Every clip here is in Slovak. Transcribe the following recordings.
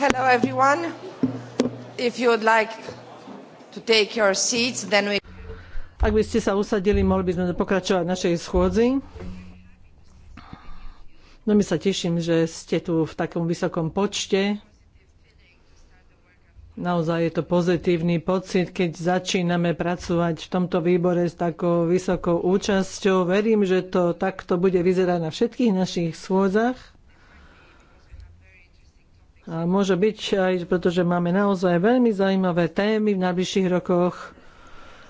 Hello everyone. If you would like to take your seats, then we... Ak by ste sa usadili, mohli by sme pokračovať našej schôdzi. Veľmi no, sa teším, že ste tu v takom vysokom počte. Naozaj je to pozitívny pocit, keď začíname pracovať v tomto výbore s takou vysokou účasťou. Verím, že to takto bude vyzerať na všetkých našich schôdzach. A môže byť aj, pretože máme naozaj veľmi zaujímavé témy v najbližších rokoch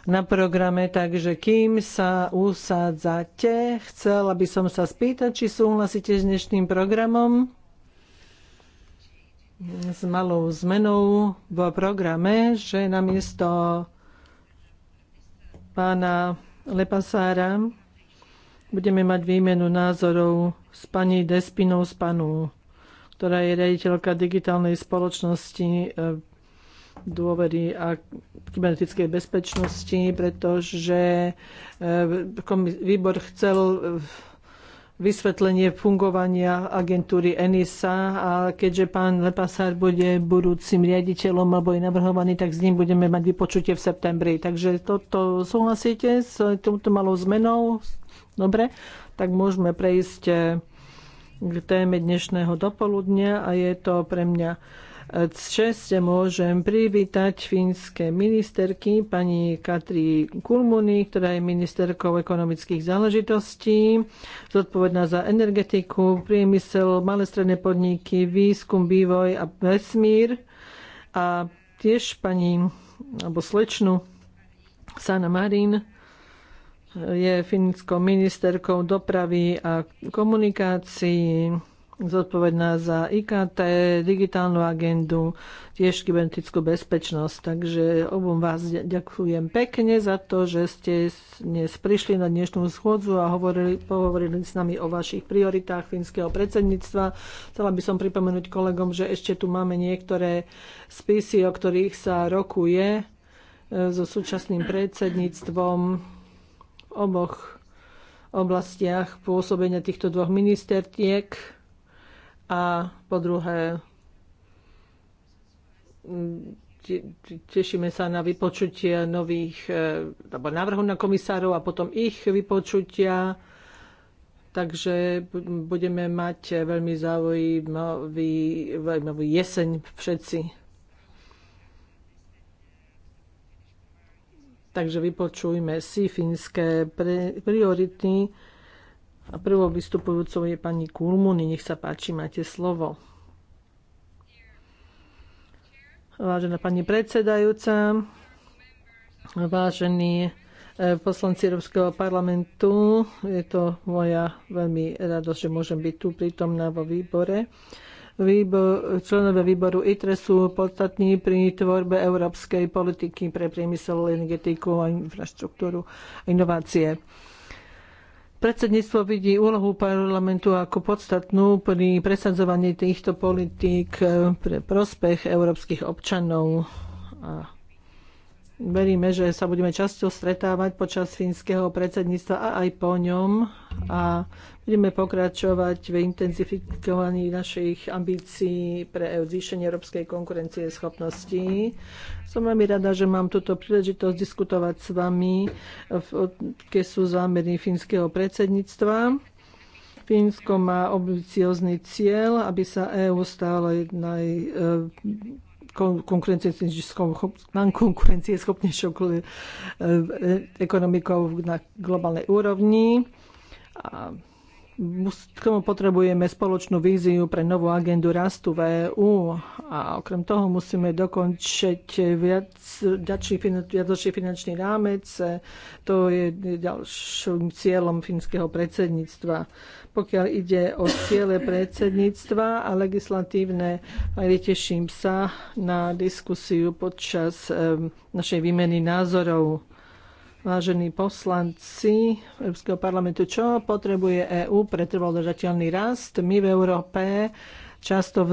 na programe, takže kým sa usádzate, chcela by som sa spýtať, či súhlasíte s dnešným programom s malou zmenou v programe, že namiesto pána Lepasára budeme mať výmenu názorov s pani Despinou, s pánom ktorá je riaditeľka digitálnej spoločnosti e, dôvery a kybernetickej bezpečnosti, pretože e, výbor chcel e, vysvetlenie fungovania agentúry ENISA a keďže pán Lepasár bude budúcim riaditeľom alebo je navrhovaný, tak s ním budeme mať vypočutie v septembri. Takže toto súhlasíte s touto malou zmenou? Dobre, tak môžeme prejsť k téme dnešného dopoludnia a je to pre mňa e, čest môžem privítať fínske ministerky pani Katri Kulmuni, ktorá je ministerkou ekonomických záležitostí, zodpovedná za energetiku, priemysel, malé stredné podniky, výskum, vývoj a vesmír. A tiež pani, alebo slečnu Sana Marín, je finskou ministerkou dopravy a komunikácií, zodpovedná za IKT, digitálnu agendu, tiež kybernetickú bezpečnosť. Takže obom vás ďakujem pekne za to, že ste dnes prišli na dnešnú schôdzu a hovorili, pohovorili s nami o vašich prioritách fínskeho predsedníctva. Chcela by som pripomenúť kolegom, že ešte tu máme niektoré spisy, o ktorých sa rokuje e, so súčasným predsedníctvom oboch oblastiach pôsobenia týchto dvoch ministertiek a po druhé tešíme sa na vypočutie nových e, alebo návrhov na komisárov a potom ich vypočutia. Takže budeme mať e, veľmi zaujímavý, zaujímavý jeseň všetci. Takže vypočujme si fínske priority. A prvou vystupujúcou je pani Kulmuni. Nech sa páči, máte slovo. Vážená pani predsedajúca, vážení e, poslanci Európskeho parlamentu, je to moja veľmi radosť, že môžem byť tu prítomná vo výbore výbor, členové výboru ITRE sú podstatní pri tvorbe európskej politiky pre priemysel, energetiku a infraštruktúru a inovácie. Predsedníctvo vidí úlohu parlamentu ako podstatnú pri presadzovaní týchto politík pre prospech európskych občanov a veríme, že sa budeme často stretávať počas fínskeho predsedníctva a aj po ňom a budeme pokračovať v intenzifikovaní našich ambícií pre zvýšenie európskej konkurencie schopností. Som veľmi rada, že mám túto príležitosť diskutovať s vami, keď sú zámery fínskeho predsedníctva. Fínsko má ambiciózny cieľ, aby sa EÚ stalo naj, e, konkurencieschopnejšou eh, eh, ekonomikou na globálnej úrovni. A k tomu potrebujeme spoločnú víziu pre novú agendu rastu v EÚ a okrem toho musíme dokončiť viac, viacročný finančný rámec. To je ďalším cieľom fínskeho predsedníctva pokiaľ ide o ciele predsedníctva a legislatívne. ale teším sa na diskusiu počas našej výmeny názorov. Vážení poslanci Európskeho parlamentu, čo potrebuje EÚ pre trvalodržateľný rast? My v Európe často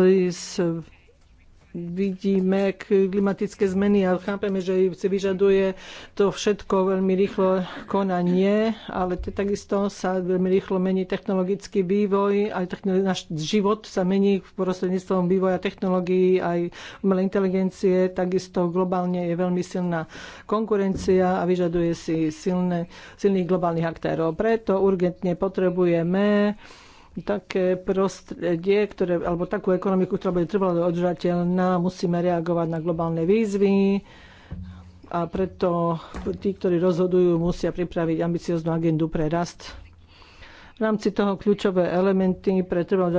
vidíme klimatické zmeny a chápeme, že si vyžaduje to všetko veľmi rýchlo konanie, ale takisto sa veľmi rýchlo mení technologický vývoj, aj náš život sa mení v prostredníctvom vývoja technológií, aj umelej inteligencie, takisto globálne je veľmi silná konkurencia a vyžaduje si silné, silných globálnych aktérov. Preto urgentne potrebujeme také prostredie, ktoré, alebo takú ekonomiku, ktorá bude trvalo održateľná, musíme reagovať na globálne výzvy a preto tí, ktorí rozhodujú, musia pripraviť ambicioznú agendu pre rast. V rámci toho kľúčové elementy pre trvalo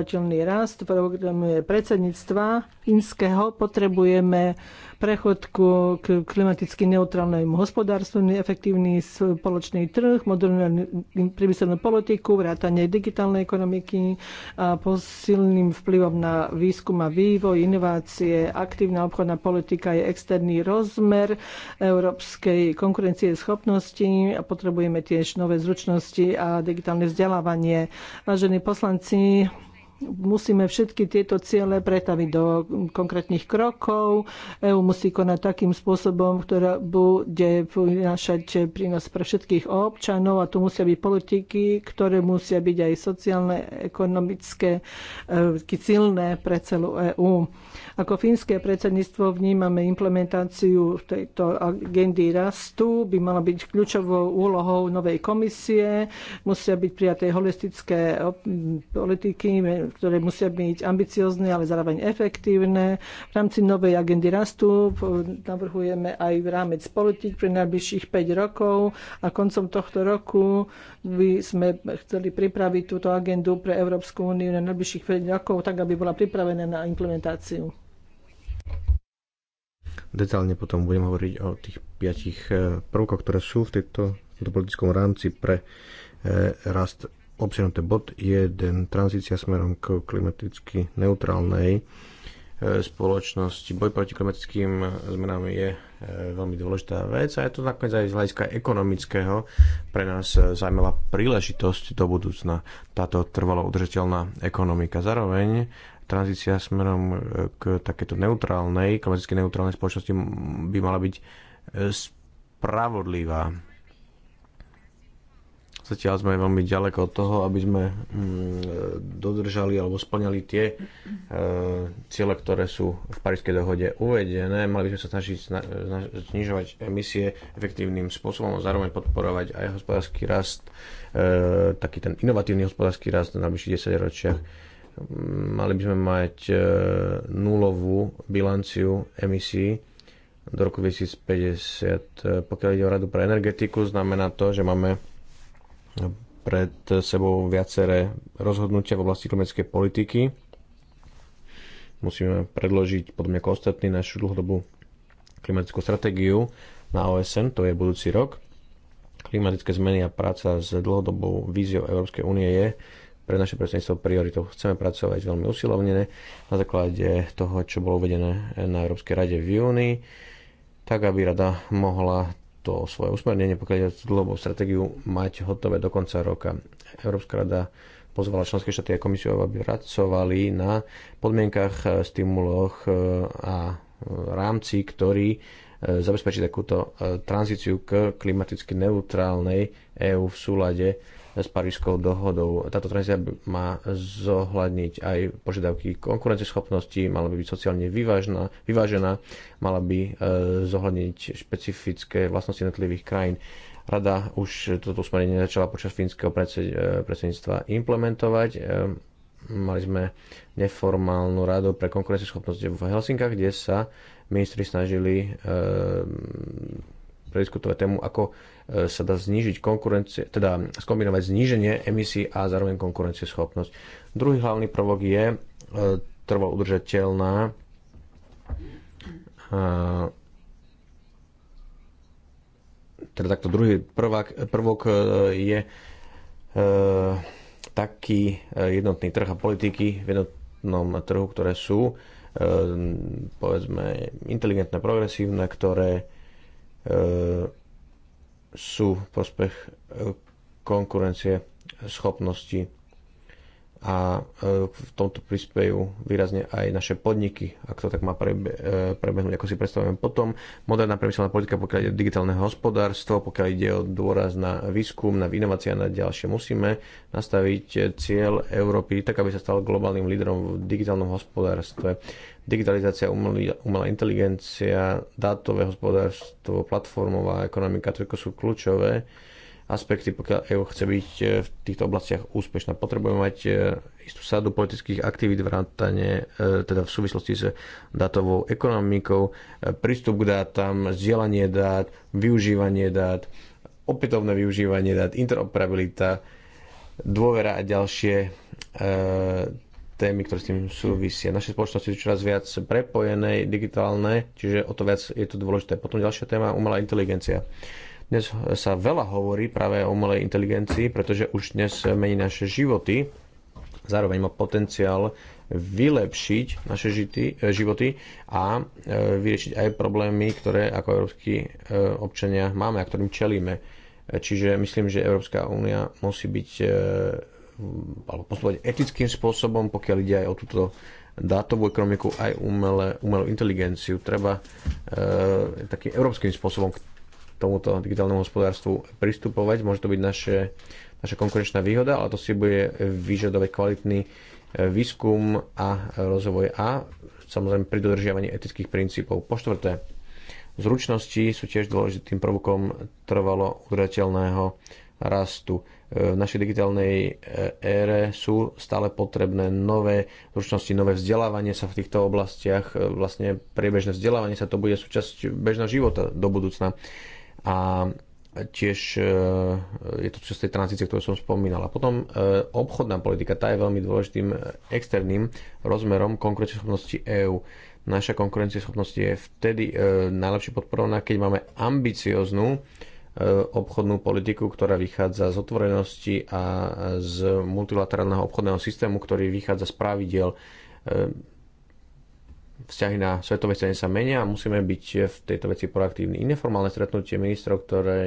rast v predsedníctva Fínskeho potrebujeme prechod k klimaticky neutrálnemu hospodárstvu, efektívny spoločný trh, modernú priemyselnú politiku, vrátanie digitálnej ekonomiky a posilným vplyvom na výskum a vývoj, inovácie, aktívna obchodná politika je externý rozmer európskej konkurencie schopnosti a potrebujeme tiež nové zručnosti a digitálne vzdelávanie. Vážení poslanci, musíme všetky tieto ciele pretaviť do konkrétnych krokov. EU musí konať takým spôsobom, ktorá bude vynášať prínos pre všetkých občanov a tu musia byť politiky, ktoré musia byť aj sociálne, ekonomické, e, silné pre celú EÚ. Ako fínske predsedníctvo vnímame implementáciu tejto agendy rastu, by mala byť kľúčovou úlohou novej komisie, musia byť prijaté holistické politiky ktoré musia byť ambiciozne, ale zároveň efektívne. V rámci novej agendy rastu navrhujeme aj v rámec politik pre najbližších 5 rokov a koncom tohto roku by sme chceli pripraviť túto agendu pre Európsku úniu na najbližších 5 rokov, tak aby bola pripravená na implementáciu. Detálne potom budem hovoriť o tých piatich eh, prvkoch, ktoré sú v tejto, v tejto politickom rámci pre eh, rast obsiahnuté bod 1, tranzícia smerom k klimaticky neutrálnej e, spoločnosti. Boj proti klimatickým e, zmenám je e, veľmi dôležitá vec a je to nakoniec aj z hľadiska ekonomického pre nás zaujímavá príležitosť do budúcna táto trvalo udržateľná ekonomika. Zároveň tranzícia smerom k takéto neutrálnej, klimaticky neutrálnej spoločnosti by mala byť spravodlivá Zatiaľ sme veľmi ďaleko od toho, aby sme mm, dodržali alebo splňali tie e, ciele, ktoré sú v Parískej dohode uvedené. Mali by sme sa snažiť znižovať emisie efektívnym spôsobom a zároveň podporovať aj hospodársky rast, e, taký ten inovatívny hospodársky rast na najbližších 10 ročiach mali by sme mať e, nulovú bilanciu emisí do roku 2050. Pokiaľ ide o radu pre energetiku, znamená to, že máme pred sebou viaceré rozhodnutia v oblasti klimatickej politiky. Musíme predložiť, podobne ako ostatní, našu dlhodobú klimatickú stratégiu na OSN, to je budúci rok. Klimatické zmeny a práca s dlhodobou víziou Európskej únie je pre naše predstavníctvo prioritou. Chceme pracovať veľmi usilovne na základe toho, čo bolo uvedené na Európskej rade v júni, tak aby rada mohla to svoje usmernenie, pokiaľ ide o stratégiu, mať hotové do konca roka. Európska rada pozvala členské štáty a komisiu, aby pracovali na podmienkach, e, stimuloch e, a e, rámci, ktorý zabezpečí takúto tranzíciu k klimaticky neutrálnej EÚ v súlade s Parížskou dohodou. Táto tranzícia má zohľadniť aj požiadavky konkurenceschopnosti, mala by byť sociálne vyvážená, vyvážená mala by e, zohľadniť špecifické vlastnosti jednotlivých krajín. Rada už toto usmerenie začala počas fínskeho e, predsedníctva implementovať. E, mali sme neformálnu radu pre konkurenceschopnosť v Helsinkách, kde sa ministri snažili prediskutovať tému, ako e, sa dá znižiť konkurencie, teda skombinovať zníženie emisí a zároveň konkurencieschopnosť. Druhý hlavný prvok je e, trvalo udržateľná e, teda takto druhý prvok, prvok je taký jednotný trh a politiky v jednotnom trhu, ktoré sú povedzme inteligentné, progresívne, ktoré E, sú v prospech e, konkurencie schopnosti a e, v tomto prispejú výrazne aj naše podniky, ak to tak má prebe- prebehnúť, ako si predstavujem. Potom moderná premyselná politika, pokiaľ ide o digitálne hospodárstvo, pokiaľ ide o dôraz na výskum, na inovácie a na ďalšie, musíme nastaviť cieľ Európy tak, aby sa stal globálnym lídrom v digitálnom hospodárstve digitalizácia, umelý, umelá inteligencia, dátové hospodárstvo, platformová ekonomika, to sú kľúčové aspekty, pokiaľ EU chce byť e, v týchto oblastiach úspešná. Potrebujeme mať e, istú sadu politických aktivít vrátane, e, teda v súvislosti s dátovou ekonomikou, prístup k dátam, zdieľanie dát, využívanie dát, opätovné využívanie dát, interoperabilita, dôvera a ďalšie témy, ktoré s tým súvisia. Naše spoločnosti sú čoraz viac prepojené, digitálne, čiže o to viac je to dôležité. Potom ďalšia téma, umelá inteligencia. Dnes sa veľa hovorí práve o umelej inteligencii, pretože už dnes mení naše životy, zároveň má potenciál vylepšiť naše žity, eh, životy a eh, vyriešiť aj problémy, ktoré ako európsky eh, občania máme a ktorým čelíme. Čiže myslím, že Európska únia musí byť Hm, alebo postupovať etickým spôsobom, pokiaľ ide aj o túto dátovú ekonomiku, aj umelé, umelú inteligenciu. Treba e, takým európskym spôsobom k tomuto digitálnemu hospodárstvu pristupovať. Môže to byť naše, naša konkurenčná výhoda, ale to si bude vyžadovať kvalitný eh, výskum a rozvoj a samozrejme pri dodržiavaní etických princípov. Po štvrté, zručnosti sú tiež dôležitým prvkom trvalo udržateľného rastu. E, v našej digitálnej e, ére sú stále potrebné nové zručnosti, nové vzdelávanie sa v týchto oblastiach, e, vlastne priebežné vzdelávanie sa to bude súčasť bežného života do budúcna. A tiež je to časť tej tranzície, ktorú som spomínal. A potom obchodná politika, tá je veľmi dôležitým externým rozmerom konkurencieschopnosti EÚ. Naša konkurencieschopnosť je vtedy najlepšie podporovaná, keď máme ambicioznú E, obchodnú politiku, ktorá vychádza z otvorenosti a z multilaterálneho obchodného systému, ktorý vychádza z pravidel. E, vzťahy na svetovej scéne sa menia a musíme byť v tejto veci proaktívni. Ineformálne stretnutie ministrov, ktoré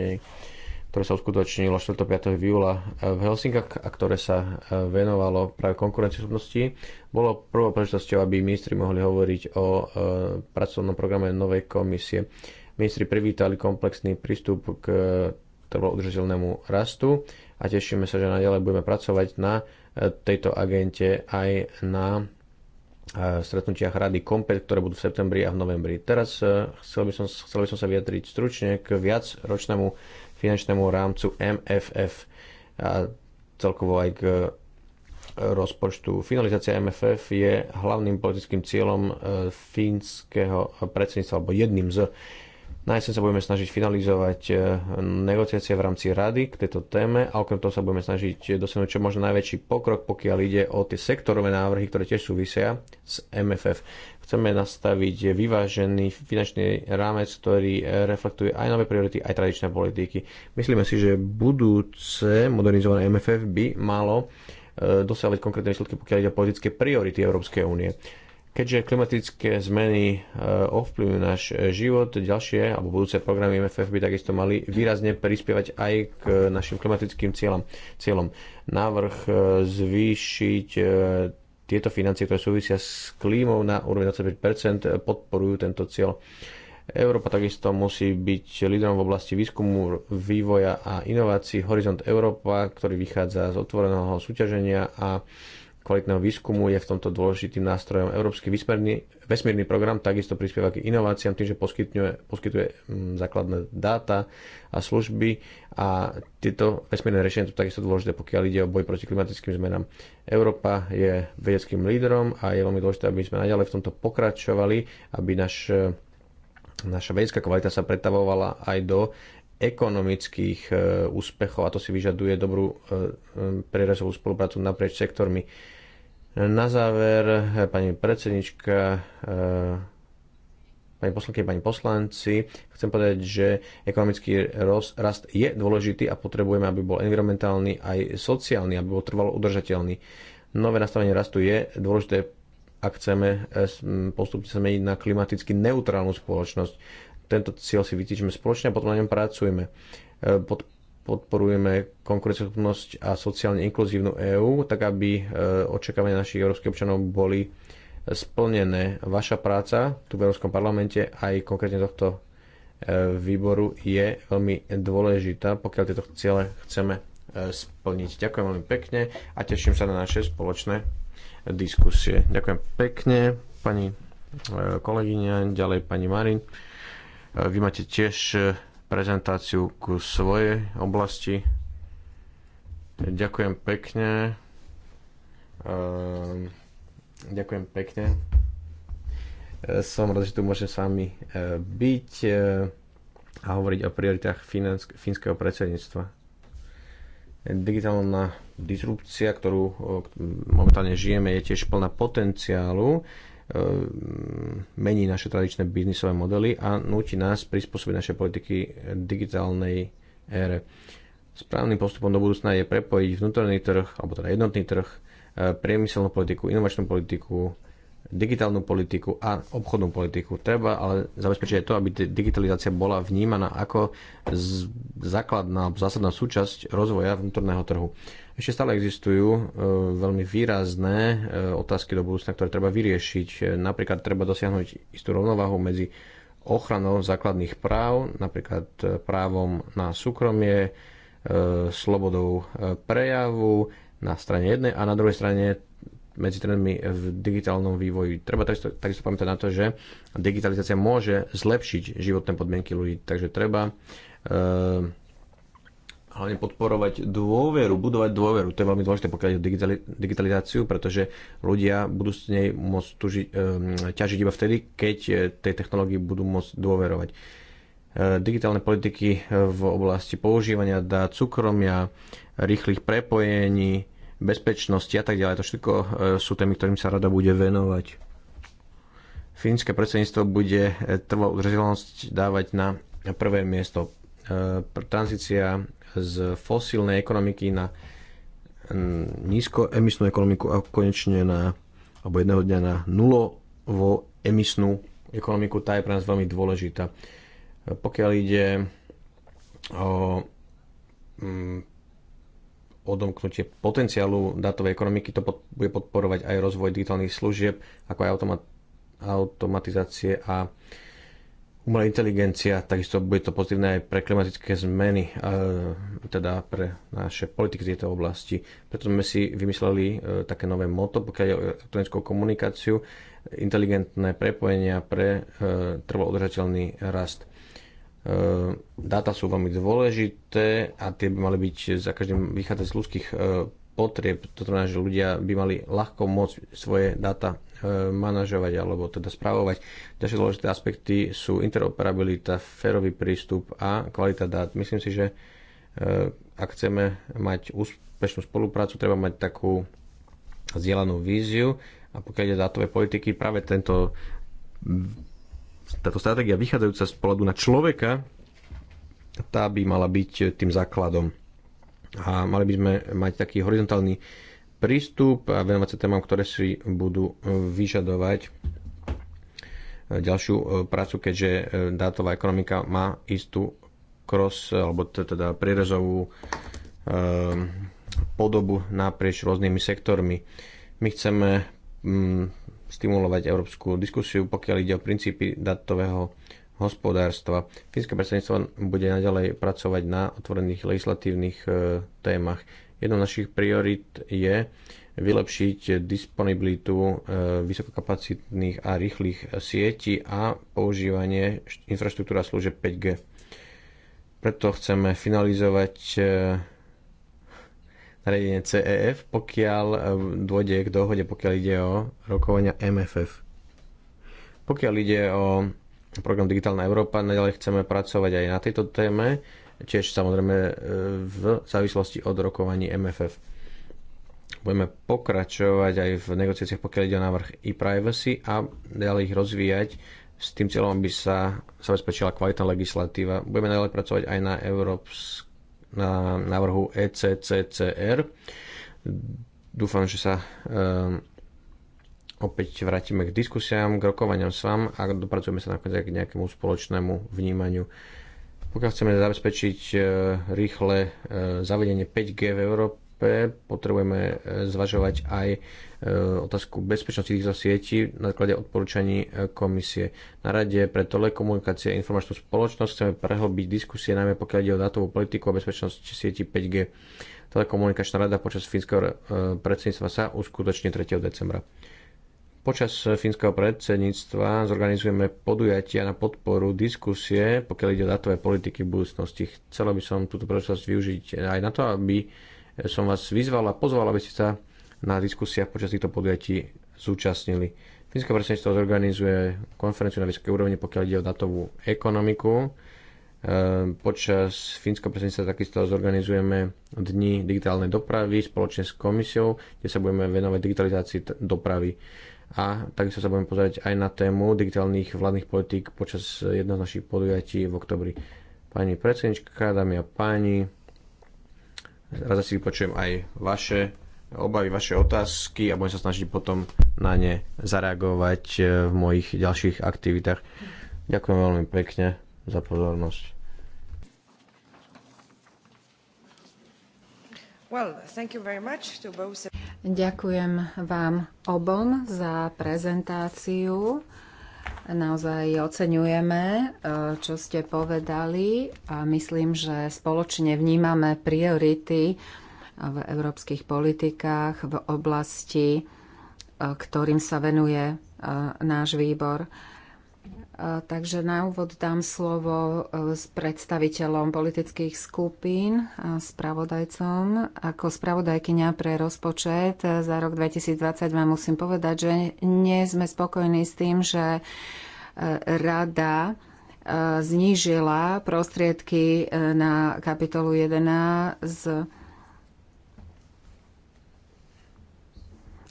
ktoré sa uskutočnilo 4. 5. júla v Helsinkách a ktoré sa e, venovalo práve konkurencieschopnosti, bolo prvou príležitosťou, aby ministri mohli hovoriť o pracovnom programe novej komisie. Ministri privítali komplexný prístup k trvalo udržateľnému rastu a tešíme sa, že naďalej budeme pracovať na e, tejto agente aj na e, stretnutiach rady Kompet, ktoré budú v septembri a v novembri. Teraz e, chcel by som, chcel by som sa vyjadriť stručne k viacročnému finančnému rámcu MFF a celkovo aj k rozpočtu. Finalizácia MFF je hlavným politickým cieľom fínskeho predsedníctva, alebo jedným z Najsen sa budeme snažiť finalizovať e, negociácie v rámci rady k tejto téme a okrem toho sa budeme snažiť dosiahnuť čo možno najväčší pokrok, pokiaľ ide o tie sektorové návrhy, ktoré tiež súvisia s MFF. Chceme nastaviť vyvážený finančný rámec, ktorý e, reflektuje aj nové priority, aj tradičné politiky. Myslíme si, že budúce modernizované MFF by malo e, dosiahnuť konkrétne výsledky, pokiaľ ide o politické priority Európskej únie Keďže klimatické zmeny e, ovplyvňujú náš e, život, ďalšie alebo budúce programy MFF by takisto mali výrazne prispievať aj k e, našim klimatickým cieľom. cieľom. Návrh zvýšiť tieto financie, ktoré súvisia s klímou na úroveň 25 podporujú tento cieľ. Európa takisto musí byť lídrom v oblasti výskumu, vývoja a inovácií. Horizont Európa, ktorý vychádza z otvoreného súťaženia a kvalitného výskumu je v tomto dôležitým nástrojom. Európsky vesmírny, vesmírny program takisto prispieva k inováciám tým, že poskytuje, poskytuje mm, základné dáta a služby a tieto vesmírne riešenia sú takisto dôležité, pokiaľ ide o boj proti klimatickým zmenám. Európa je vedeckým lídrom a je veľmi dôležité, aby sme naďalej v tomto pokračovali, aby naš, e, naša vedecká kvalita sa pretavovala aj do ekonomických e, úspechov a to si vyžaduje dobrú e, e, prierezovú spoluprácu naprieč sektormi. Na záver, pani predsednička, pani poslanky, pani poslanci, chcem povedať, že ekonomický rast je dôležitý a potrebujeme, aby bol environmentálny aj sociálny, aby bol trvalo udržateľný. Nové nastavenie rastu je dôležité ak chceme postupne sa meniť na klimaticky neutrálnu spoločnosť. Tento cieľ si vytýčime spoločne a potom na ňom pracujeme. E, pod, podporujeme konkurenceschopnosť a sociálne inkluzívnu EÚ, tak aby e, očakávania našich európskych občanov boli e, splnené. Vaša práca tu v Európskom parlamente aj konkrétne tohto výboru je veľmi dôležitá, pokiaľ tieto ciele chceme splniť. Ďakujem veľmi pekne a teším sa na naše spoločné diskusie. Ďakujem pekne, pani kolegyňa, ďalej pani Marin. Vy máte tiež e, prezentáciu ku svojej oblasti. Ďakujem pekne. Ehm, ďakujem pekne. E, som rád, že tu môžem s vami e, byť a hovoriť o prioritách fínskeho predsedníctva digitálna disrupcia, ktorú momentálne žijeme, je tiež plná potenciálu E, mení naše tradičné biznisové modely a núti nás prispôsobiť naše politiky digitálnej ére. Správnym postupom do budúcna je prepojiť vnútorný trh, alebo teda jednotný trh, e, priemyselnú politiku, inovačnú politiku, digitálnu politiku a obchodnú politiku. Treba ale zabezpečiť aj to, aby digitalizácia bola vnímaná ako základná alebo zásadná súčasť rozvoja vnútorného trhu ešte stále existujú e, veľmi výrazné e, otázky do budúcna, ktoré treba vyriešiť. E, napríklad treba dosiahnuť istú rovnováhu medzi ochranou základných práv, napríklad právom na súkromie, slobodou prejavu na strane jednej a na druhej strane medzi trendmi v digitálnom vývoji. Treba takisto, takisto pamätať na to, že digitalizácia môže zlepšiť životné podmienky ľudí, takže treba e, hlavne podporovať dôveru, budovať dôveru. To je veľmi dôležité, pokiaľ ide o digitalizáciu, pretože ľudia budú s nej môcť tuži- ehm, ťažiť iba vtedy, keď eh, tej technológii budú môcť dôverovať. Eh, digitálne politiky eh, v oblasti používania dát, súkromia, rýchlych prepojení, bezpečnosti a tak ďalej. To všetko sú témy, ktorým sa rada bude venovať. Fínske predsedníctvo bude trvalú udržateľnosť dávať na prvé miesto. Tranzícia z fosílnej ekonomiky na nízkoemisnú ekonomiku a konečne na, alebo jedného dňa na nulovo emisnú ekonomiku, tá je pre nás veľmi dôležitá. Pokiaľ ide o mm, odomknutie potenciálu datovej ekonomiky, to pod, bude podporovať aj rozvoj digitálnych služieb, ako aj automat, automatizácie a umelá inteligencia, takisto bude to pozitívne aj pre klimatické zmeny, e, teda pre naše politiky v tejto oblasti. Preto sme si vymysleli e, také nové moto, pokiaľ je o elektronickú komunikáciu, inteligentné prepojenia pre e, trvalo udržateľný rast dáta sú veľmi dôležité a tie by mali byť za každým vychádzať z ľudských potrieb. To znamená, že ľudia by mali ľahko môcť svoje dáta Eh, manažovať alebo teda správovať. Ďalšie dôležité aspekty sú interoperabilita, férový prístup a kvalita dát. Myslím si, že eh, ak chceme mať úspešnú spoluprácu, treba mať takú zdieľanú víziu a pokiaľ ide dátové politiky, práve tento, táto stratégia vychádzajúca z pohľadu na človeka, tá by mala byť tým základom. A mali by sme mať taký horizontálny prístup a venovať sa témam, ktoré si budú e, vyžadovať e, ďalšiu e, prácu, keďže dátová ekonomika má istú cross, alebo teda prierezovú podobu naprieč rôznymi sektormi. My chceme mm, stimulovať európsku diskusiu, pokiaľ ide o princípy datového hospodárstva. Fínske predsedníctvo bude naďalej pracovať na otvorených legislatívnych témach. Jednou z našich priorit je vylepšiť disponibilitu e, vysokokapacitných a rýchlych sietí a používanie infraštruktúra služeb 5G. Preto chceme finalizovať e, nariadenie CEF, pokiaľ e, dôjde k dohode, pokiaľ ide o rokovania MFF. Pokiaľ ide o program Digitálna Európa, naďalej chceme pracovať aj na tejto téme tiež samozrejme e, v závislosti od rokovaní MFF. Budeme pokračovať aj v negociáciách, pokiaľ ide o návrh e-privacy a ďalej ich rozvíjať s tým cieľom, aby sa zabezpečila kvalitná legislatíva. Budeme ďalej pracovať aj na, Európs- na návrhu ECCCR. Dúfam, že sa um, opäť vrátime k diskusiám, k rokovaniam s vám a dopracujeme sa nakoniec k nejakému spoločnému vnímaniu pokiaľ chceme zabezpečiť e, rýchle e, zavedenie 5G v Európe, potrebujeme e, zvažovať aj otázku bezpečnosti týchto sietí na základe odporúčaní komisie. Na Rade pre telekomunikácie a informačnú spoločnosť chceme prehlbiť diskusie najmä pokiaľ ide o dátovú politiku a bezpečnosť sieti 5G. Telekomunikačná rada počas fínskeho predsedníctva sa uskutoční 3. decembra. Počas fínskeho predsedníctva zorganizujeme podujatia na podporu diskusie, pokiaľ ide o datové politiky v budúcnosti. Chcela by som túto príležitosť využiť aj na to, aby som vás vyzval a pozval, aby ste sa na diskusiách počas týchto podujatí zúčastnili. Fínske predsedníctvo zorganizuje konferenciu na vysokej úrovni, pokiaľ ide o datovú ekonomiku. E, počas fínskeho predsedníctva takisto zorganizujeme dni digitálnej dopravy spoločne s komisiou, kde sa budeme venovať digitalizácii dopravy a takisto sa budeme pozrieť aj na tému digitálnych vládnych politík počas jedného z našich podujatí v oktobri. Pani predsednička, dámy a páni, raz si vypočujem aj vaše obavy, vaše otázky a budem sa snažiť potom na ne zareagovať eh, v mojich ďalších aktivitách. Ďakujem veľmi pekne za pozornosť. Ďakujem vám obom za prezentáciu. Naozaj oceňujeme, e, čo ste povedali a myslím, že spoločne vnímame priority v európskych politikách v oblasti, e, ktorým sa venuje e, náš výbor. Takže na úvod dám slovo e, s predstaviteľom politických skupín, a spravodajcom. Ako spravodajkyňa pre rozpočet e, za rok 2020 vám musím povedať, že nie sme spokojní s tým, že e, rada znížila prostriedky na kapitolu 1 z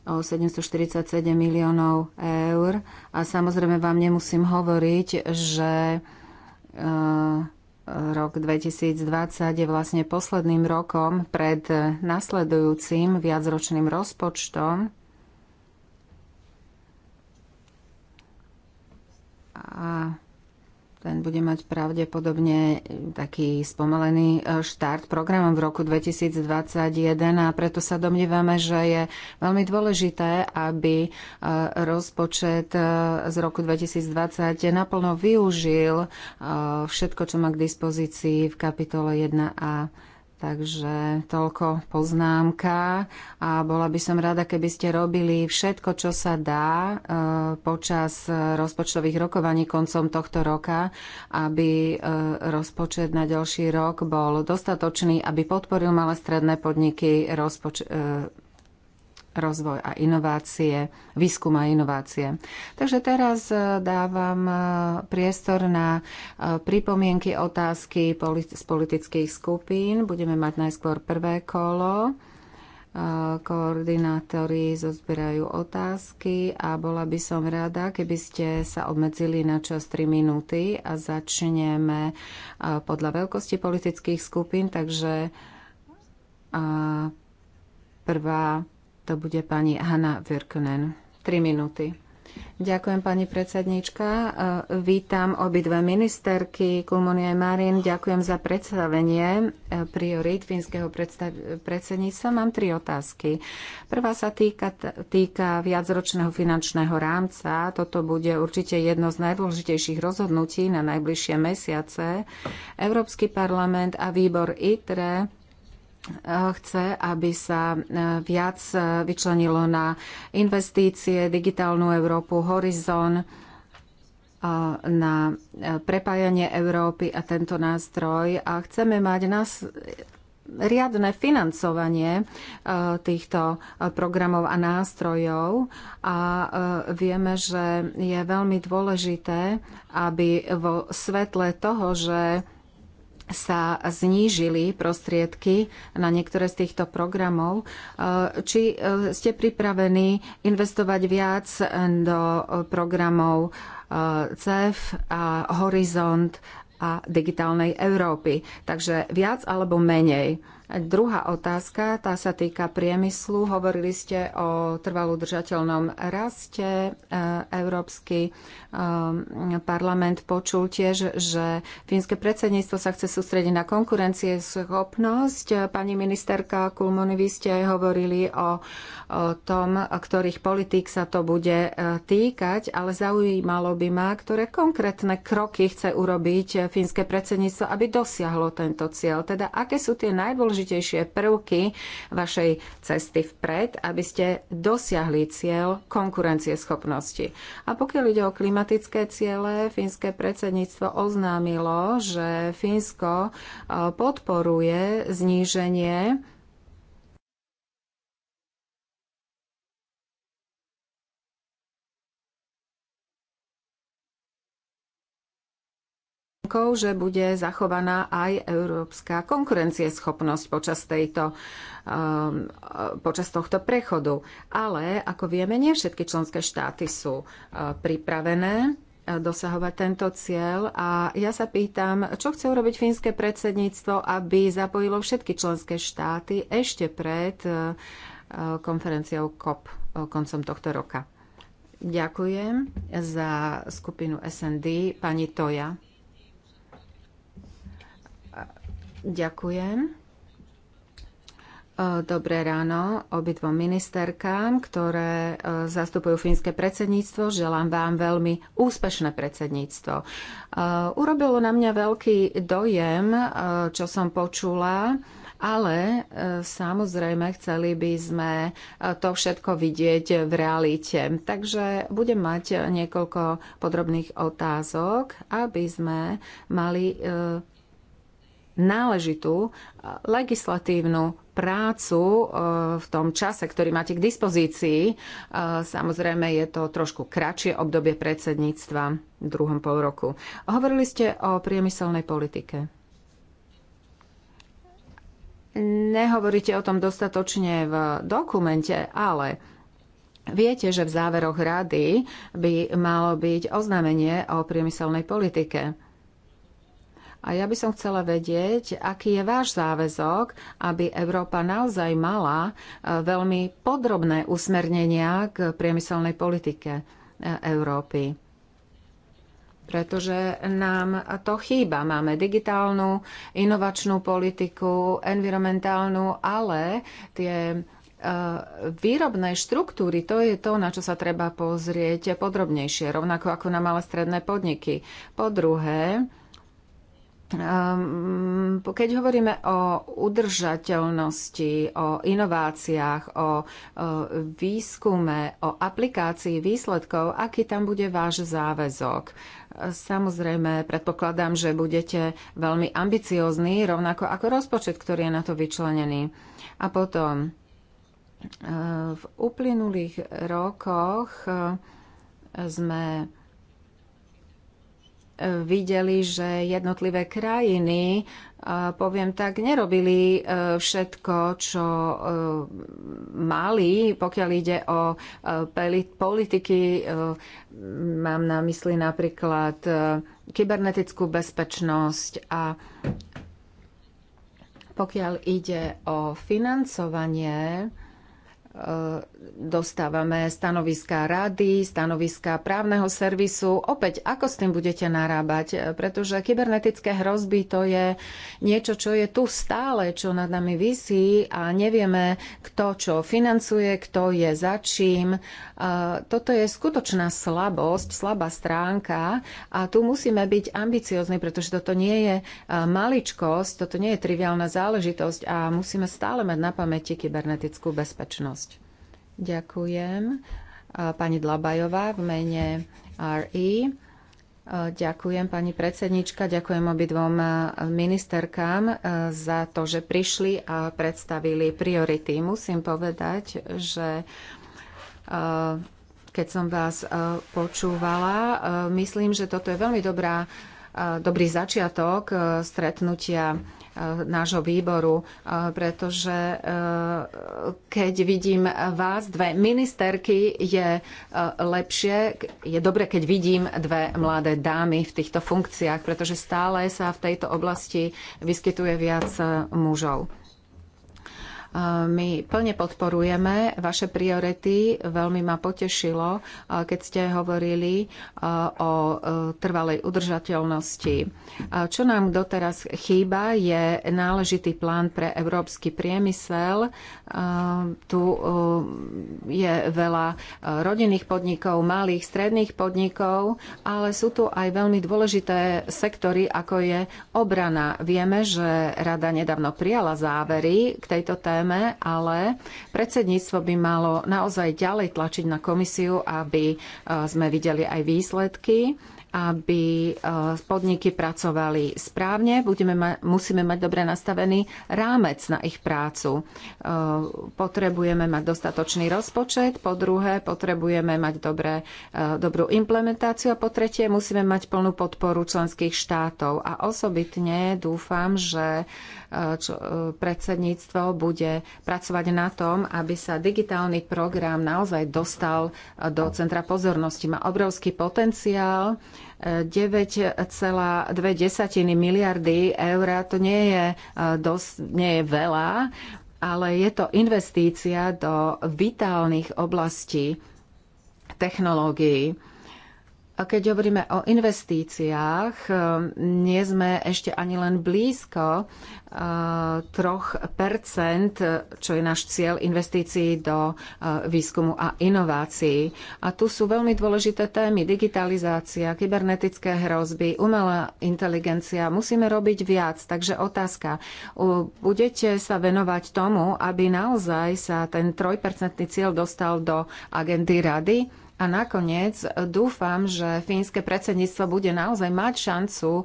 o 747 miliónov eur. A samozrejme vám nemusím hovoriť, že e, rok 2020 je vlastne posledným rokom pred nasledujúcim viacročným rozpočtom. A ten bude mať pravdepodobne eh, taký spomalený eh, štart programom v roku 2021 a preto sa domnievame, že je veľmi dôležité, aby eh, rozpočet z roku 2020 naplno využil všetko, čo má k dispozícii v kapitole 1a Takže toľko poznámka a bola by som rada, keby ste robili všetko, čo sa dá e, počas rozpočtových rokovaní koncom tohto roka, aby e, rozpočet na ďalší rok bol dostatočný, aby podporil malé stredné podniky, rozpoč- e, rozvoj a inovácie, výskum a inovácie. Takže teraz e, dávam e, priestor na e, pripomienky, otázky z politických skupín. Budeme mať najskôr prvé kolo. Koordinátori zozbierajú otázky a bola by som rada, keby ste sa obmedzili na čas 3 minúty a začneme podľa veľkosti politických skupín, takže prvá to bude pani Hanna Virknen. Tri minúty. Ďakujem, pani predsednička. E, vítam obidve ministerky, Kulmonia a Marin. Ďakujem za predstavenie e, priorít fínskeho predsedníctva. Mám tri otázky. Prvá sa týka, týka viacročného finančného rámca. Toto bude určite jedno z najdôležitejších rozhodnutí na najbližšie mesiace. Európsky parlament a výbor ITRE Eh, chce, aby sa eh, viac eh, vyčlenilo na investície, digitálnu Európu, Horizon, na prepájanie Európy a tento nástroj. A chceme mať nás riadne financovanie týchto programov a nástrojov a vieme, že je veľmi dôležité, aby vo svetle toho, že sa znížili prostriedky na niektoré z týchto programov. E, či e, ste pripravení investovať viac do programov e, CEF a Horizont a digitálnej Európy? Takže viac alebo menej? Druhá otázka, tá sa týka priemyslu. Hovorili ste o trvalodržateľnom držateľnom raste. E, Európsky e, parlament počul tiež, že fínske predsedníctvo sa chce sústrediť na konkurencie schopnosť. Pani ministerka Kulmony, vy ste hovorili o, o tom, ktorých politík sa to bude e, týkať, ale zaujímalo by ma, ktoré konkrétne kroky chce urobiť fínske predsedníctvo, aby dosiahlo tento cieľ. Teda aké sú tie najdôležitejšie najdôležitejšie prvky vašej cesty vpred, aby ste dosiahli cieľ konkurencieschopnosti. A pokiaľ ide o klimatické ciele, fínske predsedníctvo oznámilo, že Fínsko eh, podporuje zníženie podmienkou, že bude zachovaná aj európska konkurencieschopnosť počas, tejto, um, počas tohto prechodu. Ale, ako vieme, nie všetky členské štáty sú uh, pripravené uh, dosahovať tento cieľ a ja sa pýtam, čo chce urobiť fínske predsedníctvo, aby zapojilo všetky členské štáty ešte pred uh, konferenciou COP koncom tohto roka. Ďakujem za skupinu SND pani Toja. Ďakujem. E, dobré ráno obidvom ministerkám, ktoré e, zastupujú fínske predsedníctvo. Želám vám veľmi úspešné predsedníctvo. E, urobilo na mňa veľký dojem, čo som počula ale samozrejme chceli by sme to všetko vidieť v realite. Takže budem mať niekoľko podrobných otázok, aby sme mali náležitú eh, legislatívnu prácu eh, v tom čase, ktorý máte k dispozícii. Eh, samozrejme je to trošku kratšie obdobie predsedníctva v druhom pol roku. Hovorili ste o priemyselnej politike. Nehovoríte o tom dostatočne v dokumente, ale viete, že v záveroch rady by malo byť oznámenie o priemyselnej politike a ja by som chcela vedieť, aký je váš záväzok, aby Európa naozaj mala e, veľmi podrobné usmernenia k priemyselnej politike e, Európy. Pretože nám to chýba. Máme digitálnu, inovačnú politiku, environmentálnu, ale tie e, výrobné štruktúry, to je to, na čo sa treba pozrieť podrobnejšie, rovnako ako na malé stredné podniky. Po druhé, Ehm, keď hovoríme o udržateľnosti, o inováciách, o výskume, o aplikácii výsledkov, aký tam bude váš záväzok? Samozrejme, predpokladám, že budete veľmi ambiciózni, rovnako ako rozpočet, ktorý je na to vyčlenený. A potom, ehm, v uplynulých rokoch ehm, sme videli, že jednotlivé krajiny, poviem tak, nerobili e, všetko, čo e, mali, pokiaľ ide o e, politiky. Mám na mysli napríklad kybernetickú bezpečnosť a pokiaľ ide o financovanie, dostávame stanoviská rady, stanoviská právneho servisu. Opäť, ako s tým budete narábať? Pretože kybernetické hrozby to je niečo, čo je tu stále, čo nad nami vysí a nevieme, kto čo financuje, kto je za čím. Toto je skutočná slabosť, slabá stránka a tu musíme byť ambiciozni, pretože toto nie je maličkosť, toto nie je triviálna záležitosť a musíme stále mať na pamäti kybernetickú bezpečnosť. Ďakujem. Pani Dlabajová v mene RE. Ďakujem pani predsednička, ďakujem obidvom ministerkám e, za to, že prišli a predstavili priority. Musím povedať, že e, keď som vás e, počúvala, myslím, že toto je veľmi dobrá, dobrý začiatok stretnutia nášho výboru, e, pretože e, keď vidím vás, dve ministerky, je e, lepšie, je dobre, keď vidím dve mladé dámy v týchto funkciách, pretože stále sa v tejto oblasti vyskytuje viac mužov. My plne podporujeme vaše priority. Veľmi ma potešilo, keď ste hovorili o e, trvalej udržateľnosti. Čo nám doteraz chýba, je náležitý plán pre európsky priemysel. Tu e, je veľa e, rodinných podnikov, malých, stredných podnikov, ale sú tu aj veľmi dôležité sektory, ako je obrana. Vieme, že rada nedávno prijala závery k tejto téme téme, ale predsedníctvo by malo naozaj ďalej tlačiť na komisiu, aby eh, sme videli aj výsledky aby e, podniky pracovali správne. Budeme ma- musíme mať dobre nastavený rámec na ich prácu. E, potrebujeme mať dostatočný rozpočet, po druhé potrebujeme mať dobré, e, dobrú implementáciu a po tretie musíme mať plnú podporu členských štátov. A osobitne dúfam, že predsedníctvo bude pracovať na tom, aby sa digitálny program naozaj dostal do centra pozornosti. Má obrovský potenciál 9,2 miliardy eur, to nie je, e, dosť, nie je veľa, ale je to investícia do vitálnych oblastí technológií keď hovoríme o investíciách, eh, nie sme ešte ani len blízko 3%, eh, čo je náš cieľ investícií do eh, výskumu a inovácií. A tu sú veľmi dôležité témy. Digitalizácia, kybernetické hrozby, umelá inteligencia. Musíme robiť viac. Takže otázka. Budete sa venovať tomu, aby naozaj sa ten 3% cieľ dostal do agendy rady? A nakoniec e, dúfam, že fínske predsedníctvo bude naozaj mať šancu e,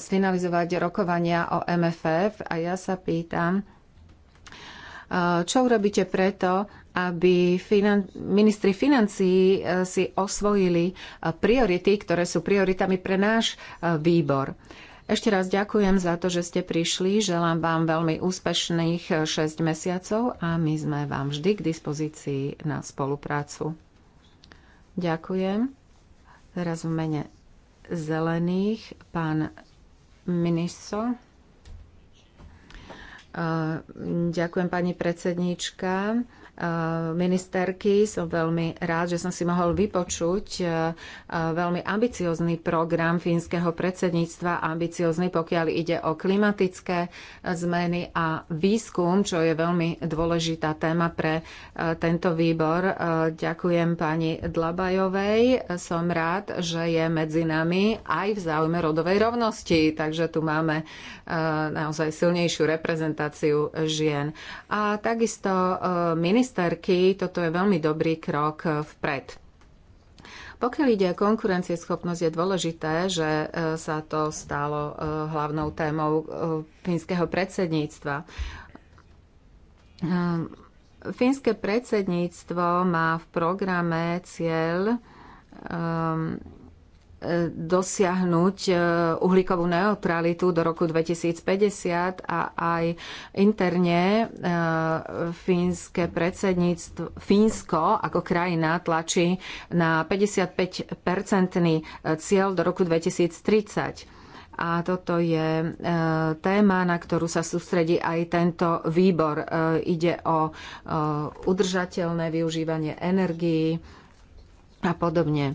sfinalizovať rokovania o MFF a ja sa pýtam, e, čo urobíte preto, aby finan- ministri financií si osvojili priority, ktoré sú prioritami pre náš výbor. Ešte raz ďakujem za to, že ste prišli. Želám vám veľmi úspešných 6 mesiacov a my sme vám vždy k dispozícii na spoluprácu. Ďakujem. Teraz v mene zelených pán ministro. Ďakujem pani predsedníčka. Eh, ministerky. Som veľmi rád, že som si mohol vypočuť eh, eh, veľmi ambiciozný program fínskeho predsedníctva, ambiciozný, pokiaľ ide o klimatické zmeny a výskum, čo je veľmi dôležitá téma pre tento výbor. Ďakujem pani Dlabajovej. Som rád, že je medzi nami aj v záujme rodovej rovnosti, takže tu máme naozaj silnejšiu reprezentáciu žien. A takisto minister ministerky, toto je veľmi dobrý krok eh, vpred. Pokiaľ ide o konkurencieschopnosť, je dôležité, že eh, sa to stalo eh, hlavnou témou fínskeho predsedníctva. Fínske predsedníctvo má v programe cieľ dosiahnuť e, uhlíkovú neutralitu do roku 2050 a aj interne e, fínske predsedníctvo, Fínsko ako krajina tlačí na 55-percentný e, cieľ do roku 2030. A toto je téma, na ktorú sa sústredí aj tento výbor. Ide o udržateľné využívanie energii a podobne. E,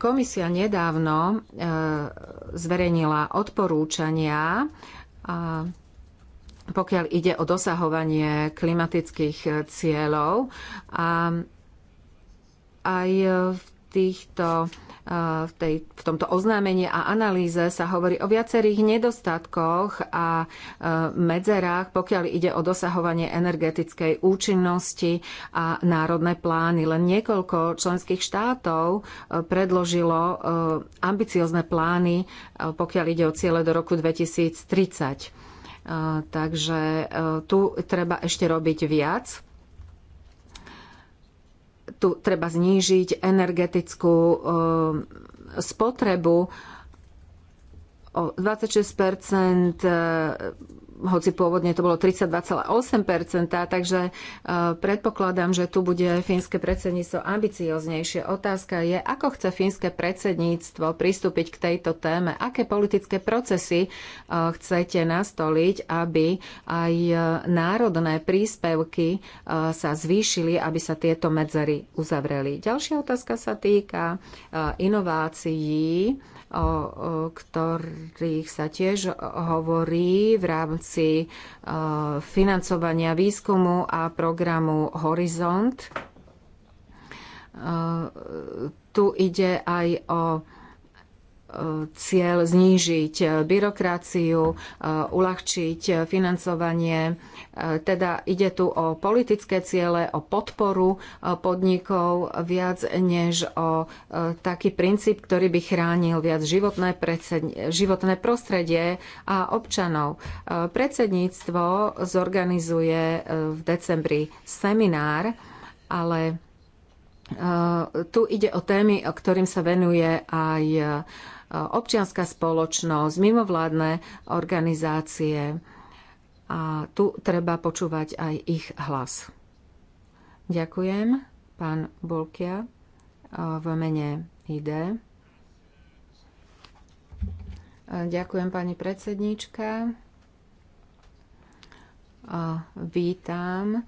komisia nedávno e, zverejnila odporúčania pokiaľ ide o dosahovanie klimatických e, cieľov a aj v týchto v, tej, v tomto oznámení a analýze sa hovorí o viacerých nedostatkoch a e, medzerách, pokiaľ ide o dosahovanie energetickej účinnosti a národné plány. Len niekoľko členských štátov e, predložilo e, ambiciozne plány, pokiaľ ide o ciele do roku 2030. Takže tu treba ešte robiť viac tu treba znížiť energetickú eh, spotrebu o 26 hoci pôvodne to bolo 32,8%, takže e, predpokladám, že tu bude fínske predsedníctvo ambicioznejšie. Otázka je, ako chce fínske predsedníctvo pristúpiť k tejto téme, aké politické procesy e, chcete nastoliť, aby aj e, národné príspevky sa zvýšili, aby sa tieto medzery uzavreli. Ďalšia otázka sa týka inovácií o, o ktorých sa tiež hovorí v rámci rámci eh, financovania výskumu a programu Horizont. Eh, tu ide aj o cieľ znížiť e, byrokraciu, e, uľahčiť e, financovanie. Teda ide tu o politické ciele, o podporu podnikov viac než o taký princíp, ktorý by chránil viac životné, životné prostredie a občanov. Predsedníctvo zorganizuje v decembri seminár, ale tu ide o témy, o ktorým sa venuje aj občianská spoločnosť, mimovládne organizácie. A tu treba počúvať aj ich hlas. Ďakujem, pán Bolkia, v mene ID. Ďakujem, pani predsedníčka. Vítam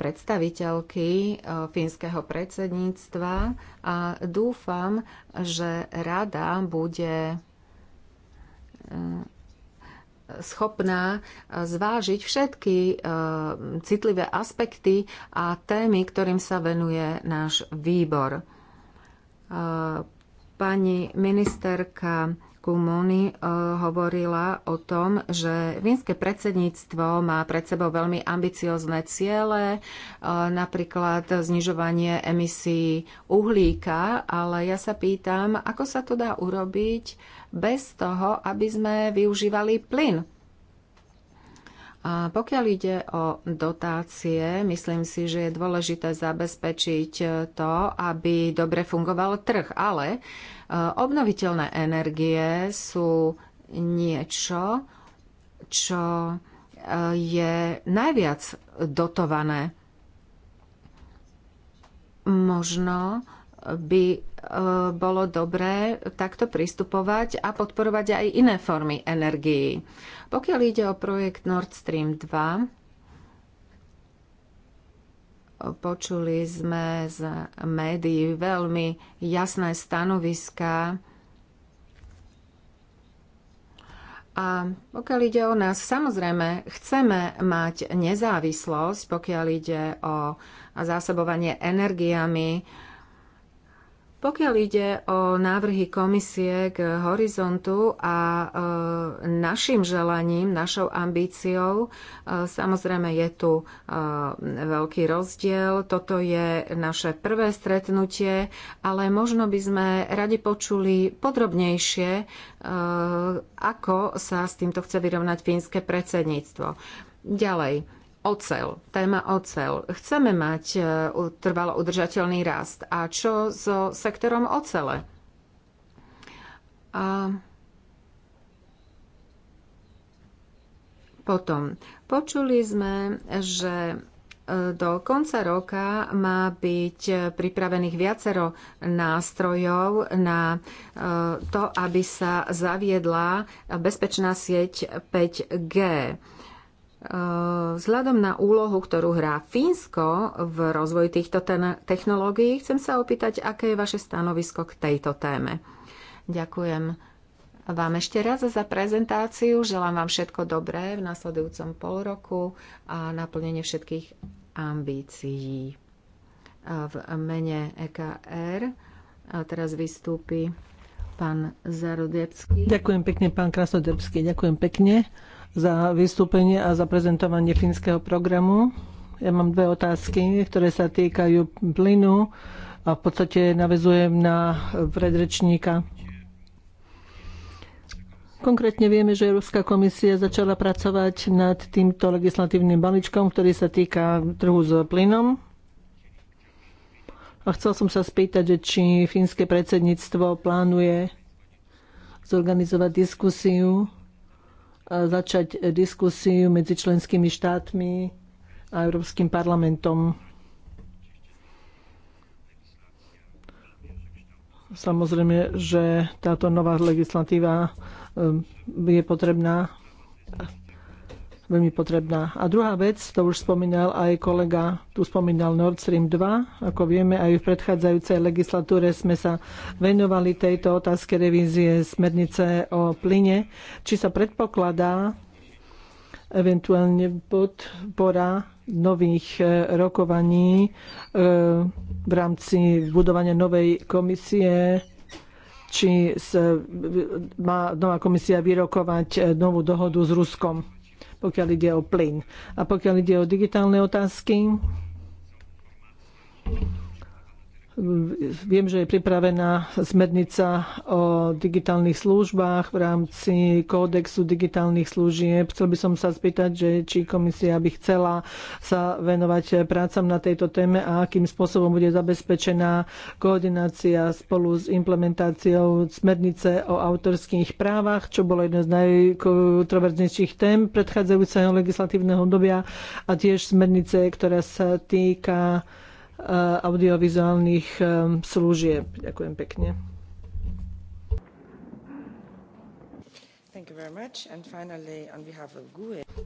predstaviteľky e, fínskeho predsedníctva a dúfam, že rada bude e, schopná e, zvážiť všetky citlivé aspekty a témy, ktorým sa venuje náš výbor. Pani ministerka Kumuni eh, hovorila o tom, že vínske predsedníctvo má pred sebou veľmi ambiciozne ciele, eh, napríklad znižovanie emisí uhlíka, ale ja sa pýtam, ako sa to dá urobiť bez toho, aby sme využívali plyn a pokiaľ ide o dotácie, myslím si, že je dôležité zabezpečiť to, aby dobre fungoval trh, ale e, obnoviteľné energie sú niečo, čo e, je najviac dotované. Možno by e, bolo dobré takto pristupovať a podporovať aj iné formy energií. Pokiaľ ide o projekt Nord Stream 2, počuli sme z médií veľmi jasné stanoviská. A pokiaľ ide o nás, samozrejme, chceme mať nezávislosť, pokiaľ ide o zásobovanie energiami pokiaľ ide o návrhy komisie k horizontu a e, našim želaním, našou ambíciou, e, samozrejme je tu e, veľký rozdiel. Toto je naše prvé stretnutie, ale možno by sme radi počuli podrobnejšie, ako sa s týmto chce vyrovnať fínske predsedníctvo. Ďalej, Ocel, téma ocel. Chceme mať e, trvalo udržateľný rast. A čo so sektorom ocele? A potom, počuli sme, že e, do konca roka má byť e, pripravených viacero nástrojov na to, aby sa zaviedla bezpečná sieť 5G. Eh, vzhľadom na úlohu, ktorú hrá Fínsko v rozvoji týchto technológií, chcem sa opýtať, aké je vaše stanovisko k tejto téme. Ďakujem vám ešte raz za prezentáciu. Želám vám všetko dobré v nasledujúcom pol roku a naplnenie všetkých ambícií. Eh, v mene EKR a eh, teraz vystúpi pán Zarodebský. Ďakujem pekne, pán Krasodebský. Ďakujem pekne za vystúpenie a za prezentovanie fínskeho programu. Ja mám dve otázky, ktoré sa týkajú plynu a v podstate navezujem na predrečníka. Konkrétne vieme, že Európska komisia začala pracovať nad týmto legislatívnym balíčkom, ktorý sa týka trhu s plynom. A chcel som sa spýtať, že či fínske predsedníctvo plánuje zorganizovať diskusiu začať diskusiu medzi členskými štátmi a Európskym parlamentom. Samozrejme, že táto nová legislatíva ehm, je potrebná veľmi potrebná. A druhá vec, to už spomínal aj kolega, tu spomínal Nord Stream 2. Ako vieme, aj v predchádzajúcej legislatúre sme sa venovali tejto otázke revízie smernice o plyne. Či sa predpokladá eventuálne podpora nových e, rokovaní e, v rámci budovania novej komisie či e, má nová komisia vyrokovať novú dohodu s Ruskom pokiaľ ide o plyn. A pokiaľ ide o digitálne otázky, Viem, že je pripravená smernica o digitálnych službách v rámci kódexu digitálnych služieb. Chcel by som sa spýtať, že či komisia by chcela sa venovať prácam na tejto téme a akým spôsobom bude zabezpečená koordinácia spolu s implementáciou smernice o autorských právach, čo bolo jedno z najkontroverznejších tém predchádzajúceho legislatívneho obdobia a tiež smernice, ktorá sa týka Eh, audiovizuálnych eh, služieb. Ďakujem pekne.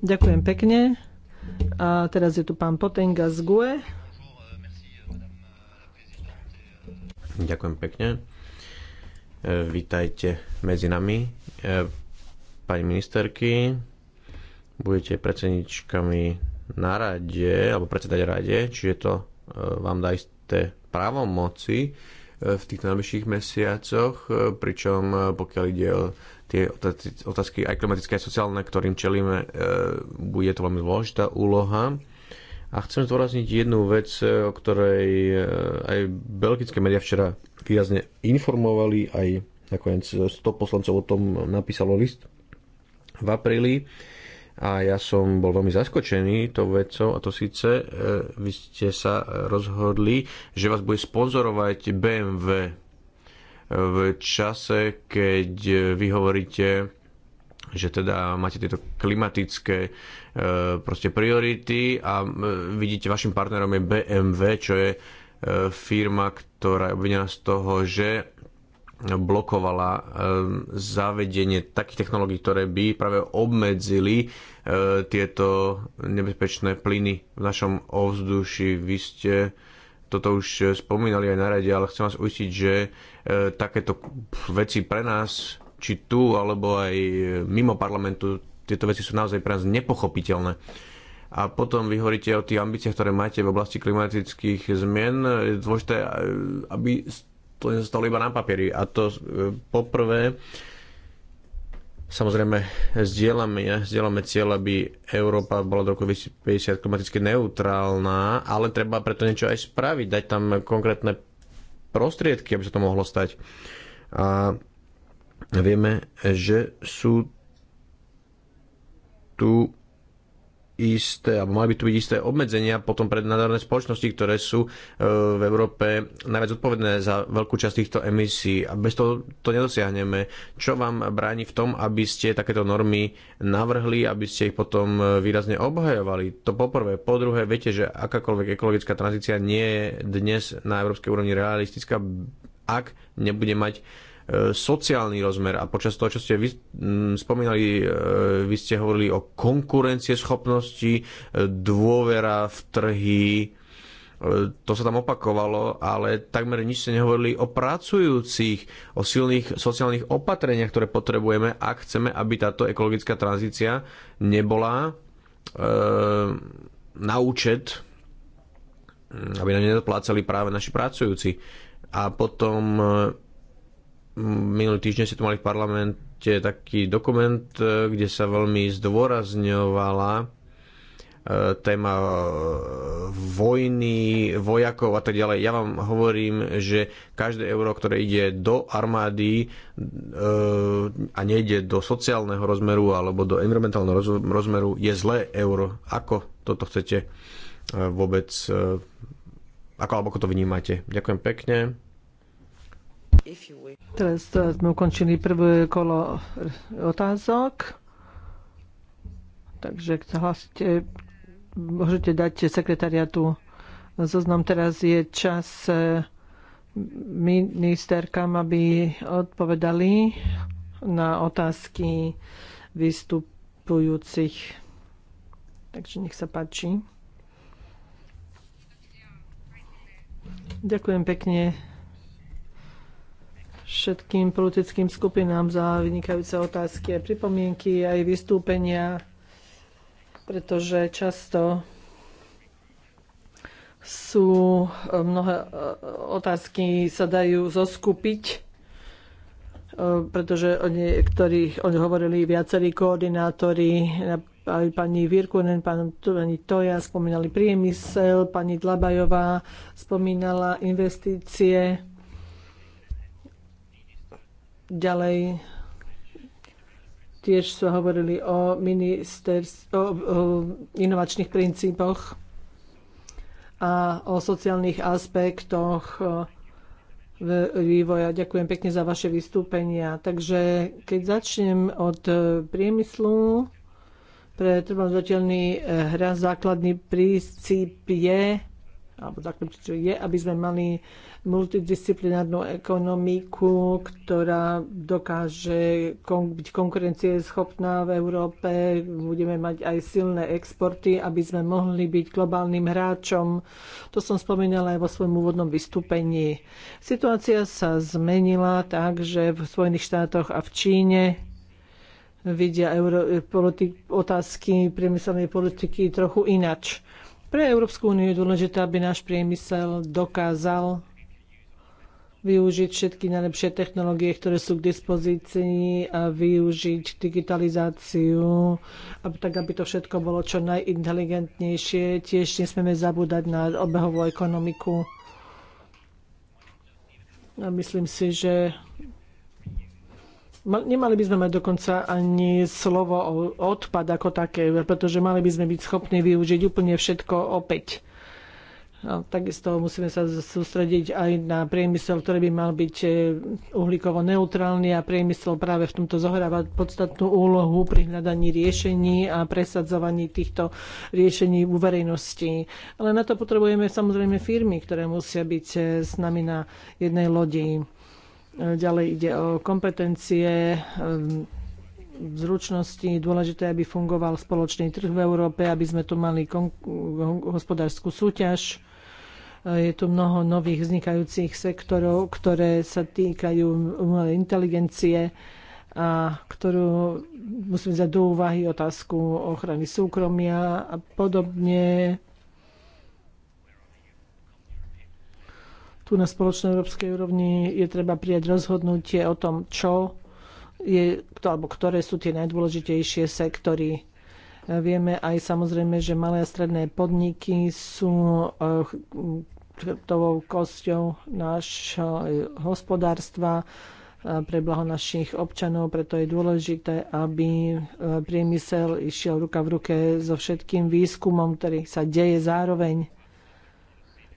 Ďakujem pekne. A teraz je tu pán Potenga z GUE. Ďakujem pekne. E, vítajte medzi nami, e, pani ministerky. Budete predsedničkami na rade, alebo predsedať rade, čiže to Eh, vám dá isté právomoci eh, v tých najbližších mesiacoch, eh, pričom pokiaľ ide o tie otázky aj klimatické a sociálne, ktorým čelíme, bude to veľmi dôležitá úloha. A chcem zdôrazniť jednu vec, o ktorej aj belgické médiá včera výrazne informovali, aj nakoniec 100 poslancov o tom napísalo list v apríli a ja som bol veľmi zaskočený tou vecou a to síce e, vy ste sa rozhodli, že vás bude sponzorovať BMW e, v čase, keď vy hovoríte, že teda máte tieto klimatické e, proste priority a vidíte, vašim partnerom je BMW, čo je firma, ktorá je obvinená z toho, že blokovala eh, zavedenie takých technológií, ktoré by práve obmedzili eh, tieto nebezpečné plyny v našom ovzduši. Vy ste toto už spomínali aj na rade, ale chcem vás uistiť, že eh, takéto veci pre nás, či tu, alebo aj mimo parlamentu, tieto veci sú naozaj pre nás nepochopiteľné. A potom vy hovoríte o tých ambíciách, ktoré máte v oblasti klimatických zmien. Je dôležité, aby to zostalo iba na papieri. A to e, poprvé, Samozrejme, zdieľame, zdieľame cieľ, aby Európa bola do roku 2050 klimaticky neutrálna, ale treba preto niečo aj spraviť, dať tam konkrétne prostriedky, aby sa to mohlo stať. A vieme, že sú tu isté, alebo mali by tu byť isté obmedzenia potom pre nadárne spoločnosti, ktoré sú e, v Európe najviac odpovedné za veľkú časť týchto emisí a bez toho to nedosiahneme. Čo vám bráni v tom, aby ste takéto normy navrhli, aby ste ich potom e, výrazne obhajovali? To poprvé. Po druhé, viete, že akákoľvek ekologická tranzícia nie je dnes na európskej úrovni realistická, ak nebude mať E, sociálny rozmer a počas toho, čo ste vy, mm, spomínali, e, vy ste hovorili o konkurencieschopnosti, e, dôvera v trhy, to sa tam opakovalo, ale takmer nič ste nehovorili o pracujúcich, o silných sociálnych opatreniach, ktoré potrebujeme, ak chceme, aby táto ekologická tranzícia nebola e, na účet, mm, aby na ne nedoplácali práve naši pracujúci. A potom minulý týždeň ste tu mali v parlamente taký dokument, e, kde sa veľmi zdôrazňovala e, téma e, vojny, vojakov a tak ďalej. Ja vám hovorím, že každé euro, ktoré ide do armády a nejde do sociálneho rozmeru alebo do environmentálneho rozmeru, je zlé euro. Ako toto chcete vôbec, ako alebo ako to vnímate? Ďakujem pekne. Teraz e, sme ukončili prvé kolo otázok. Takže hlasite, môžete dať sekretariatu zoznam. Teraz je čas e, ministerkám, aby odpovedali na otázky vystupujúcich. Takže nech sa páči. Ďakujem pekne všetkým politickým skupinám za vynikajúce otázky a pripomienky aj vystúpenia, pretože často sú e, mnohé e, otázky sa dajú zoskupiť, e, pretože o niektorých o hovorili viacerí koordinátori, aj pani Virkunen, pán pani Toja spomínali priemysel, pani Dlabajová spomínala investície Ďalej tiež sme hovorili o, ministers, o, o inovačných princípoch a o sociálnych aspektoch e, vývoja. Ďakujem pekne za vaše vystúpenia. Takže keď začnem od e, priemyslu, pre trvalozateľný e, hra základný princíp je alebo základným je, aby sme mali multidisciplinárnu ekonomiku, ktorá dokáže kon- byť konkurencieschopná v Európe. Budeme mať aj silné exporty, aby sme mohli byť globálnym hráčom. To som spomínala aj vo svojom úvodnom vystúpení. Situácia sa zmenila tak, že v Spojených štátoch a v Číne vidia euro- politi- otázky priemyselnej politiky trochu inač pre Európsku úniu je dôležité, aby náš priemysel dokázal využiť všetky najlepšie technológie, ktoré sú k dispozícii a využiť digitalizáciu, aby, tak aby to všetko bolo čo najinteligentnejšie. Tiež nesmieme zabúdať na obehovú ekonomiku. A myslím si, že Nemali by sme mať dokonca ani slovo o odpad ako také, pretože mali by sme byť schopní využiť úplne všetko opäť. No, takisto musíme sa sústrediť aj na priemysel, ktorý by mal byť e, uhlíkovo neutrálny a priemysel práve v tomto zohráva podstatnú úlohu pri hľadaní riešení a presadzovaní týchto riešení u verejnosti. Ale na to potrebujeme samozrejme firmy, ktoré musia byť e, s nami na jednej lodi. E, ďalej ide o kompetencie, e, zručnosti. Dôležité, aby fungoval spoločný trh v Európe, aby sme tu mali hospodárskú súťaž. E, je tu mnoho nových vznikajúcich sektorov, ktoré sa týkajú umelej inteligencie a ktorú musíme vziať do úvahy otázku ochrany súkromia a podobne. tu na spoločnej európskej úrovni je treba prijať rozhodnutie o tom, čo je, alebo ktoré sú tie najdôležitejšie sektory. E, vieme aj samozrejme, že malé a stredné podniky sú e, chrbtovou kosťou nášho e, hospodárstva pre blaho našich občanov, preto je dôležité, aby priemysel išiel ruka v ruke so všetkým výskumom, ktorý sa deje zároveň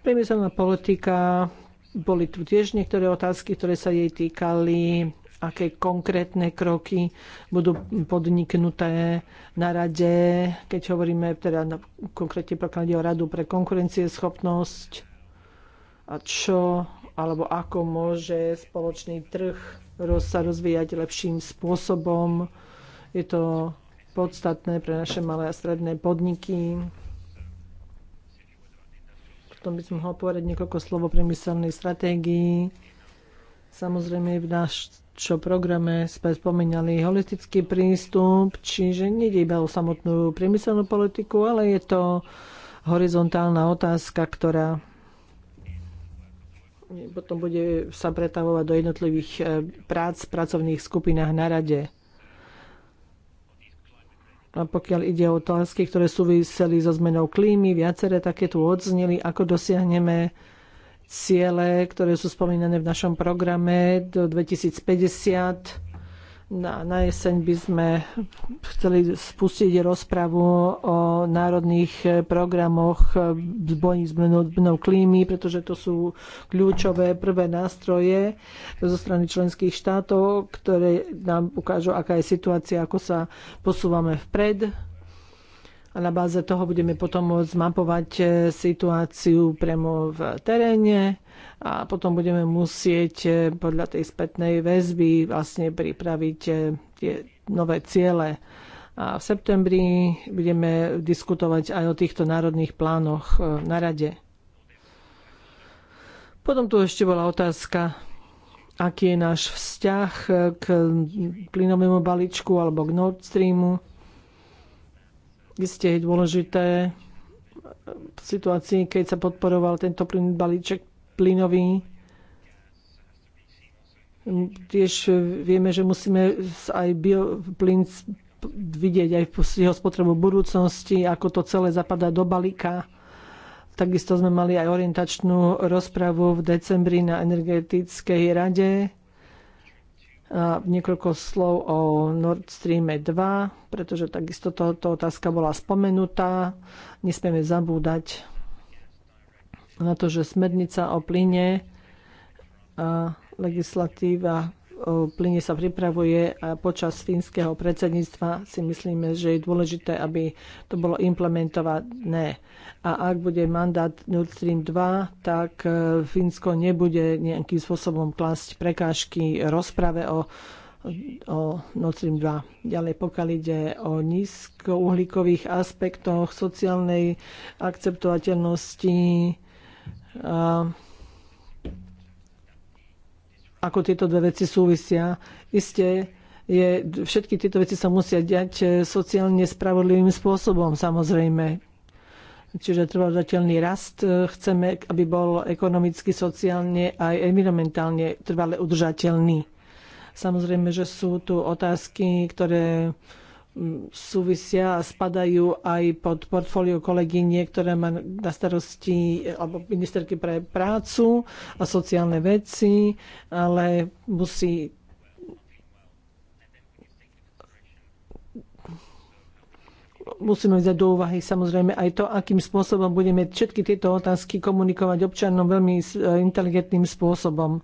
Priemyselná politika, boli tu tiež niektoré otázky, ktoré sa jej týkali, aké konkrétne kroky budú podniknuté na rade, keď hovoríme teda na, konkrétne pokiaľ o radu pre konkurencieschopnosť a čo alebo ako môže spoločný trh sa rozvíjať lepším spôsobom. Je to podstatné pre naše malé a stredné podniky potom by som mohla povedať niekoľko slov o priemyselnej stratégii. Samozrejme, v našom programe sme spomínali holistický prístup, čiže nejde iba o samotnú priemyselnú politiku, ale je to horizontálna otázka, ktorá potom bude sa pretavovať do jednotlivých eh, prác v pracovných skupinách na rade pokiaľ ide o otázky, ktoré súviseli so zmenou klímy, viaceré také tu odzneli, ako dosiahneme ciele, ktoré sú spomínané v našom programe do 2050 na, na jeseň by sme chceli spustiť rozpravu o národných e, programoch v boji s zmenou klímy, pretože to sú kľúčové prvé nástroje zo strany členských štátov, ktoré nám ukážu, aká je situácia, ako sa posúvame vpred a na báze toho budeme potom môcť mapovať e, situáciu priamo v teréne a potom budeme musieť e, podľa tej spätnej väzby vlastne pripraviť e, tie nové ciele. A v septembri budeme diskutovať aj o týchto národných plánoch na rade. Potom tu ešte bola otázka, aký je náš vzťah k plynovému balíčku alebo k Nord Streamu. Isté je dôležité v situácii, keď sa podporoval tento plyn, balíček plynový, tiež vieme, že musíme aj bioplyn vidieť aj jeho spotrebu v budúcnosti, ako to celé zapadá do balíka. Takisto sme mali aj orientačnú rozpravu v decembri na energetickej rade niekoľko slov o Nord Stream 2, pretože takisto táto otázka bola spomenutá. Nesmieme zabúdať na to, že smernica o plyne a legislatíva plyne sa pripravuje a počas fínskeho predsedníctva si myslíme, že je dôležité, aby to bolo implementované. A ak bude mandát Nord Stream 2, tak e, Fínsko nebude nejakým spôsobom klásť prekážky rozprave o o Nord Stream 2. Ďalej, pokiaľ ide o nízkouhlíkových aspektoch sociálnej akceptovateľnosti, ako tieto dve veci súvisia. Isté, je, všetky tieto veci sa musia diať eh, sociálne spravodlivým spôsobom, samozrejme. Čiže trvalodateľný rast eh, chceme, aby bol ekonomicky, sociálne aj environmentálne trvale udržateľný. Samozrejme, že sú tu otázky, ktoré súvisia a spadajú aj pod portfólio kolegyne, ktoré má na starosti alebo ministerky pre prácu a sociálne veci, ale musí musíme vziať do úvahy samozrejme aj to, akým spôsobom budeme všetky tieto otázky komunikovať občanom veľmi eh, inteligentným spôsobom.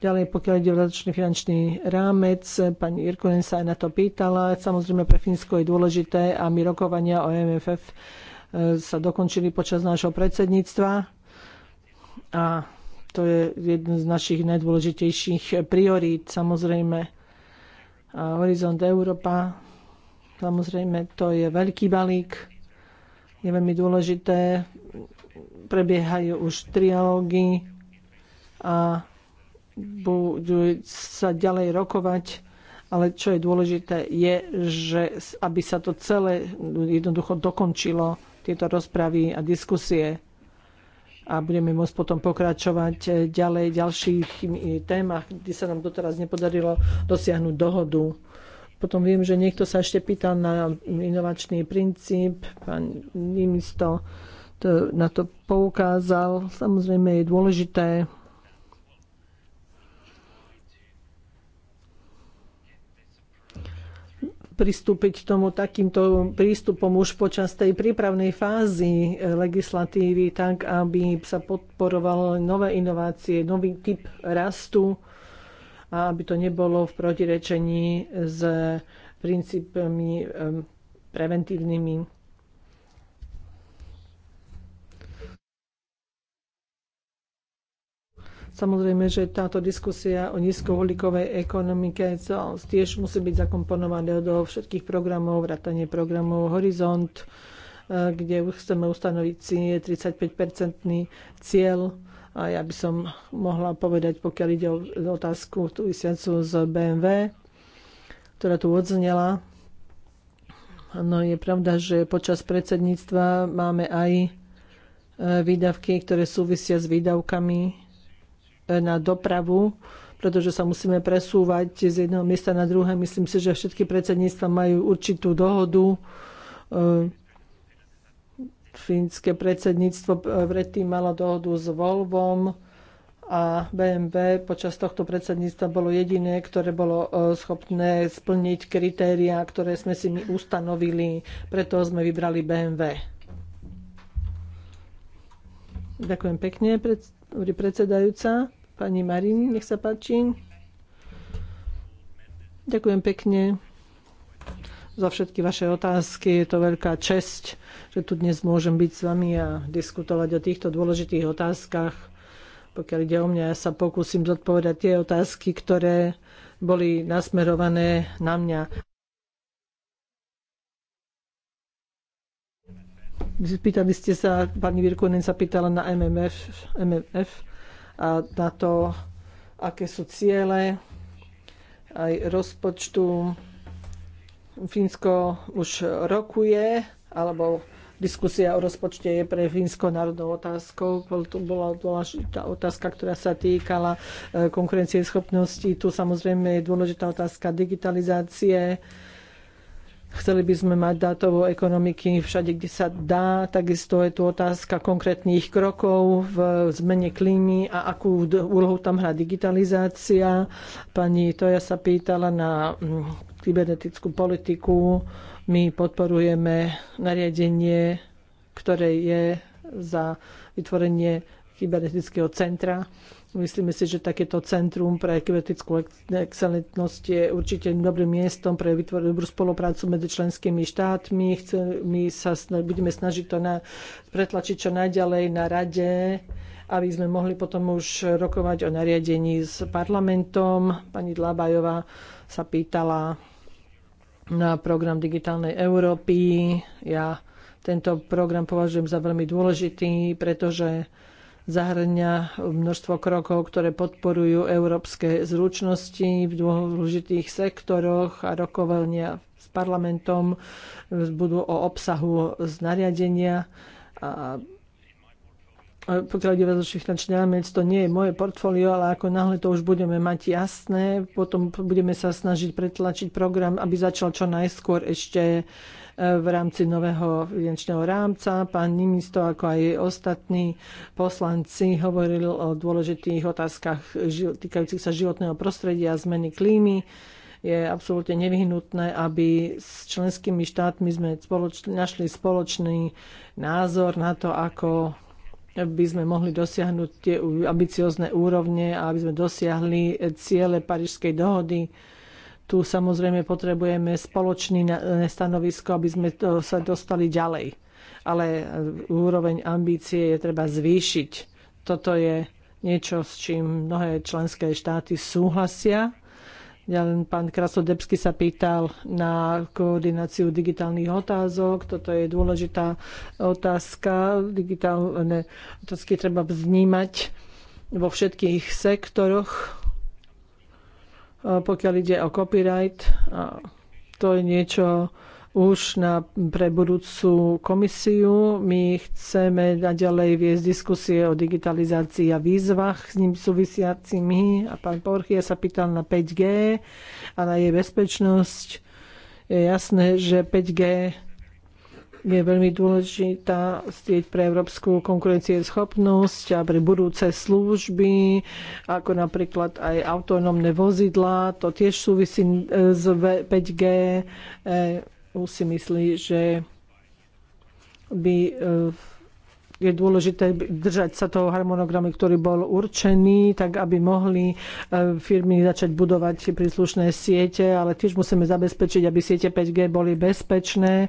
Ďalej, pokiaľ ide o dodatočný finančný rámec, pani Irkunen sa aj na to pýtala. Samozrejme, pre Fínsko je dôležité a my rokovania o MFF e, sa dokončili počas nášho predsedníctva a to je jedna z našich najdôležitejších priorít, samozrejme. A Horizont Európa, samozrejme, to je veľký balík, je veľmi dôležité, prebiehajú už trialógy a budú sa ďalej rokovať, ale čo je dôležité je, že aby sa to celé jednoducho dokončilo, tieto rozpravy a diskusie a budeme môcť potom pokračovať eh, ďalej v ďalších mm, témach, kde sa nám doteraz nepodarilo dosiahnuť dohodu. Potom viem, že niekto sa ešte pýtal na inovačný princíp, pán Nimisto to, na to poukázal. Samozrejme je dôležité pristúpiť k tomu takýmto prístupom už počas tej prípravnej fázy legislatívy, tak aby sa podporovalo nové inovácie, nový typ rastu a aby to nebolo v protirečení s princípmi preventívnymi Samozrejme, že táto diskusia o nízkoholikovej ekonomike tiež musí byť zakomponovaná do všetkých programov, vrátanie programov Horizont, e, kde chceme ustanoviť si 35-percentný cieľ. A ja by som mohla povedať, pokiaľ ide o otázku tú vysiacu z BMW, ktorá tu odznela. No je pravda, že počas predsedníctva máme aj e, výdavky, ktoré súvisia s výdavkami na dopravu, pretože sa musíme presúvať z jedného miesta na druhé. Myslím si, že všetky predsedníctva majú určitú dohodu. E, fínske predsedníctvo e, predtým malo dohodu s Volvom a BMW počas tohto predsedníctva bolo jediné, ktoré bolo e, schopné splniť kritériá, ktoré sme si my ustanovili, preto sme vybrali BMW. Ďakujem pekne, pred, predsedajúca. Pani Marin, nech sa páči. Ďakujem pekne za všetky vaše otázky. Je to veľká česť, že tu dnes môžem byť s vami a diskutovať o týchto dôležitých otázkach. Pokiaľ ide o mňa, ja sa pokúsim zodpovedať tie otázky, ktoré boli nasmerované na mňa. Pýtali ste sa, pani Virkunen sa pýtala na MMF, MMF na to, aké sú ciele aj rozpočtu. Fínsko už rokuje, alebo diskusia o rozpočte je pre Fínsko národnou otázkou. To bola dôležitá otázka, ktorá sa týkala e, konkurencieschopnosti. Tu samozrejme je dôležitá otázka digitalizácie Chceli by sme mať dátovú ekonomiky všade, kde sa dá. Takisto je tu otázka konkrétnych krokov v zmene klímy a akú úlohu tam hrá digitalizácia. Pani Toja sa pýtala na mm, kybernetickú politiku. My podporujeme nariadenie, ktoré je za vytvorenie kybernetického centra Myslíme si, že takéto centrum pre kybernetickú excelentnosť je určite dobrým miestom pre vytvoriť dobrú spoluprácu medzi členskými štátmi. My sa budeme snažiť to na, pretlačiť čo najďalej na rade, aby sme mohli potom už rokovať o nariadení s parlamentom. Pani Dlábajová sa pýtala na program digitálnej Európy. Ja tento program považujem za veľmi dôležitý, pretože zahrňa množstvo krokov, ktoré podporujú európske zručnosti v dôležitých sektoroch a rokovania s parlamentom budú o obsahu z nariadenia. A pokiaľ ide o finančný rámec, to nie je moje portfólio, ale ako náhle to už budeme mať jasné, potom budeme sa snažiť pretlačiť program, aby začal čo najskôr ešte v rámci nového finančného rámca. Pán Nimisto, ako aj ostatní poslanci, hovoril o dôležitých otázkach týkajúcich sa životného prostredia a zmeny klímy je absolútne nevyhnutné, aby s členskými štátmi sme spoloč- našli spoločný názor na to, ako by sme mohli dosiahnuť tie ambiciozne úrovne a aby sme dosiahli ciele Parížskej dohody tu samozrejme potrebujeme spoločné stanovisko, aby sme to, sa dostali ďalej. Ale e, úroveň ambície je treba zvýšiť. Toto je niečo, s čím mnohé členské štáty súhlasia. Ja len pán Krasodebsky sa pýtal na koordináciu digitálnych otázok. Toto je dôležitá otázka. Digitálne otázky treba vnímať vo všetkých sektoroch pokiaľ ide o copyright, to je niečo už na, pre budúcu komisiu. My chceme naďalej viesť diskusie o digitalizácii a výzvach s ním súvisiacimi. A pán Porchia sa pýtal na 5G a na jej bezpečnosť. Je jasné, že 5G je veľmi dôležitá stieť pre európsku konkurencieschopnosť a pre budúce služby, ako napríklad aj autonómne vozidla, To tiež súvisí e, s 5G. E, Už si myslí, že by e, v je dôležité držať sa toho harmonogramu, ktorý bol určený, tak aby mohli e, firmy začať budovať príslušné siete, ale tiež musíme zabezpečiť, aby siete 5G boli bezpečné. E,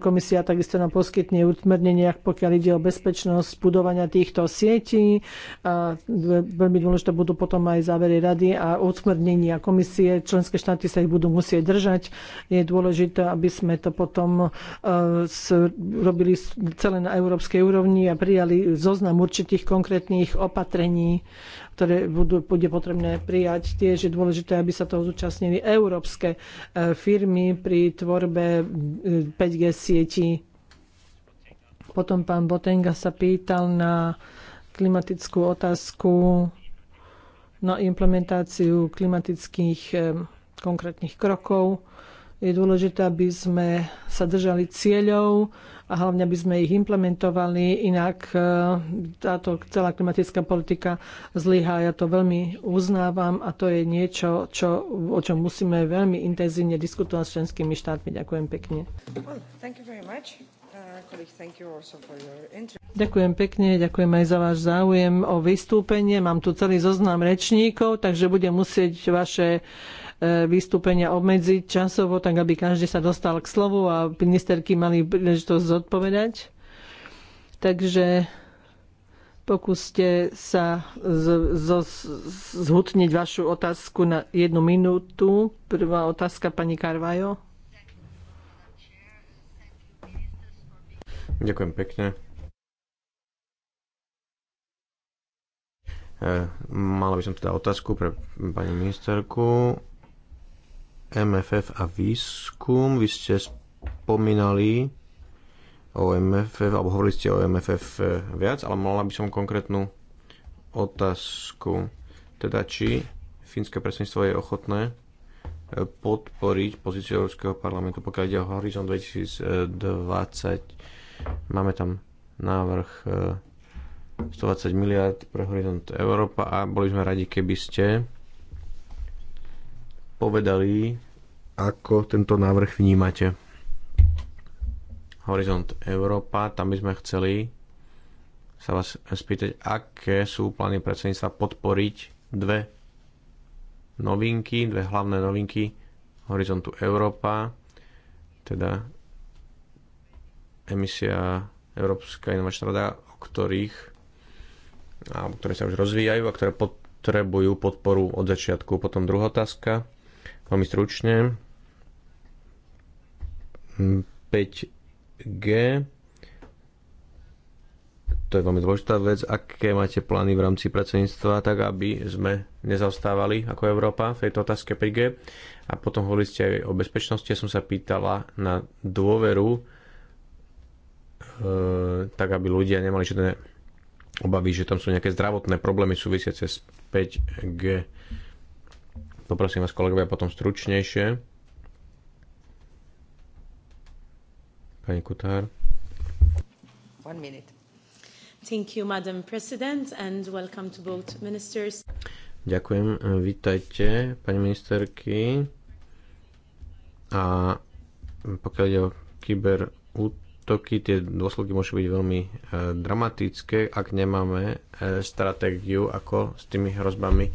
komisia takisto nám poskytne utmernenie, pokiaľ ide o bezpečnosť budovania týchto sietí. A veľmi dôležité budú potom aj závery rady a utmernenia komisie. Členské štáty sa ich budú musieť držať. Je dôležité, aby sme to potom e, robili celé na európskej úrovni opatrení a prijali zoznam určitých konkrétnych opatrení, ktoré budú, bude potrebné prijať. Tiež je dôležité, aby sa toho zúčastnili európske e, firmy pri tvorbe 5G e, sietí. Potom pán Botenga sa pýtal na klimatickú otázku, na implementáciu klimatických e, konkrétnych krokov. Je dôležité, aby sme sa držali cieľov, a hlavne, by sme ich implementovali, inak e, táto celá klimatická politika zlyhá. Ja to veľmi uznávam a to je niečo, čo, o čom musíme veľmi intenzívne diskutovať s členskými štátmi. Ďakujem pekne. Uh, ďakujem pekne, ďakujem aj za váš záujem o vystúpenie. Mám tu celý zoznam rečníkov, takže budem musieť vaše vystúpenia obmedziť časovo, tak aby každý sa dostal k slovu a ministerky mali príležitosť zodpovedať. Takže pokúste sa z, z, zhutniť vašu otázku na jednu minútu. Prvá otázka pani Karvajo. Ďakujem pekne. E, mala by som teda otázku pre pani ministerku. MFF a výskum. Vy ste spomínali o MFF, alebo hovorili ste o MFF eh, viac, ale mala by som konkrétnu otázku. Teda, či fínske predsedníctvo je ochotné eh, podporiť pozíciu Európskeho parlamentu, pokiaľ ide o Horizon 2020. Máme tam návrh 120 eh, miliard pre Horizont Európa a boli sme radi, keby ste povedali, ako tento návrh vnímate. Horizont Európa, tam by sme chceli sa vás spýtať, aké sú plány predsedníctva podporiť dve novinky, dve hlavné novinky Horizontu Európa, teda emisia Európska inovačná rada, o ktorých alebo ktoré sa už rozvíjajú a ktoré potrebujú podporu od začiatku. Potom druhá otázka Veľmi stručne. 5G. Mm, to je veľmi dôležitá vec. Aké máte plány v rámci predsedníctva, tak aby sme nezaostávali ako Európa v tejto otázke 5G? A potom hovorili ste aj o bezpečnosti. Ja som sa pýtala na dôveru, e, tak aby ľudia nemali žiadne obavy, že tam sú nejaké zdravotné problémy súvisiace s 5G. Poprosím vás, kolegovia, potom stručnejšie. Pani Kutár. One minute. Thank you, Madam President, and welcome to both ministers. Ďakujem, vítajte, pani ministerky. A pokiaľ ide o kyberútoky, tie dôsledky môžu byť veľmi e, dramatické, ak nemáme e, stratégiu, ako s tými hrozbami e,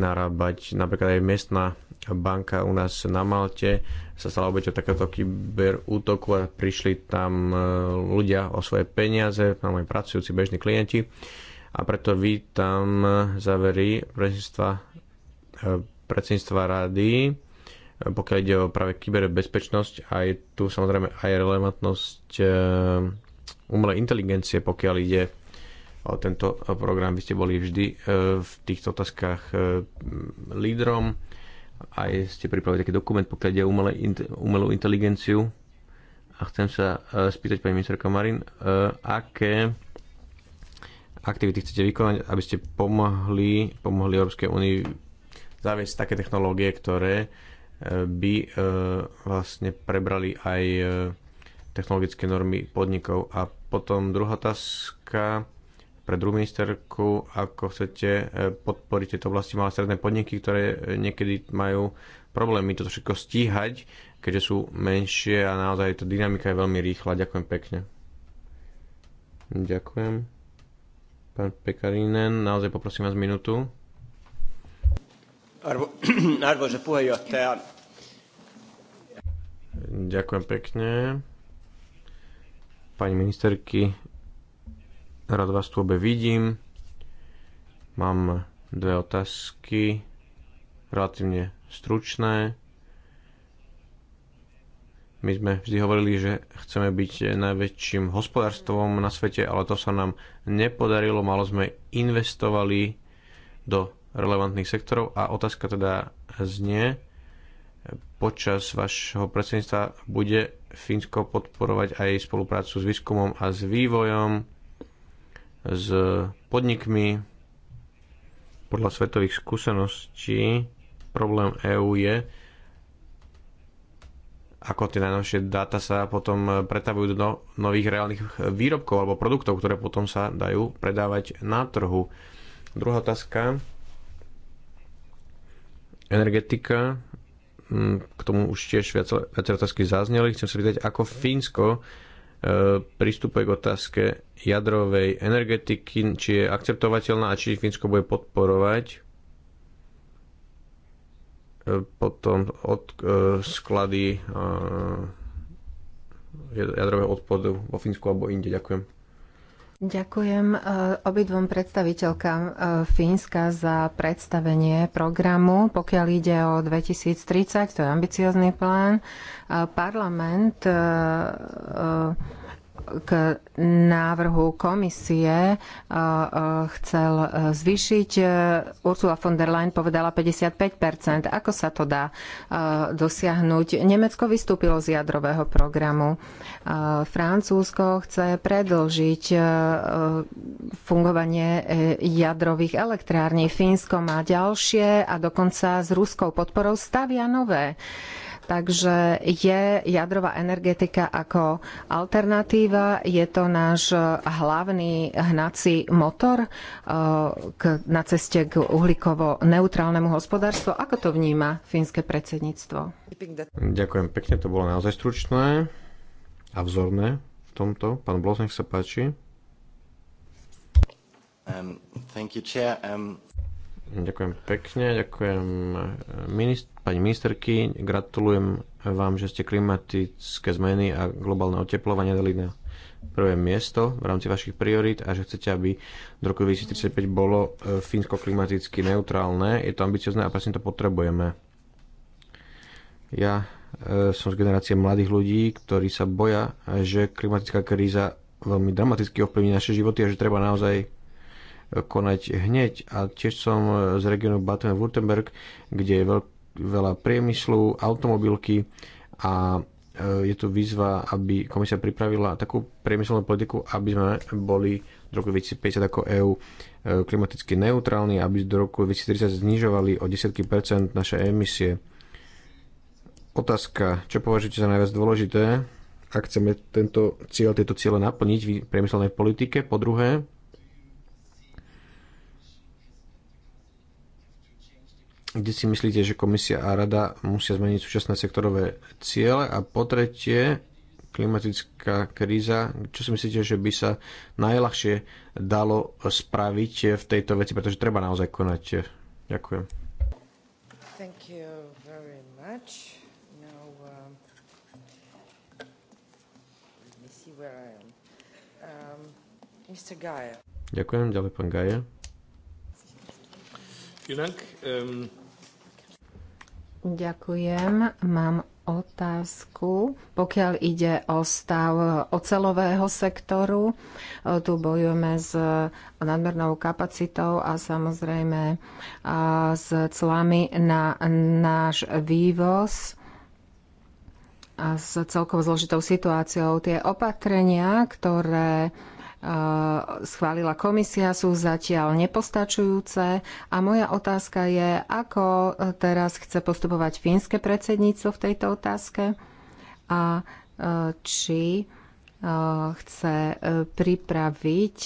narábať. Napríklad aj miestna banka u nás na Malte sa stala obeťou takéto kyberútoku a prišli tam e, ľudia o svoje peniaze, tam aj pracujúci bežní klienti a preto vítam závery predsedníctva, e, predsedníctva rady, e, pokiaľ ide o práve kyberbezpečnosť, aj tu samozrejme aj relevantnosť umelej inteligencie, pokiaľ ide tento program. Vy ste boli vždy e, v týchto otázkach e, lídrom. Aj ste pripravili taký dokument, pokiaľ ide umelé, umelú inteligenciu. A chcem sa e, spýtať pani ministerka Marin, aké aktivity chcete vykonať, aby ste pomohli, pomohli Európskej únii zaviesť také technológie, ktoré by vlastne prebrali aj technologické normy podnikov. A potom druhá otázka, pre druhú ministerku, ako chcete eh, podporiť tieto oblasti malé stredné podniky, ktoré eh, niekedy majú problémy toto všetko stíhať, keďže sú menšie a naozaj tá dynamika je veľmi rýchla. Ďakujem pekne. Ďakujem. Pán Pekarinen, naozaj poprosím vás minútu. Arvo, arvoisa Ďakujem pekne. Pani ministerky, Rád vás tu obe vidím. Mám dve otázky, relatívne stručné. My sme vždy hovorili, že chceme byť najväčším hospodárstvom na svete, ale to sa nám nepodarilo, Malo sme investovali do relevantných sektorov a otázka teda znie, počas vašho predsedníctva bude Fínsko podporovať aj spoluprácu s výskumom a s vývojom, s podnikmi. Podľa svetových skúseností problém EÚ je, ako tie najnovšie dáta sa potom pretavujú do no-, nových reálnych výrobkov alebo produktov, ktoré potom sa dajú predávať na trhu. Druhá otázka. Energetika. Hm, k tomu už tiež viac, viac otázky zazneli. Chcem sa vydať, ako Fínsko E, prístupe k otázke jadrovej energetiky, či je akceptovateľná a či Fínsko bude podporovať e, potom od, e, sklady jadrového odpadu vo Fínsku alebo inde. Ďakujem. Ďakujem e, obidvom predstaviteľkám e, Fínska za predstavenie programu. Pokiaľ ide o 2030, to je ambiciózny plán, e, parlament k návrhu komisie e, e, chcel e, zvýšiť. Ursula von der Leyen povedala 55 Ako sa to dá dosiahnuť? Nemecko vystúpilo z jadrového programu. Francúzsko chce predlžiť fungovanie jadrových elektrární. Fínsko má ďalšie a dokonca s ruskou podporou stavia nové. Takže je jadrová energetika ako alternatíva, je to náš hlavný hnací motor eh, na ceste k uhlíkovo-neutrálnemu hospodárstvu. Ako to vníma fínske predsedníctvo? Ďakujem pekne, to bolo naozaj stručné a vzorné v tomto. Pán Blos, nech sa páči. Um, you, um... Ďakujem pekne, ďakujem eh, ministr Pani ministerky, gratulujem vám, že ste klimatické zmeny a globálne oteplovanie dali na prvé miesto v rámci vašich priorít a že chcete, aby do roku 2035 bolo e, Fínsko klimaticky neutrálne. Je to ambiciozne a presne to potrebujeme. Ja e, som z generácie mladých ľudí, ktorí sa boja, že klimatická kríza veľmi dramaticky ovplyvní naše životy a že treba naozaj e, konať hneď. A tiež som z regionu Baden-Württemberg, kde je veľký veľa priemyslu, automobilky a e, je tu výzva, aby komisia pripravila takú priemyselnú politiku, aby sme boli do roku 2050 ako EÚ e, klimaticky neutrálni, aby do roku 2030 znižovali o 10% naše emisie. Otázka, čo považujete za najviac dôležité, ak chceme tento cieľ, tieto ciele naplniť v priemyselnej politike? Po druhé, kde si myslíte, že komisia a rada musia zmeniť súčasné sektorové ciele a po tretie klimatická kríza, čo si myslíte, že by sa najľahšie dalo spraviť v tejto veci, pretože treba naozaj konať. Ďakujem. Thank you very much. Now, um, let me see where I am. Um, Mr. Gaia. Ďakujem, ďalej pán Gaia. Vielen Dank. Ähm, Ďakujem. Mám otázku, pokiaľ ide o stav ocelového sektoru. E, tu bojujeme s nadmernou kapacitou a samozrejme e, s clami na náš vývoz a s celkovo zložitou situáciou. Tie opatrenia, ktoré schválila komisia, sú zatiaľ nepostačujúce. A moja otázka je, ako teraz chce postupovať fínske predsedníctvo v tejto otázke a e, či e, chce e, pripraviť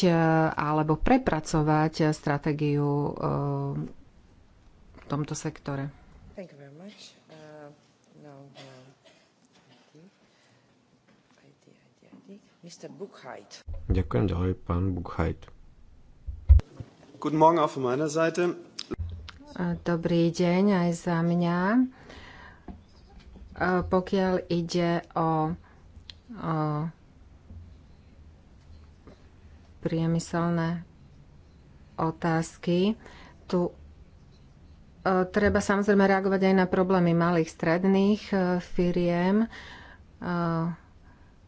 alebo prepracovať stratégiu v tomto sektore. Ďakujem ďalej, pán Buchheit. auch von meiner Seite. Dobrý deň aj za mňa. Pokiaľ ide o, o priemyselné otázky, tu e, treba samozrejme reagovať aj na problémy malých stredných e, firiem. E,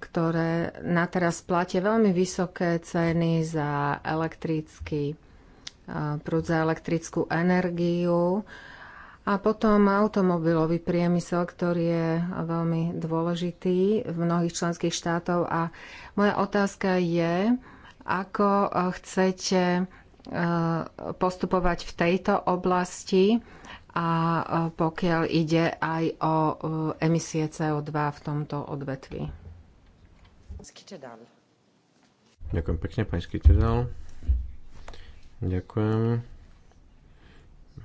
ktoré na teraz platia veľmi vysoké ceny za elektrický e, prúd, za elektrickú energiu. A potom automobilový priemysel, ktorý je veľmi dôležitý v mnohých členských štátov. A moja otázka je, ako e, chcete e, postupovať v tejto oblasti a pokiaľ ide aj o emisie CO2 v tomto odvetví. Ďakujem pekne, pani Skytedal. Ďakujem.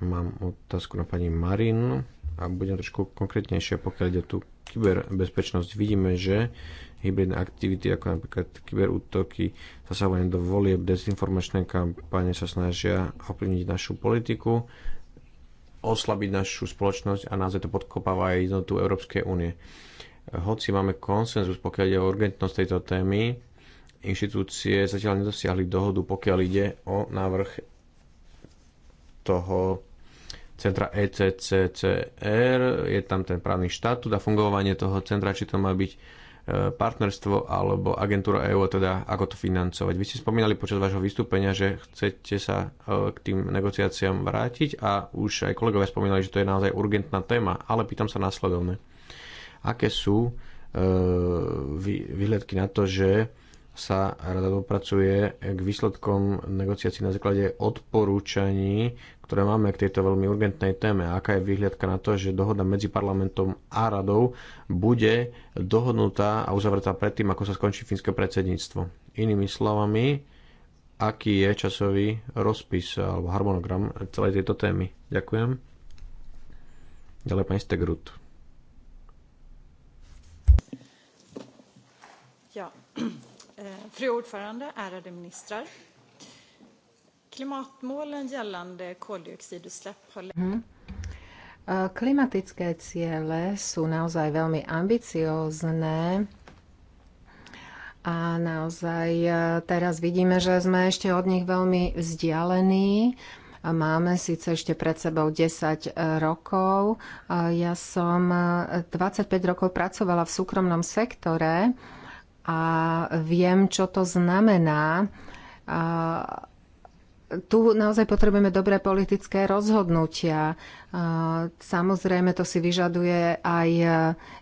Mám otázku na pani Marin a budem trošku konkrétnejšia, pokiaľ ide tu kyberbezpečnosť. Vidíme, že hybridné aktivity, ako napríklad kyberútoky, zasahovanie do volieb, dezinformačné kampane sa snažia ovplyvniť našu politiku, oslabiť našu spoločnosť a nás je to podkopáva aj jednotu Európskej únie hoci máme konsenzus, pokiaľ ide o urgentnosť tejto témy, inštitúcie zatiaľ nedosiahli dohodu, pokiaľ ide o návrh toho centra ECCCR, je tam ten právny štatút a fungovanie toho centra, či to má byť e, partnerstvo alebo agentúra EU, teda ako to financovať. Vy ste spomínali počas vášho vystúpenia, že chcete sa e, k tým negociáciám vrátiť a už aj kolegovia spomínali, že to je naozaj urgentná téma, ale pýtam sa následovne. Na aké sú e, výhľadky na to, že sa rada dopracuje k výsledkom negociácií na základe odporúčaní, ktoré máme k tejto veľmi urgentnej téme. Aká je výhľadka na to, že dohoda medzi parlamentom a radou bude dohodnutá a uzavretá predtým, ako sa skončí fínske predsedníctvo. Inými slovami, aký je časový rozpis alebo harmonogram celej tejto témy. Ďakujem. Ďalej pani Stegrud. Eh, fru talman! ärade ministrar. Klimatmålen gällande koldioxidutsläpp har... Mm. Klimatické ciele sú naozaj veľmi ambiciózne a naozaj eh, teraz vidíme, že sme ešte od nich veľmi vzdialení. Máme síce ešte pred sebou 10 rokov. Ja som 25 rokov pracovala v súkromnom sektore a viem, čo to znamená. A tu naozaj potrebujeme dobré politické rozhodnutia. Samozrejme, to si vyžaduje aj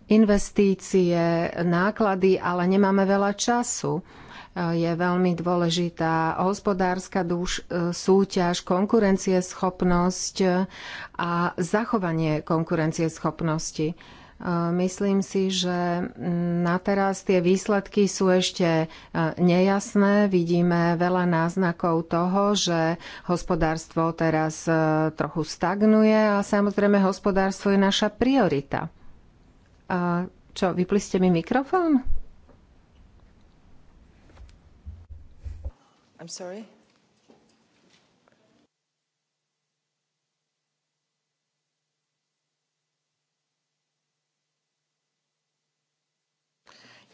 investície, náklady, ale nemáme veľa času je veľmi dôležitá hospodárska duš, e, súťaž, konkurencieschopnosť a zachovanie konkurencieschopnosti. schopnosti. Myslím si, že mm, na teraz tie výsledky sú ešte e, nejasné. Vidíme veľa náznakov toho, že hospodárstvo teraz e, trochu stagnuje a samozrejme hospodárstvo je naša priorita. A čo, vypli ste mi mikrofón? I'm sorry.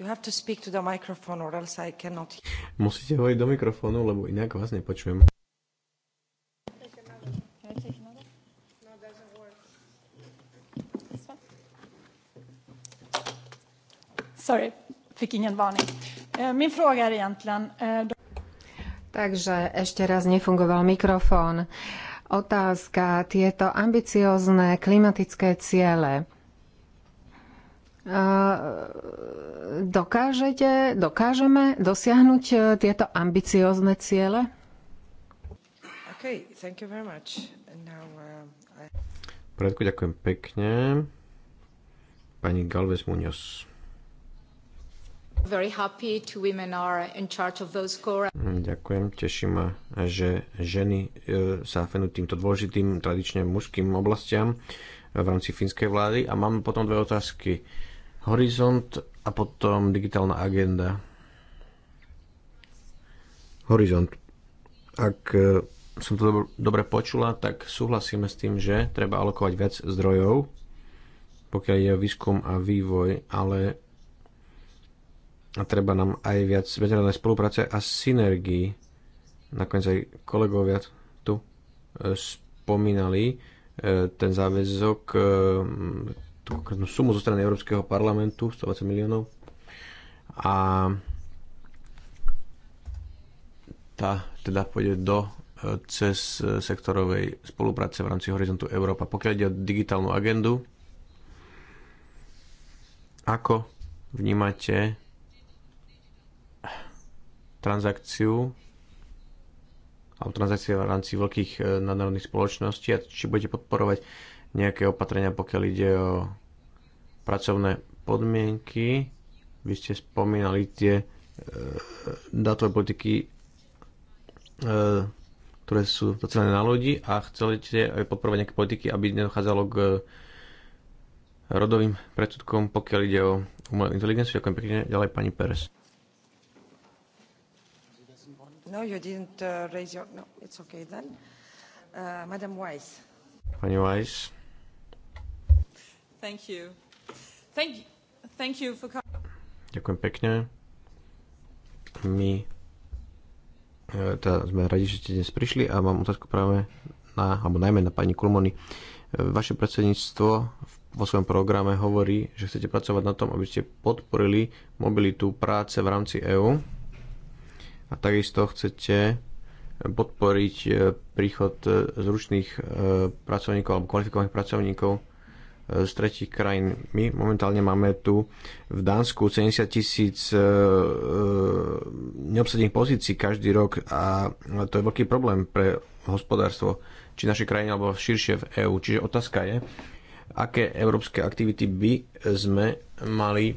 You have to speak to the microphone or else I cannot... Musíte hovoriť do mikrofónu, lebo inak vás nepočujem. Sorry, fick ingen varning. Eh, min fråga är egentligen... Eh, Takže ešte raz nefungoval mikrofón. Otázka, tieto ambiciozne klimatické ciele Eh, dokážete, dokážeme dosiahnuť eh, tieto ambiciozne ciele? Okay, eh, Predku, ďakujem pekne. Pani Galvez Muñoz. Mm, ďakujem, teší ma, že ženy sa venujú týmto dôležitým, tradične mužským oblastiam v rámci fínskej vlády. A mám potom dve otázky Horizont a potom digitálna agenda. Horizont. Ak e, som to dobre počula, tak súhlasíme s tým, že treba alokovať viac zdrojov, pokiaľ je výskum a vývoj, ale treba nám aj viac veterané spolupráce a synergii. Nakoniec aj kolegovia tu e, spomínali e, ten záväzok tú konkrétnu sumu zo strany Európskeho parlamentu, 120 miliónov. A tá teda pôjde do e, cez e, sektorovej spolupráce v rámci Horizontu Európa. Pokiaľ ide o digitálnu agendu, ako vnímate transakciu alebo transakcie v rámci veľkých e, nadnárodných spoločností a či budete podporovať nejaké opatrenia, pokiaľ ide o pracovné podmienky. Vy ste spomínali tie e, datové politiky, e, ktoré sú zacelené na ľudí a chceli ste aj podporovať nejaké politiky, aby nedochádzalo k rodovým predsudkom, pokiaľ ide o umelú inteligenciu. Ďakujem pekne. Ďalej pani Peres. No, you didn't uh, raise your... No, it's okay then. Uh, Madam Weiss. Pani Weiss. Thank you. Thank Thank you for... Ďakujem pekne. My e, teda sme radi, že ste dnes prišli a mám otázku práve na, alebo najmä na pani Kulmony. E, vaše predsedníctvo vo svojom programe hovorí, že chcete pracovať na tom, aby ste podporili mobilitu práce v rámci EÚ a takisto chcete podporiť e, príchod zručných pracovníkov alebo kvalifikovaných pracovníkov z tretich krajín. My momentálne máme tu v Dánsku 70 tisíc e, e, neobsadených pozícií každý rok a to je veľký problém pre hospodárstvo, či našej krajine alebo širšie v EÚ. Čiže otázka je, aké európske aktivity by sme mali e,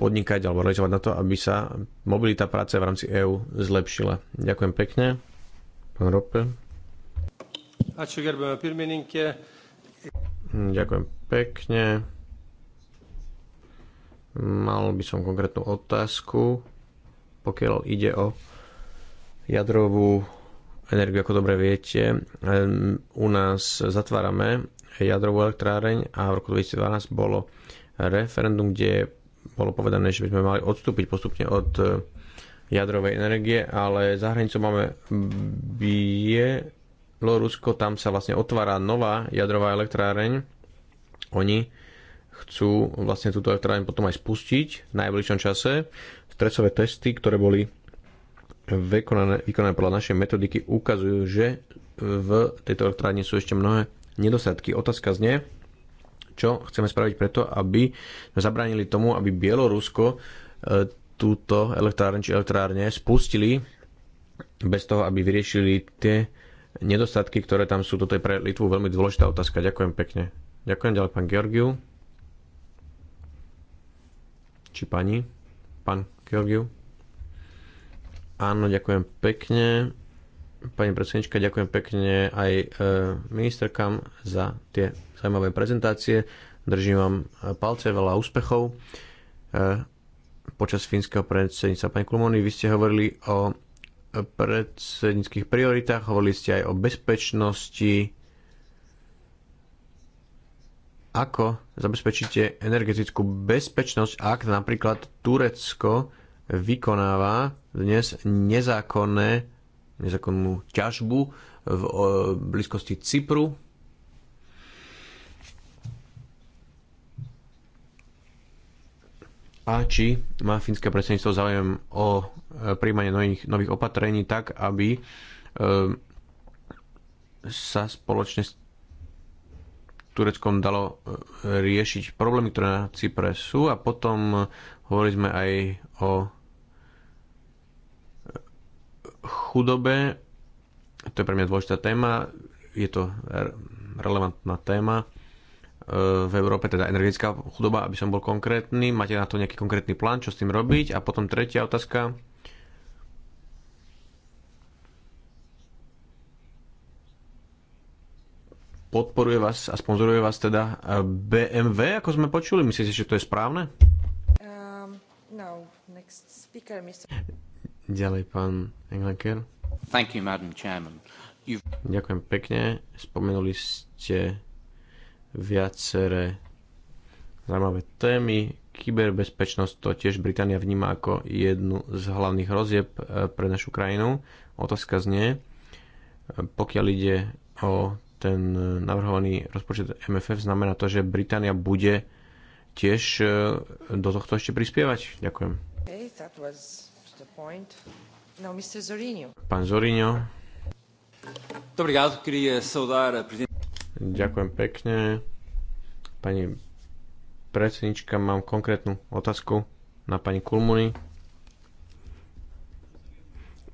podnikať alebo realizovať na to, aby sa mobilita práce v rámci EÚ zlepšila. Ďakujem pekne. Pán Rope. Ďakujem pekne. Mal by som konkrétnu otázku, pokiaľ ide o jadrovú energiu, ako dobre viete. Ehm, u nás zatvárame jadrovú elektráreň a v roku 2012 bolo referendum, kde bolo povedané, že by sme mali odstúpiť postupne od eh, jadrovej energie, ale za hranicou máme bie, Bielorusko, tam sa vlastne otvára nová jadrová elektráreň. Oni chcú vlastne túto elektráreň potom aj spustiť v najbližšom čase. Stresové testy, ktoré boli vykonané, vykonané podľa našej metodiky, ukazujú, že v tejto elektrárni sú ešte mnohé nedostatky. Otázka znie, čo chceme spraviť preto, aby sme zabránili tomu, aby Bielorusko e, túto elektrárne či elektrárne spustili bez toho, aby vyriešili tie nedostatky, ktoré tam sú. Toto je pre Litvu veľmi dôležitá otázka. Ďakujem pekne. Ďakujem ďalej pán Georgiu. Či pani? Pán Georgiu? Áno, ďakujem pekne. Pani predsednička, ďakujem pekne aj e, ministerkám za tie zaujímavé prezentácie. Držím vám e, palce, veľa úspechov. E, počas fínskeho predsedníctva. Pani Kulmony, vy ste hovorili o predsedníckých prioritách, hovorili ste aj o bezpečnosti. Ako zabezpečíte energetickú bezpečnosť, ak napríklad Turecko vykonáva dnes nezákonné, nezákonnú ťažbu v blízkosti Cypru, a či má fínske predsedníctvo záujem o e, príjmanie nových, nových opatrení tak, aby e, sa spoločne s Tureckom dalo e, riešiť problémy, ktoré na Cypre sú a potom hovorili sme aj o chudobe. To je pre mňa dôležitá téma, je to relevantná téma v Európe, teda energetická chudoba, aby som bol konkrétny. Máte na to nejaký konkrétny plán, čo s tým robiť? A potom tretia otázka. Podporuje vás a sponzoruje vás teda eh, BMW, ako sme počuli? Myslíte, že to je správne? Um, no. Next speaker, Mr. Ďalej pán Englaker. Thank you, Madam Chairman. You've... Ďakujem pekne. Spomenuli ste viaceré zaujímavé témy. Kyberbezpečnosť to tiež Británia vníma ako jednu z hlavných hrozieb eh, pre našu krajinu. Otázka znie, eh, pokiaľ ide o ten eh, navrhovaný rozpočet MFF, znamená to, že Británia bude tiež do tohto ešte prispievať? Ďakujem. Okay, no, Pán Zorinho. Obrigado, queria Ďakujem pekne. Pani predsednička, mám konkrétnu otázku na pani Kulmuni,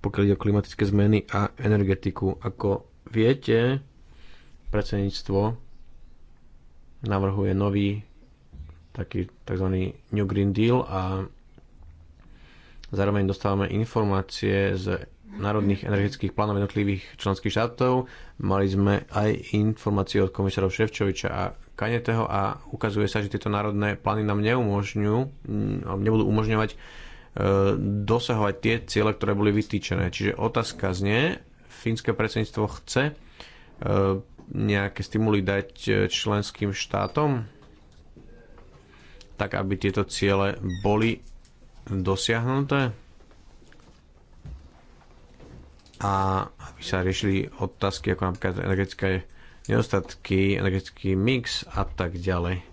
Pokiaľ ide o klimatické zmeny a energetiku, ako viete, predsedníctvo navrhuje nový taký tzv. New Green Deal a zároveň dostávame informácie z národných energetických plánov jednotlivých členských štátov. Mali sme aj informácie od komisárov Ševčoviča a Kaneteho a ukazuje sa, že tieto národné plány nám neumožňujú, mm, nebudú umožňovať e, dosahovať tie ciele, ktoré boli vytýčené. Čiže otázka znie, fínske predsedníctvo chce e, nejaké stimuly dať e, členským štátom, tak aby tieto ciele boli dosiahnuté? a aby sa riešili otázky ako napríklad energetické nedostatky, energetický mix a tak ďalej.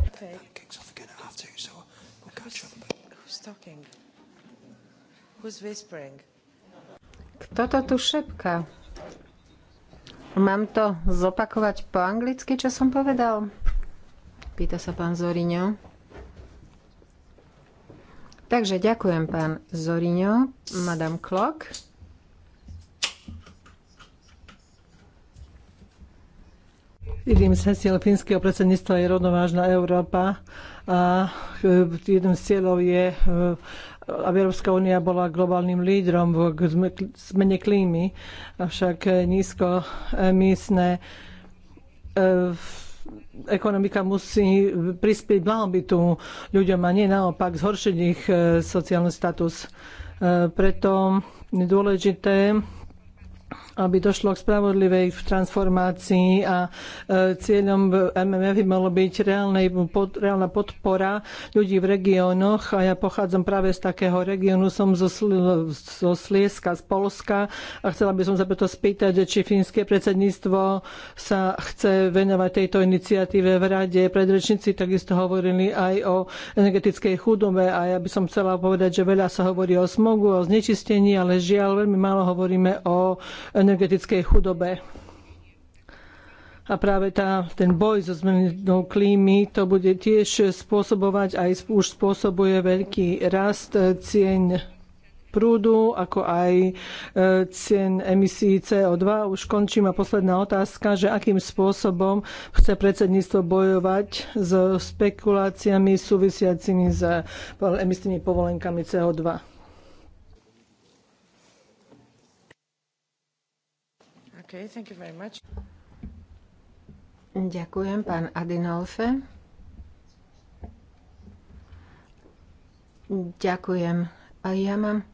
Kto to tu šepká? Mám to zopakovať po anglicky, čo som povedal? Pýta sa pán Zoriňo. Takže ďakujem pán Zoriňo, Madame Clock. Jedným z cieľ fínskeho predsedníctva je rovnovážna Európa a e, jedným z cieľov je, e, aby Európska únia bola globálnym lídrom v zmene klímy, avšak e, emisné ekonomika musí prispieť blahobytu ľuďom a nie naopak zhoršiť ich sociálny status. Preto je dôležité aby došlo k spravodlivej transformácii a e, cieľom MMF by malo byť reálnej, pod, reálna podpora ľudí v regiónoch a ja pochádzam práve z takého regiónu, som zo, zo Slieska, z Polska a chcela by som sa preto spýtať, či fínske predsedníctvo sa chce venovať tejto iniciatíve v rade. Predrečníci takisto hovorili aj o energetickej chudobe a ja by som chcela povedať, že veľa sa hovorí o smogu, o znečistení, ale žiaľ veľmi málo hovoríme o energetickej energetickej chudobe. A práve tá, ten boj so zmenou klímy, to bude tiež spôsobovať, aj už spôsobuje veľký rast eh, cien prúdu, ako aj eh, cien emisí CO2. Už končím a posledná otázka, že akým spôsobom chce predsedníctvo bojovať s spekuláciami súvisiacimi s emisnými povolenkami CO2. Okay, thank you very much. Ďakujem, pán Adinolfe. Ďakujem. Ja mám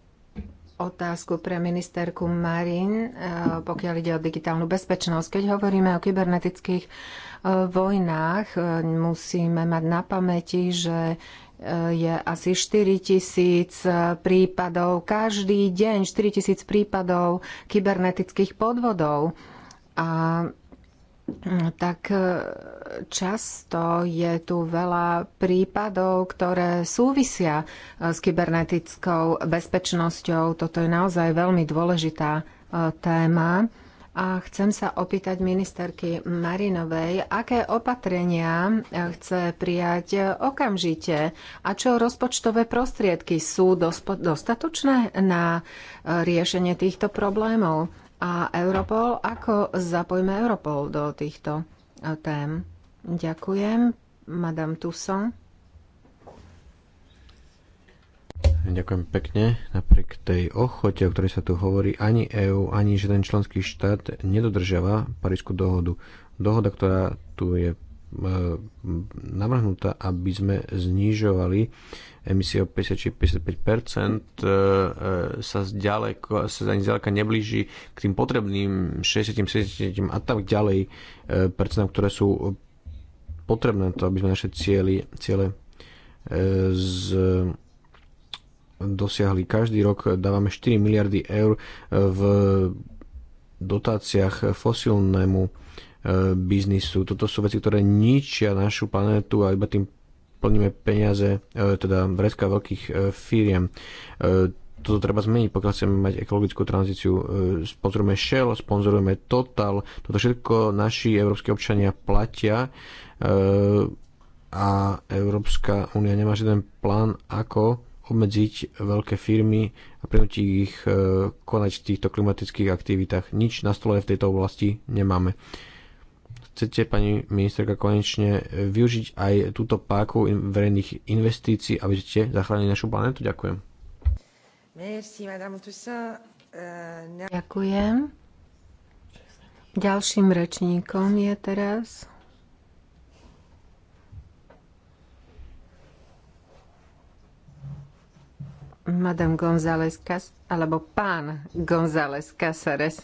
otázku pre ministerku Marin, eh, pokiaľ ide o digitálnu bezpečnosť. Keď hovoríme o kybernetických eh, vojnách, eh, musíme mať na pamäti, že je asi 4 tisíc prípadov, každý deň 4 tisíc prípadov kybernetických podvodov. A mm, tak e, často je tu veľa prípadov, ktoré súvisia e, s kybernetickou bezpečnosťou. Toto je naozaj veľmi dôležitá e, téma. A chcem sa opýtať ministerky Marinovej, aké opatrenia eh, chce prijať okamžite a čo rozpočtové prostriedky sú dostatočné na eh, riešenie týchto problémov. A Europol, ako zapojme Europol do týchto eh, tém? Ďakujem, Madame Tusson. Ďakujem pekne. Napriek tej ochote, o ktorej sa tu hovorí, ani EÚ, ani žiaden členský štát nedodržiava Parísku dohodu. Dohoda, ktorá tu je e, navrhnutá, aby sme znižovali emisie o 50 či 55 e, e, sa zďaleko, sa ani zďaleka neblíži k tým potrebným 60, 70 a tak ďalej e, percentám, ktoré sú potrebné to, aby sme naše cieľy, ciele e, z dosiahli. Každý rok dávame 4 miliardy eur e, v dotáciách fosilnému e, biznisu. Toto sú veci, ktoré ničia našu planétu a iba tým plníme peniaze, e, teda vrecka veľkých firiem. Toto treba zmeniť, pokiaľ chceme mať ekologickú tranzíciu. Sponzorujeme Shell, sponzorujeme Total, toto všetko naši európsky občania platia a Európska únia nemá žiaden plán, ako obmedziť veľké firmy a prinútiť ich e, konať v týchto klimatických aktivitách. Nič na stole v tejto oblasti nemáme. Chcete, pani ministerka, konečne využiť aj túto páku verejných investícií, aby ste zachránili našu planetu? Ďakujem. Merci, madame Toussaint. Euh, Ďakujem. Ďalším rečníkom je teraz Madame González Cas, alebo pán González Casares.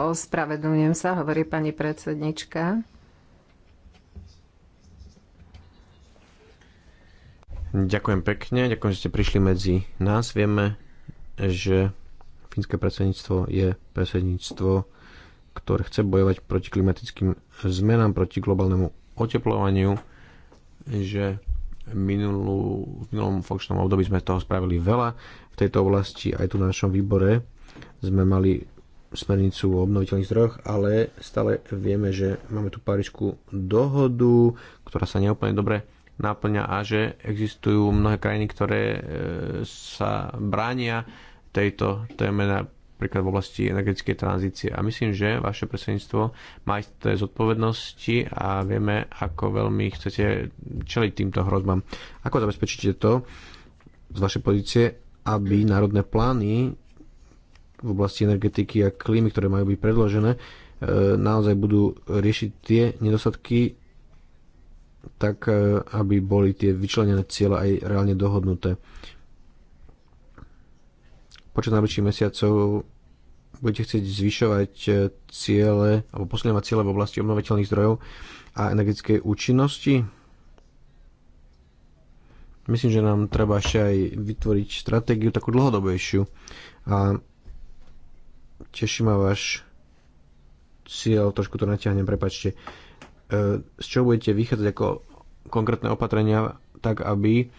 Ospravedlňujem sa, hovorí pani predsednička. Ďakujem pekne, ďakujem, že ste prišli medzi nás. Vieme, že fínske predsedníctvo je predsedníctvo, ktoré chce bojovať proti klimatickým zmenám, proti globálnemu oteplovaniu, že Minulú, v minulom funkčnom období sme toho spravili veľa. V tejto oblasti aj tu na našom výbore sme mali smernicu o obnoviteľných zdrojoch, ale stále vieme, že máme tu Parížskú dohodu, ktorá sa neúplne dobre naplňa a že existujú mnohé krajiny, ktoré e, sa bránia tejto téme napríklad v oblasti energetickej tranzície. A myslím, že vaše predsedníctvo má isté zodpovednosti a vieme, ako veľmi chcete čeliť týmto hrozbám. Ako zabezpečíte to z vašej pozície, aby národné plány v oblasti energetiky a klímy, ktoré majú byť predložené, e, naozaj budú riešiť tie nedostatky tak, e, aby boli tie vyčlenené cieľa aj reálne dohodnuté počas najbližších mesiacov budete chcieť zvyšovať e, ciele alebo posilňovať ciele v oblasti obnoviteľných zdrojov a energetickej účinnosti. Myslím, že nám treba ešte aj vytvoriť stratégiu takú dlhodobejšiu a teší ma váš cieľ, trošku to natiahnem, prepačte. E, z čoho budete vychádzať ako konkrétne opatrenia tak, aby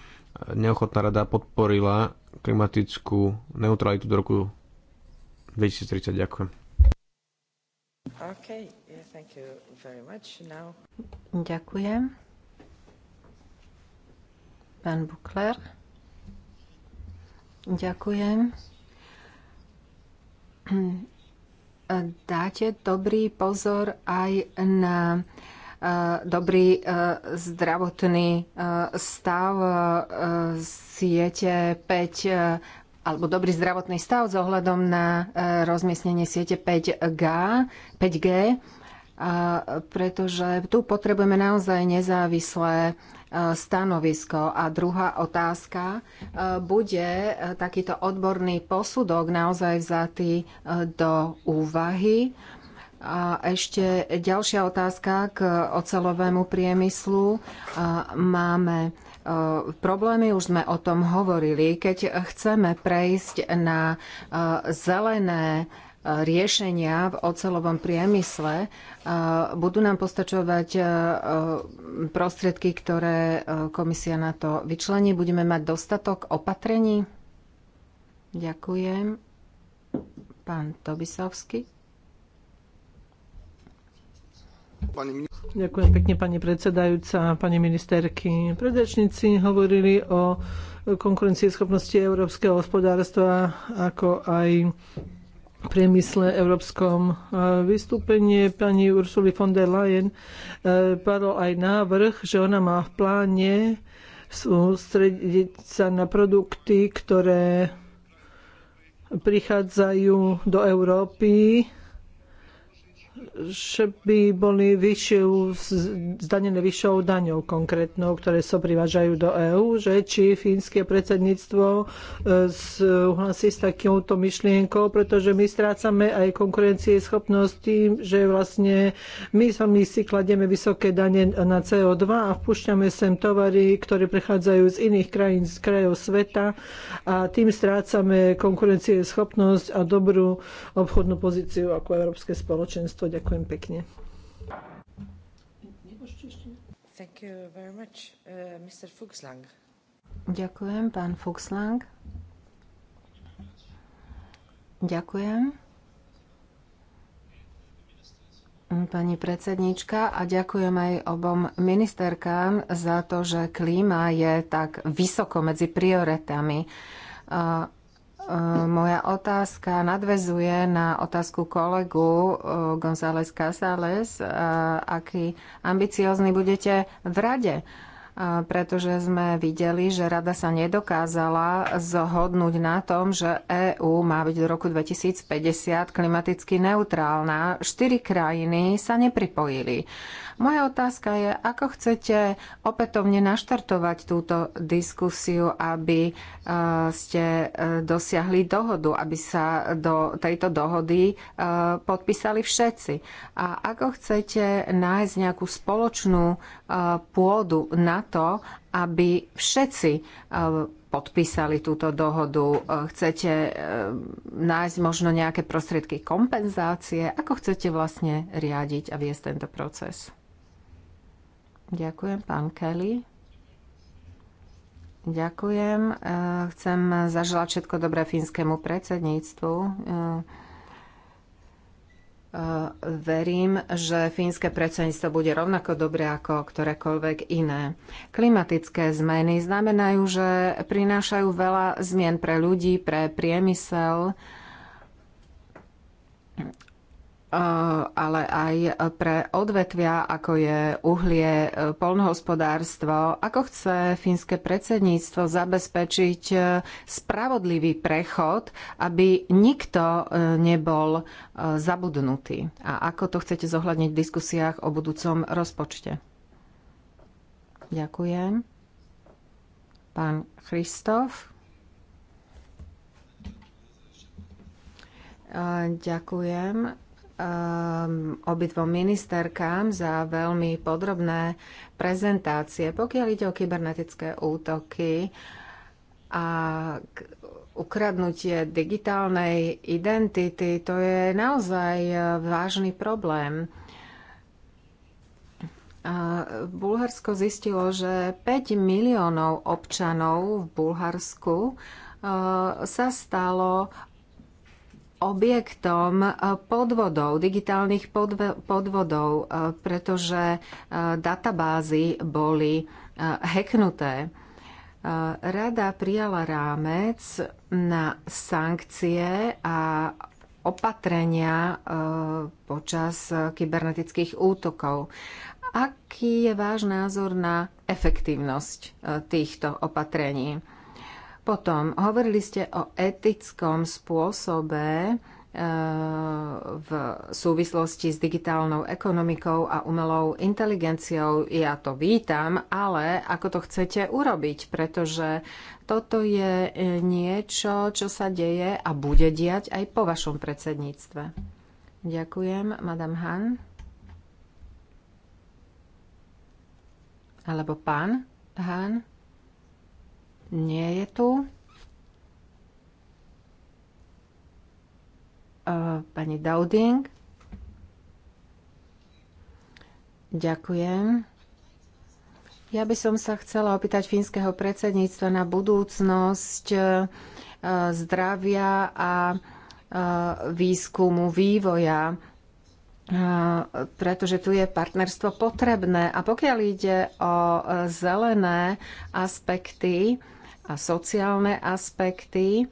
neochotná rada podporila klimatickú neutralitu do roku 2030. Ďakujem. Okay. Yeah, Now... Ďakujem. Pán Bukler. Ďakujem. Dáte dobrý pozor aj na dobrý e, zdravotný e, stav e, siete 5 alebo dobrý zdravotný stav s ohľadom na rozmiestnenie siete 5G, 5G pretože tu potrebujeme naozaj nezávislé stanovisko. A druhá otázka, bude takýto odborný posudok naozaj vzatý do úvahy? A ešte ďalšia otázka k ocelovému priemyslu. Máme e, problémy, už sme o tom hovorili. Keď chceme prejsť na e, zelené e, riešenia v ocelovom priemysle, budú nám postačovať prostriedky, ktoré komisia na to vyčlení. Budeme mať dostatok opatrení? Ďakujem. Pán Tobisovský. Ďakujem pekne, pani predsedajúca, pani ministerky. Predrečníci hovorili o konkurencieschopnosti európskeho hospodárstva, ako aj priemysle európskom vystúpenie pani Ursuly von der Leyen e, padol aj návrh, že ona má v pláne sústrediť sa na produkty, ktoré prichádzajú do Európy že by boli vyššiu, zdanené vyššou daňou konkrétnou, ktoré sa so privážajú do EÚ, že či fínske predsedníctvo e, súhlasí s takouto myšlienkou, pretože my strácame aj konkurencie schopnosť tým, že vlastne my sami si kladieme vysoké dane na CO2 a vpúšťame sem tovary, ktoré prechádzajú z iných krajín, z krajov sveta a tým strácame konkurencie schopnosť a dobrú obchodnú pozíciu ako Európske spoločenstvo školstvo. Ďakujem pekne. Thank you very much, uh, Mr. Fuchslang. Ďakujem, pán Fuchslang. Ďakujem. Pani predsednička a ďakujem aj obom ministerkám za to, že klíma je tak vysoko medzi prioritami. Uh, Eh, moja otázka nadvezuje na otázku kolegu eh, González Casales, eh, aký ambiciózny budete v rade, pretože sme videli, že rada sa nedokázala zhodnúť na tom, že EÚ má byť do roku 2050 klimaticky neutrálna. Štyri krajiny sa nepripojili. Moja otázka je, ako chcete opätovne naštartovať túto diskusiu, aby e, ste e, dosiahli dohodu, aby sa do tejto dohody e, podpísali všetci. A ako chcete nájsť nejakú spoločnú pôdu na to, aby všetci podpísali túto dohodu? Chcete nájsť možno nejaké prostriedky kompenzácie? Ako chcete vlastne riadiť a viesť tento proces? Ďakujem, pán Kelly. Ďakujem. E, chcem zaželať všetko dobré fínskemu predsedníctvu. E, e, verím, že fínske predsedníctvo bude rovnako dobré ako ktorékoľvek iné. Klimatické zmeny znamenajú, že prinášajú veľa zmien pre ľudí, pre priemysel Eh, ale aj pre odvetvia, ako je uhlie, eh, polnohospodárstvo. Ako chce fínske predsedníctvo zabezpečiť eh, spravodlivý prechod, aby nikto nebol zabudnutý? A ako to chcete zohľadniť v diskusiách o budúcom rozpočte? Ďakujem. Pán Christof. Ďakujem um, obidvom ministerkám za veľmi podrobné prezentácie. Pokiaľ ide o kybernetické útoky a ukradnutie digitálnej identity, to je naozaj e, vážny problém. Bulharsko zistilo, že 5 miliónov občanov v Bulharsku e, sa stalo objektom e, podvodov, digitálnych podvodov, e, pretože e, databázy boli hacknuté. Rada prijala rámec na sankcie a opatrenia počas kybernetických útokov. Aký je váš názor na efektívnosť týchto opatrení? Potom hovorili ste o etickom spôsobe e, v súvislosti s digitálnou ekonomikou a umelou inteligenciou. Ja to vítam, ale ako to chcete urobiť, pretože toto je e, niečo, čo sa deje a bude diať aj po vašom predsedníctve. Ďakujem, madam Han. Alebo pán Han nie je tu. E, pani Dowding. Ďakujem. Ja by som sa chcela opýtať fínskeho predsedníctva na budúcnosť e, zdravia a e, výskumu, vývoja pretože tu je partnerstvo potrebné. A pokiaľ ide o zelené aspekty, a sociálne aspekty.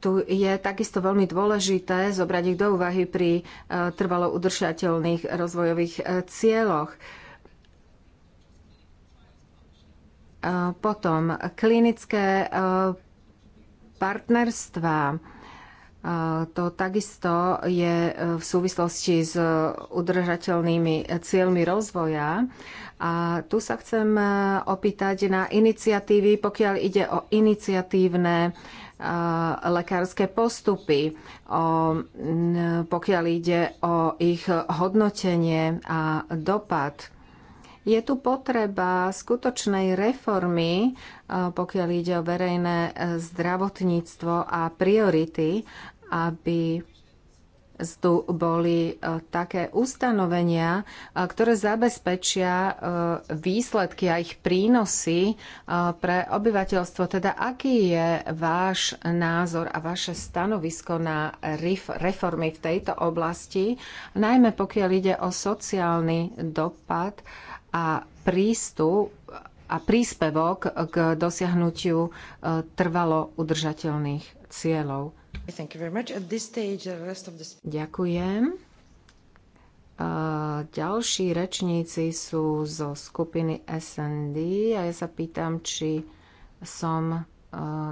Tu je takisto veľmi dôležité zobrať ich do úvahy pri e, trvalo udržateľných rozvojových e, cieľoch. E, potom klinické partnerstva. To takisto je v súvislosti s udržateľnými cieľmi rozvoja. A tu sa chcem e, opýtať na iniciatívy, pokiaľ ide o iniciatívne e, lekárske postupy, o, pokiaľ ide o ich hodnotenie a dopad. Je tu potreba skutočnej reformy, e, pokiaľ ide o verejné zdravotníctvo a priority, aby tu boli e, také ustanovenia, e, ktoré zabezpečia e, výsledky a ich prínosy pre obyvateľstvo. Teda aký je váš názor a vaše stanovisko na reformy v tejto oblasti, najmä pokiaľ ide o sociálny dopad a prístup a príspevok k dosiahnutiu trvalo udržateľných cieľov. Ďakujem. Ďalší rečníci sú zo skupiny SND a ja sa pýtam, či som e,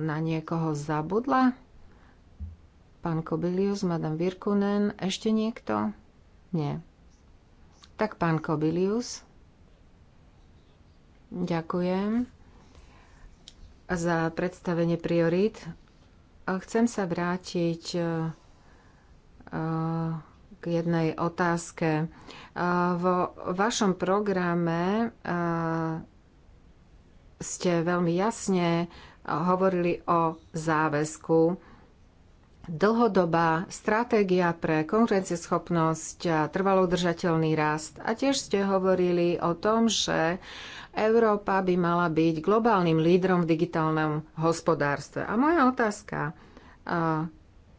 na niekoho zabudla. Pán Kobilius, madam Virkunen, ešte niekto? Nie. Tak pán Kobilius. Ďakujem za predstavenie priorít Chcem sa vrátiť e, k jednej otázke. E, vo vašom programe e, ste veľmi jasne hovorili o záväzku. Dlhodobá stratégia pre konkurencieschopnosť a trvalo udržateľný rast. A tiež ste hovorili o tom, že Európa by mala byť globálnym lídrom v digitálnom hospodárstve. A moja otázka,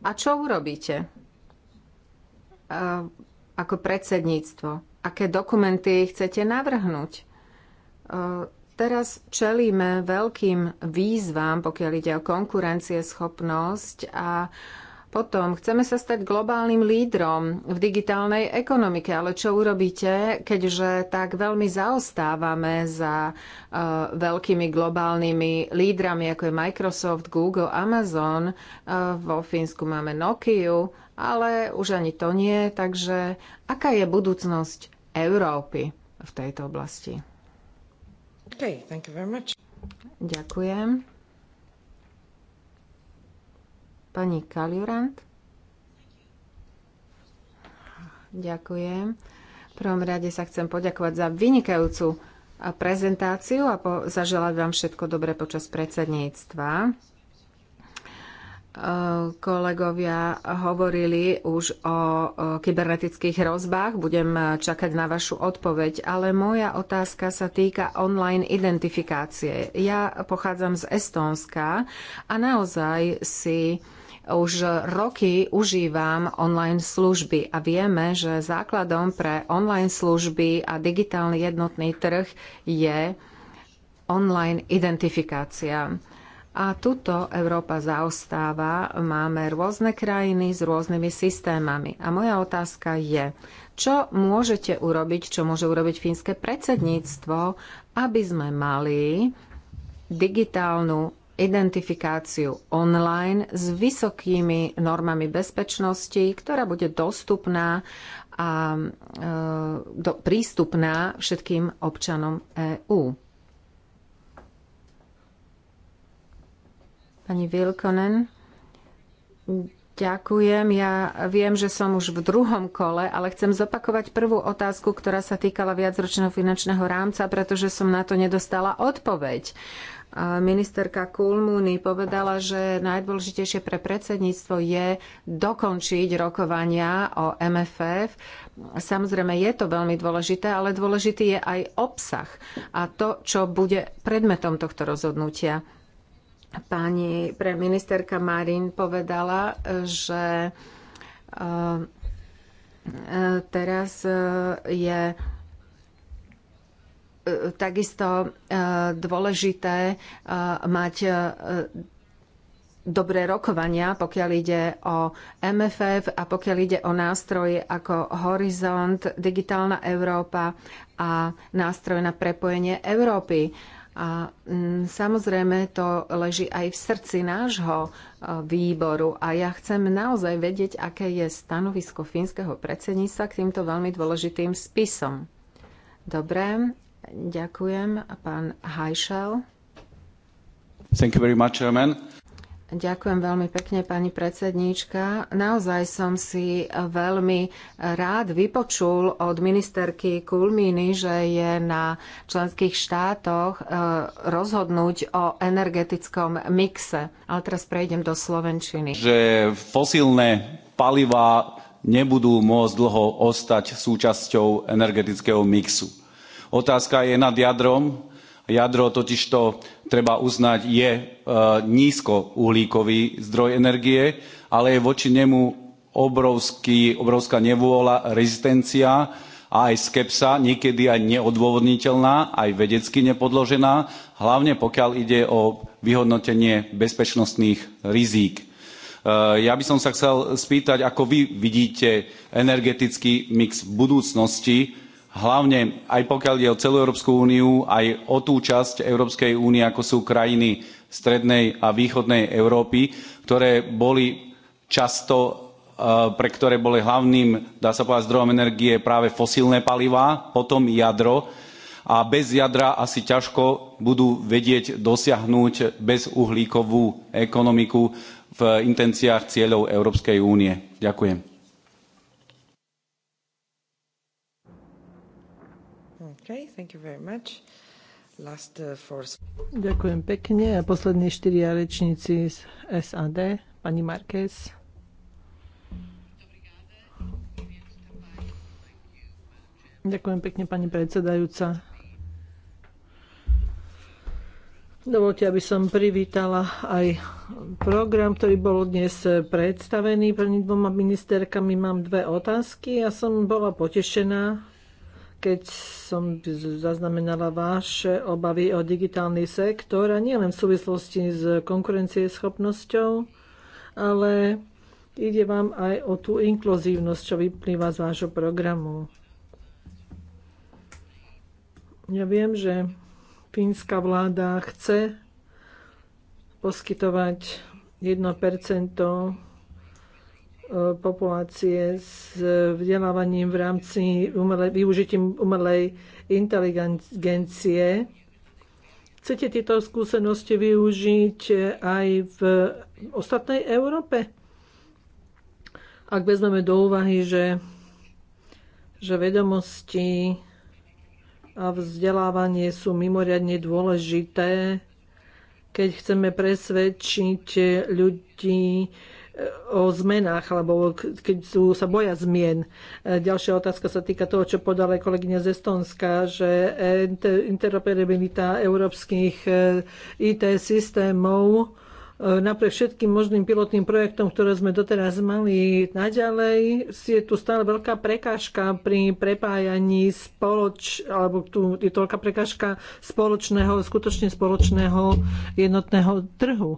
a čo urobíte ako predsedníctvo? Aké dokumenty chcete navrhnúť? Teraz čelíme veľkým výzvam, pokiaľ ide o konkurencieschopnosť a potom chceme sa stať globálnym lídrom v digitálnej ekonomike, ale čo urobíte, keďže tak veľmi zaostávame za uh, veľkými globálnymi lídrami, ako je Microsoft, Google, Amazon. Uh, vo Fínsku máme Nokia, ale už ani to nie. Takže aká je budúcnosť Európy v tejto oblasti? Okay, thank you very much. Ďakujem. Pani Kaliurant. Ďakujem. V prvom rade sa chcem poďakovať za vynikajúcu prezentáciu a po- zaželať vám všetko dobré počas predsedníctva. E, kolegovia hovorili už o kybernetických hrozbách. Budem čakať na vašu odpoveď, ale moja otázka sa týka online identifikácie. Ja pochádzam z Estónska a naozaj si už roky užívam online služby a vieme, že základom pre online služby a digitálny jednotný trh je online identifikácia. A tuto Európa zaostáva. Máme rôzne krajiny s rôznymi systémami. A moja otázka je, čo môžete urobiť, čo môže urobiť fínske predsedníctvo, aby sme mali digitálnu identifikáciu online s vysokými normami bezpečnosti, ktorá bude dostupná a e, do, prístupná všetkým občanom EÚ. Pani Vilkonen, Ďakujem. Ja viem, že som už v druhom kole, ale chcem zopakovať prvú otázku, ktorá sa týkala viacročného finančného rámca, pretože som na to nedostala odpoveď. Ministerka Kulmúny povedala, že najdôležitejšie pre predsedníctvo je dokončiť rokovania o MFF. Samozrejme, je to veľmi dôležité, ale dôležitý je aj obsah a to, čo bude predmetom tohto rozhodnutia. Pani pre ministerka Marin povedala, že eh, eh, teraz eh, je E, takisto e, dôležité e, mať dobré rokovania, pokiaľ ide o MFF a pokiaľ ide o nástroje ako Horizont, Digitálna Európa a nástroj na prepojenie Európy. A samozrejme to leží aj v srdci nášho výboru a ja chcem naozaj vedieť, aké je stanovisko fínskeho predsedníctva k týmto veľmi dôležitým spisom. Dobre, Ďakujem. Pán Hajšel. Thank you very much, Chairman. Ďakujem veľmi pekne, pani predsedníčka. Naozaj som si veľmi rád vypočul od ministerky Kulmíny, že je na členských štátoch e, rozhodnúť o energetickom mixe. Ale teraz prejdem do Slovenčiny. Že fosílne paliva nebudú môcť dlho ostať súčasťou energetického mixu Otázka je nad jadrom. Jadro totižto, treba uznať, je e, nízkouhlíkový zdroj energie, ale je voči nemu obrovský, obrovská nevôľa, rezistencia a aj skepsa, niekedy aj neodôvodniteľná, aj vedecky nepodložená, hlavne pokiaľ ide o vyhodnotenie bezpečnostných rizík. E, ja by som sa chcel spýtať, ako vy vidíte energetický mix budúcnosti hlavne aj pokiaľ ide o celú Európsku úniu, aj o tú časť Európskej únie, ako sú krajiny strednej a východnej Európy, ktoré boli často e, pre ktoré boli hlavným, dá sa povedať, zdrojom energie práve fosílne palivá, potom jadro. A bez jadra asi ťažko budú vedieť dosiahnuť bezuhlíkovú ekonomiku v intenciách cieľov Európskej únie. Ďakujem. Thank you very much. Last, uh, Ďakujem pekne. A poslední štyri rečníci z SAD. Pani Marquez. Ďakujem pekne, pani predsedajúca. Dovolte, aby som privítala aj program, ktorý bol dnes predstavený pred dvoma ministerkami. Mám dve otázky a ja som bola potešená keď som zaznamenala vaše obavy o digitálny sektor a nielen v súvislosti s konkurencieschopnosťou, ale ide vám aj o tú inkluzívnosť, čo vyplýva z vášho programu. Ja viem, že fínska vláda chce poskytovať 1 Eh, populácie s vzdelávaním v rámci umelej, využitím umelej inteligencie. Chcete tieto skúsenosti využiť aj v ostatnej Európe? Ak vezmeme do úvahy, že, že vedomosti a vzdelávanie sú mimoriadne dôležité, keď chceme presvedčiť ľudí, o zmenách, alebo keď sú, sa boja zmien. E, ďalšia otázka sa týka toho, čo podala kolegyňa z Estonska, že interoperabilita európskych e, IT systémov e, napriek všetkým možným pilotným projektom, ktoré sme doteraz mali naďalej, je tu stále veľká prekážka pri prepájaní spoloč, alebo tu je to veľká prekážka spoločného, skutočne spoločného jednotného trhu.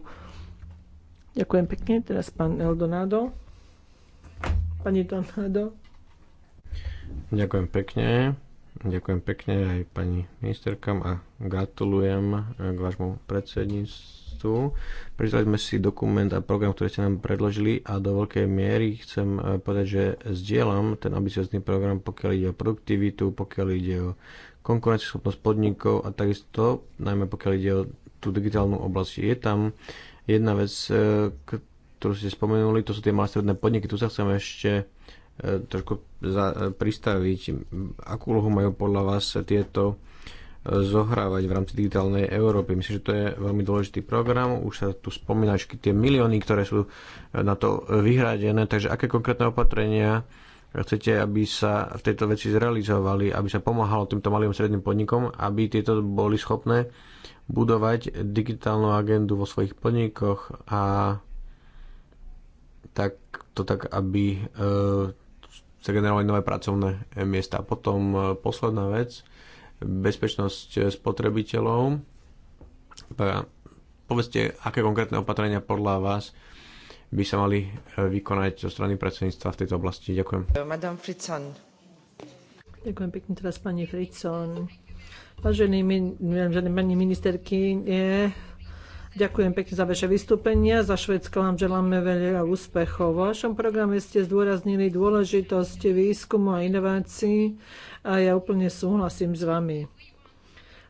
Ďakujem pekne. Teraz pán Eldonado. Pani Donado. Ďakujem pekne. Ďakujem pekne aj pani ministerkám a gratulujem eh, k vášmu predsedníctvu. Prizrali sme si dokument a program, ktorý ste nám predložili a do veľkej miery chcem eh, povedať, že zdieľam ten ambiciozný program, pokiaľ ide o produktivitu, pokiaľ ide o konkurencieschopnosť podnikov a takisto, najmä pokiaľ ide o tú digitálnu oblasť. Je tam Jedna vec, e, ktorú ste spomenuli, to sú tie malé stredné podniky. Tu sa chcem ešte e, trošku za, e, pristaviť. Akú úlohu majú podľa vás tieto zohrávať v rámci digitálnej Európy. Myslím, že to je veľmi dôležitý program. Už sa tu spomínačky tie milióny, ktoré sú na to vyhradené. Takže aké konkrétne opatrenia chcete, aby sa v tejto veci zrealizovali, aby sa pomáhalo týmto malým stredným podnikom, aby tieto boli schopné budovať digitálnu agendu vo svojich podnikoch a tak, to tak, aby e, sa generovali nové pracovné miesta. Potom e, posledná vec, bezpečnosť spotrebiteľov. Povedzte, aké konkrétne opatrenia podľa vás by sa mali e, vykonať zo strany predsedníctva v tejto oblasti. Ďakujem. Madame Fritzon. Ďakujem pekne teraz pani Fritzon. Vážený, vážené pani ministerky, nie. ďakujem pekne za vaše vystúpenia. Za Švedsko vám želáme veľa úspechov. V vašom programe ste zdôraznili dôležitosť výskumu a inovácií a ja úplne súhlasím s vami.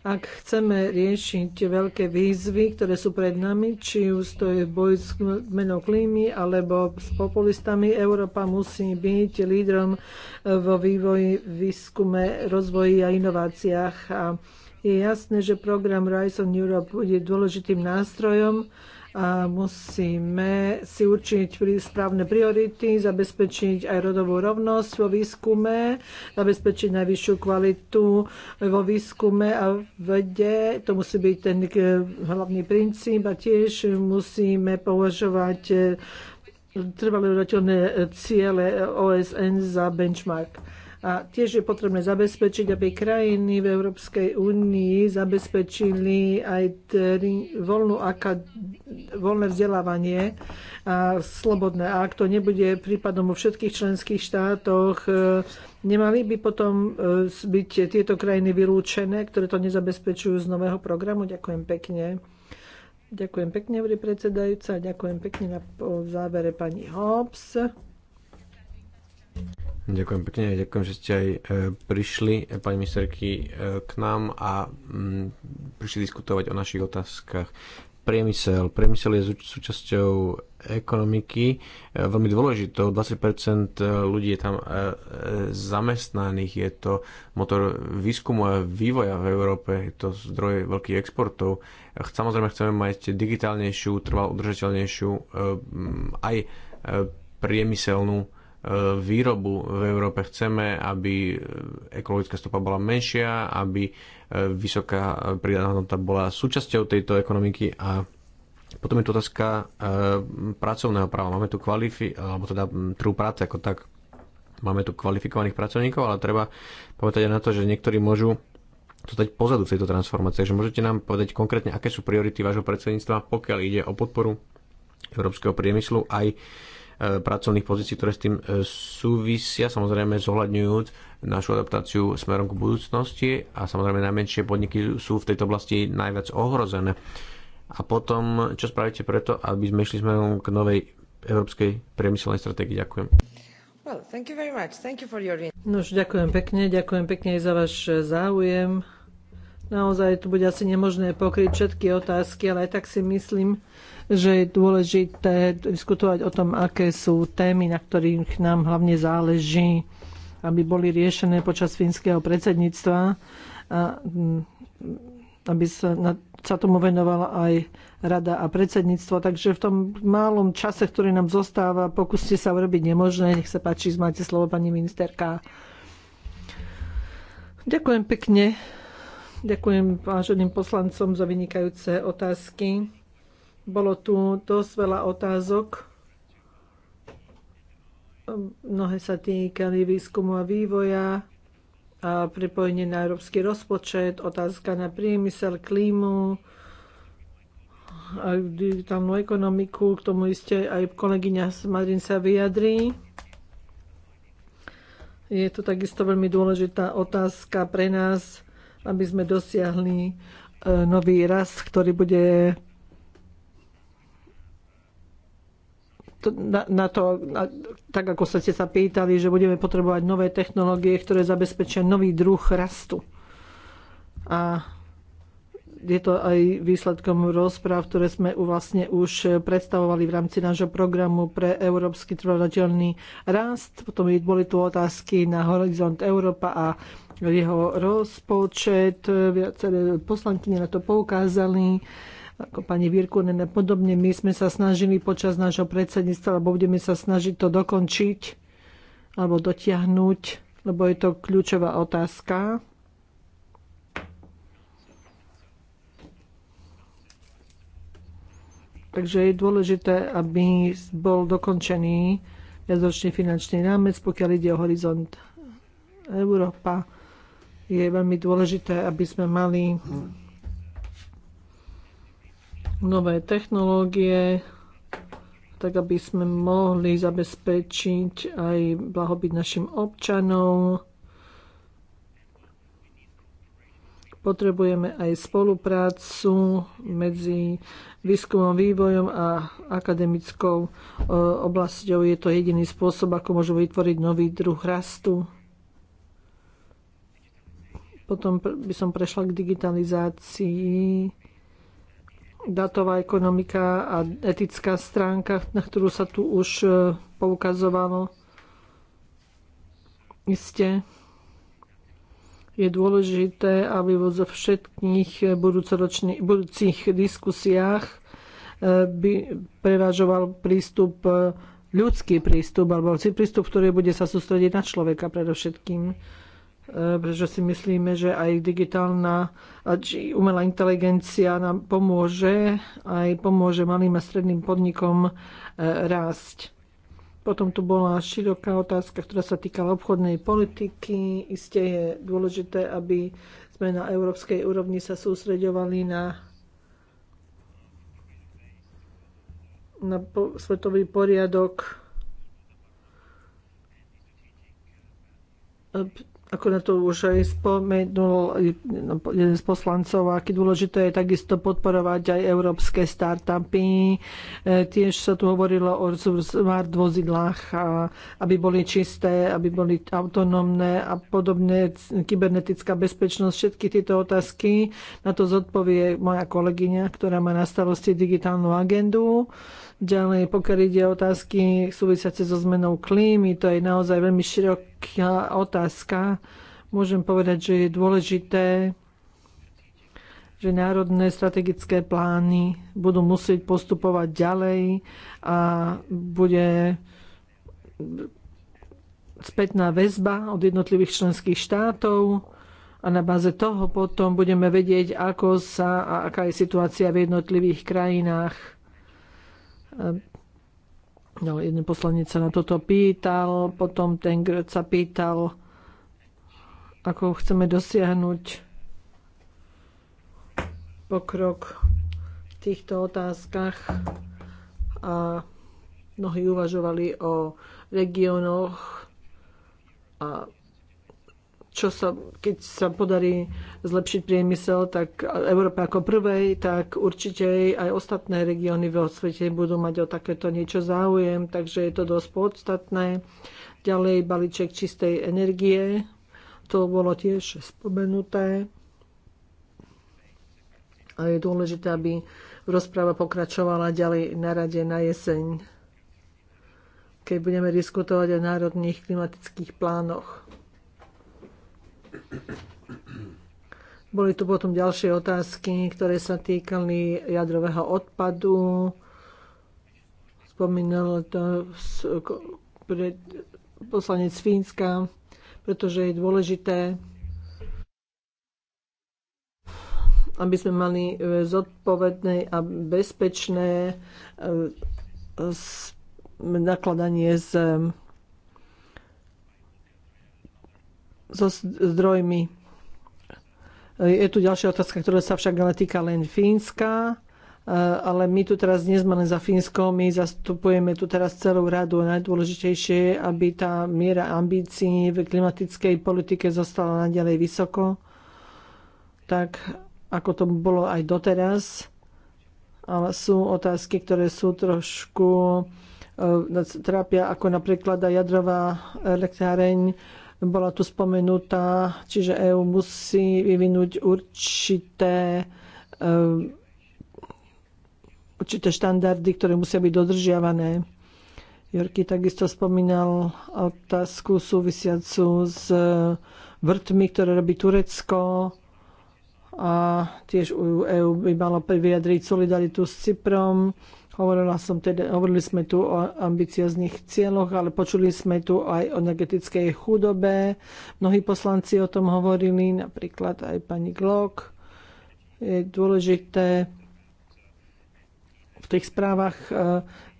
Ak chceme riešiť veľké výzvy, ktoré sú pred nami, či už to je boj s menou klímy alebo s populistami, Európa musí byť lídrom vo vývoji, výskume, rozvoji a inováciách. A je jasné, že program Rise on Europe bude dôležitým nástrojom, a musíme si určiť správne priority, zabezpečiť aj rodovú rovnosť vo výskume, zabezpečiť najvyššiu kvalitu vo výskume a vede. To musí byť ten eh, hlavný princíp a tiež musíme považovať eh, trvalé eh, ciele OSN za benchmark a tiež je potrebné zabezpečiť, aby krajiny v Európskej únii zabezpečili aj voľnú akad- voľné vzdelávanie a slobodné. A ak to nebude prípadom vo všetkých členských štátoch, e, nemali by potom e, byť tieto krajiny vylúčené, ktoré to nezabezpečujú z nového programu? Ďakujem pekne. Ďakujem pekne, bude predsedajúca. Ďakujem pekne na závere pani Hobbs. Ďakujem pekne, ďakujem, že ste aj e, prišli, e, pani ministerky, e, k nám a mm, prišli diskutovať o našich otázkach. Priemysel. Priemysel je súčasťou ekonomiky veľmi dôležitou. 20% ľudí je tam zamestnaných. Je to motor výskumu a vývoja v Európe. Je to zdroj veľkých exportov. Samozrejme chceme mať digitálnejšiu, trvalo udržateľnejšiu aj priemyselnú výrobu v Európe. Chceme, aby ekologická stopa bola menšia, aby e, vysoká pridaná hodnota bola súčasťou tejto ekonomiky a potom je tu otázka e, pracovného práva. Máme tu kvalifi- alebo teda trú práce ako tak. Máme tu kvalifikovaných pracovníkov, ale treba povedať aj na to, že niektorí môžu dať pozadu v tejto transformácie. Takže môžete nám povedať konkrétne, aké sú priority vášho predsedníctva, pokiaľ ide o podporu európskeho priemyslu aj Eh, pracovných pozícií, ktoré s tým eh, súvisia, samozrejme zohľadňujúc našu adaptáciu smerom k budúcnosti a samozrejme najmenšie podniky sú v tejto oblasti najviac ohrozené. A potom, čo spravíte preto, aby sme išli smerom k novej európskej priemyselnej stratégii? Ďakujem. Well, thank you very much. Thank you for your... Nož, ďakujem pekne, ďakujem pekne aj za váš eh, záujem. Naozaj tu bude asi nemožné pokryť všetky otázky, ale aj tak si myslím, že je dôležité diskutovať o tom, aké sú témy, na ktorých nám hlavne záleží, aby boli riešené počas fínskeho predsedníctva a mm, aby sa, na, sa tomu venovala aj rada a predsedníctvo. Takže v tom málom čase, ktorý nám zostáva, pokúste sa urobiť nemožné. Nech sa páči, máte slovo, pani ministerka. Ďakujem pekne. Ďakujem váženým poslancom za vynikajúce otázky. Bolo tu dosť veľa otázok. Mnohé sa týkali výskumu a vývoja, a pripojenie na európsky rozpočet, otázka na priemysel, klímu, a digitálnu ekonomiku, k tomu iste aj kolegyňa z Madrin sa vyjadrí. Je to takisto veľmi dôležitá otázka pre nás, aby sme dosiahli e, nový rast, ktorý bude na, na to, na, tak ako ste sa pýtali, že budeme potrebovať nové technológie, ktoré zabezpečia nový druh rastu. A je to aj výsledkom rozpráv, ktoré sme vlastne už predstavovali v rámci nášho programu pre európsky trvalateľný rast. Potom boli tu otázky na Horizont Európa a jeho rozpočet. Viaceré poslankyne na to poukázali ako pani Virkunen a podobne. My sme sa snažili počas nášho predsedníctva, alebo budeme sa snažiť to dokončiť alebo dotiahnuť, lebo je to kľúčová otázka. Takže je dôležité, aby bol dokončený viacročný finančný rámec, pokiaľ ide o horizont Európa. Je veľmi dôležité, aby sme mali nové technológie, tak aby sme mohli zabezpečiť aj blahobyt našim občanom. Potrebujeme aj spoluprácu medzi výskumom, vývojom a akademickou e, oblasťou. Je to jediný spôsob, ako môžu vytvoriť nový druh rastu. Potom by som prešla k digitalizácii datová ekonomika a etická stránka, na ktorú sa tu už e, poukazovalo. Isté je dôležité, aby vo všetkých budúcich diskusiách e, by prevažoval prístup, e, ľudský prístup, alebo prístup, ktorý bude sa sústrediť na človeka predovšetkým. E, pretože si myslíme, že aj digitálna či umelá inteligencia nám pomôže, aj pomôže malým a stredným podnikom e, rásť. Potom tu bola široká otázka, ktorá sa týkala obchodnej politiky. Isté je dôležité, aby sme na európskej úrovni sa sústreďovali na, na svetový poriadok e, ako na to už aj spomenul jeden z poslancov, aké dôležité je takisto podporovať aj európske startupy. E, tiež sa tu hovorilo o smart vozidlách, aby boli čisté, aby boli autonómne a podobne, kybernetická bezpečnosť, všetky tieto otázky. Na to zodpovie moja kolegyňa, ktorá má na starosti digitálnu agendu. Ďalej, pokiaľ ide o otázky súvisiace so zmenou klímy, to je naozaj veľmi široká otázka. Môžem povedať, že je dôležité, že národné strategické plány budú musieť postupovať ďalej a bude spätná väzba od jednotlivých členských štátov a na báze toho potom budeme vedieť, ako sa a aká je situácia v jednotlivých krajinách. No, jeden poslanec sa na toto pýtal, potom ten Grec sa pýtal, ako chceme dosiahnuť pokrok v týchto otázkach a mnohí uvažovali o regiónoch a čo sa, keď sa podarí zlepšiť priemysel, tak Európa ako prvej, tak určite aj ostatné regióny vo svete budú mať o takéto niečo záujem, takže je to dosť podstatné. Ďalej balíček čistej energie, to bolo tiež spomenuté. A je dôležité, aby rozpráva pokračovala ďalej na rade na jeseň, keď budeme diskutovať o národných klimatických plánoch. Boli tu potom ďalšie otázky, ktoré sa týkali jadrového odpadu. Spomínal to poslanec Fínska, pretože je dôležité, aby sme mali e, zodpovedné a bezpečné e, nakladanie s so zdrojmi. E, je tu ďalšia otázka, ktorá sa však ale týka len Fínska e, ale my tu teraz nie sme len za Fínsko, my zastupujeme tu teraz celú radu. Najdôležitejšie je, aby tá miera ambícií v klimatickej politike zostala naďalej vysoko, tak ako to bolo aj doteraz. Ale sú otázky, ktoré sú trošku e, trápia, ako napríklad jadrová elektráreň, bola tu spomenutá, čiže EÚ musí vyvinúť určité eh, určité štandardy, ktoré musia byť dodržiavané. Jorky takisto spomínal otázku súvisiacu s eh, vrtmi, ktoré robí Turecko a tiež EU e by malo vyjadriť solidaritu s Cyprom. Hovorila som teda, hovorili sme tu o ambiciozných cieľoch, ale počuli sme tu aj o energetickej chudobe. Mnohí poslanci o tom hovorili, napríklad aj pani Glock. Je dôležité v tých správach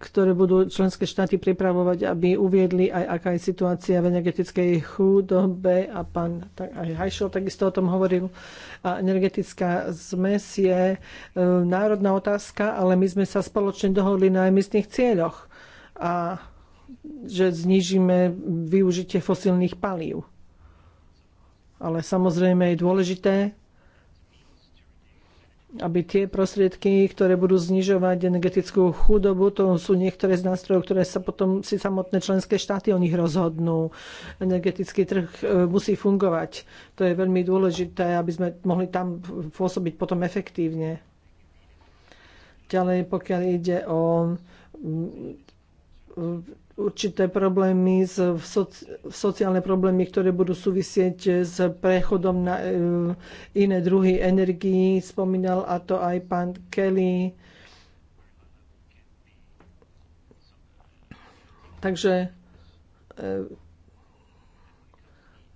ktoré budú členské štáty pripravovať, aby uviedli aj, aká je situácia v energetickej chudobe. A pán tak, aj Hajšel takisto o tom hovoril. A energetická zmes je e, národná otázka, ale my sme sa spoločne dohodli na emisných cieľoch. A že znižíme využitie fosílnych palív. Ale samozrejme je dôležité, aby tie prostriedky, ktoré budú znižovať energetickú chudobu, to sú niektoré z nástrojov, ktoré sa potom si samotné členské štáty o nich rozhodnú. Energetický trh e, musí fungovať. To je veľmi dôležité, aby sme mohli tam pôsobiť potom efektívne. Ďalej, pokiaľ ide o určité problémy, s soci, sociálne problémy, ktoré budú súvisieť s prechodom na e, iné druhy energií. Spomínal a to aj pán Kelly. Takže e,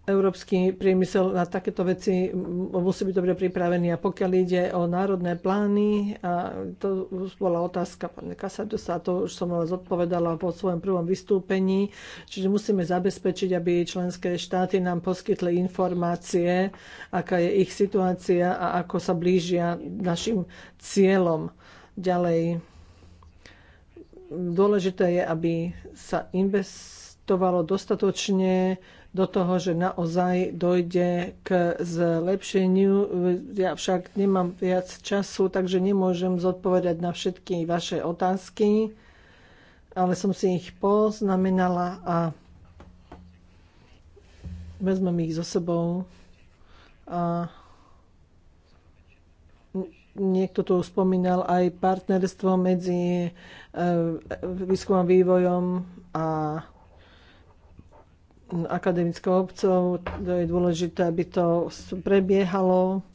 európsky priemysel na takéto veci musí byť dobre pripravený. A pokiaľ ide o národné plány, a to bola otázka pani Kasadusa, to už som ale zodpovedala po svojom prvom vystúpení, čiže musíme zabezpečiť, aby členské štáty nám poskytli informácie, aká je ich situácia a ako sa blížia našim cieľom ďalej. Dôležité je, aby sa investovalo dostatočne do toho, že naozaj dojde k zlepšeniu. Ja však nemám viac času, takže nemôžem zodpovedať na všetky vaše otázky, ale som si ich poznamenala a vezmem ich so sebou. A niekto tu spomínal aj partnerstvo medzi eh, výskumom vývojom a akademickou obcov. To je dôležité, aby to prebiehalo.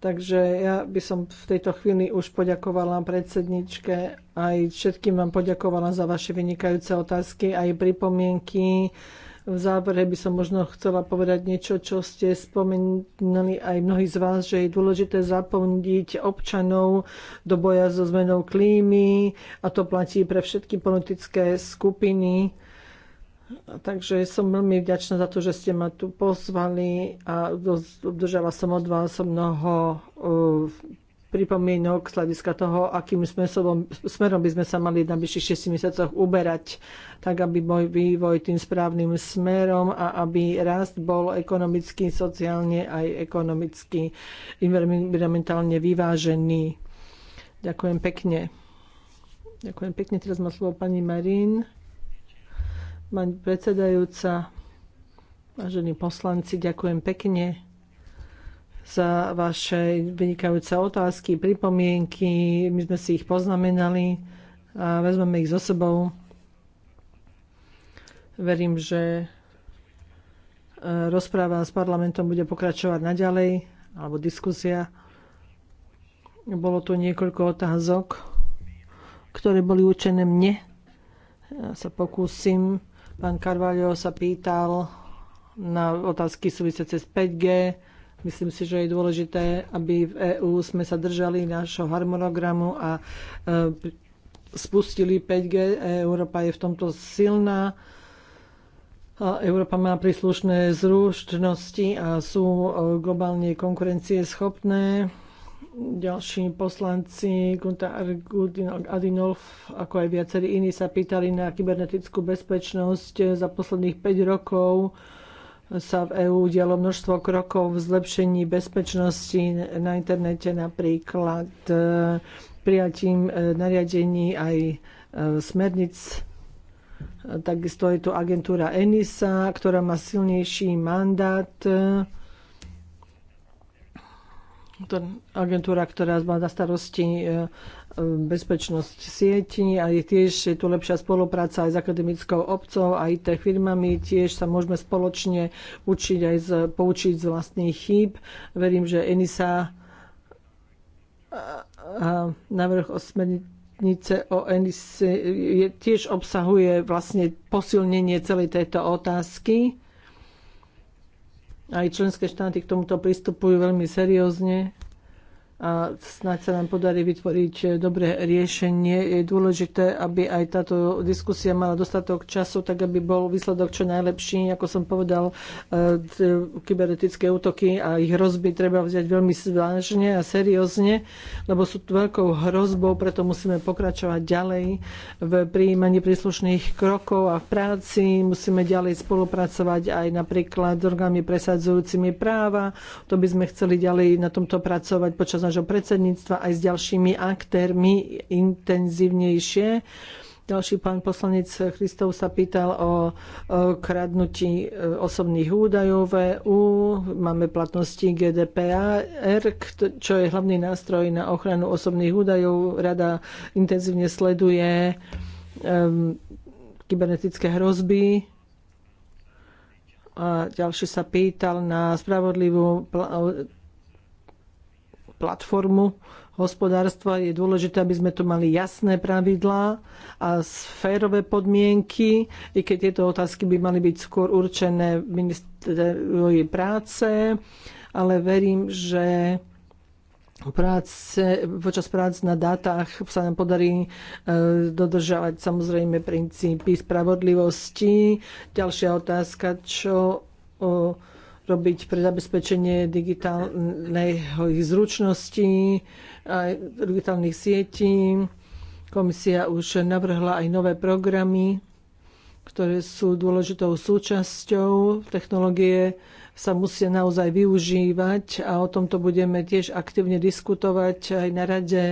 Takže ja by som v tejto chvíli už poďakovala predsedničke, aj všetkým vám poďakovala za vaše vynikajúce otázky, aj pripomienky. V závere by som možno chcela povedať niečo, čo ste spomenuli aj mnohí z vás, že je dôležité zapomniť občanov do boja so zmenou klímy a to platí pre všetky politické skupiny. Takže som veľmi vďačná za to, že ste ma tu pozvali a obdržala som od vás mnoho uh, pripomienok z hľadiska toho, akým smerom, smerom by sme sa mali na bližších 6 mesiacoch uberať, tak aby bol vývoj tým správnym smerom a aby rast bol ekonomicky, sociálne aj ekonomicky, environmentálne vyvážený. Ďakujem pekne. Ďakujem pekne. Teraz má slovo pani Marín. Pani predsedajúca, vážení poslanci, ďakujem pekne za vaše vynikajúce otázky, pripomienky. My sme si ich poznamenali a vezmeme ich so sebou. Verím, že e, rozpráva s parlamentom bude pokračovať naďalej, alebo diskusia. Bolo tu niekoľko otázok, ktoré boli určené mne. Ja sa pokúsim. Pán Carvalho sa pýtal na otázky súvisiace s 5G Myslím si, že je dôležité, aby v EÚ sme sa držali nášho harmonogramu a e, spustili 5G. Európa je v tomto silná. Európa má príslušné zrušnosti a sú e, globálne konkurencieschopné. Ďalší poslanci, Gunta Adinolf, ako aj viacerí iní, sa pýtali na kybernetickú bezpečnosť za posledných 5 rokov sa v EÚ udialo množstvo krokov v zlepšení bezpečnosti na internete, napríklad e, prijatím e, nariadení aj e, smernic. Takisto je tu agentúra ENISA, ktorá má silnejší mandát agentúra, ktorá má na starosti e, e, bezpečnosť sieti a je tiež je tu lepšia spolupráca aj s akademickou obcov a IT firmami. Tiež sa môžeme spoločne učiť aj z, poučiť z vlastných chýb. Verím, že ENISA e, a návrh o smernice o ENISE tiež obsahuje vlastne posilnenie celej tejto otázky aj členské štáty k tomuto pristupujú veľmi seriózne a snáď sa nám podarí vytvoriť dobré riešenie. Je dôležité, aby aj táto diskusia mala dostatok času, tak aby bol výsledok čo najlepší. Ako som povedal, e, kybernetické útoky a ich hrozby treba vziať veľmi vážne a seriózne, lebo sú veľkou hrozbou, preto musíme pokračovať ďalej v príjmaní príslušných krokov a v práci. Musíme ďalej spolupracovať aj napríklad s orgánmi presadzujúcimi práva. To by sme chceli ďalej na tomto pracovať počas nášho predsedníctva aj s ďalšími aktérmi intenzívnejšie. Ďalší pán poslanec Christov sa pýtal o, kradnutí e, osobných údajov EU. Máme platnosti GDPR, čo je hlavný nástroj na ochranu osobných údajov. Rada intenzívne sleduje um, kybernetické hrozby. A ďalší sa pýtal na spravodlivú pl- platformu hospodárstva. Je dôležité, aby sme tu mali jasné pravidlá a sférové podmienky, i keď tieto otázky by mali byť skôr určené ministerovi práce, ale verím, že práce, počas prác na dátach sa nám podarí e, samozrejme princípy spravodlivosti. Ďalšia otázka, čo o, robiť pre zabezpečenie digitálnej zručnosti, digitálnych sietí. Komisia už navrhla aj nové programy, ktoré sú dôležitou súčasťou technológie sa musia naozaj využívať a o tomto budeme tiež aktívne diskutovať aj na rade.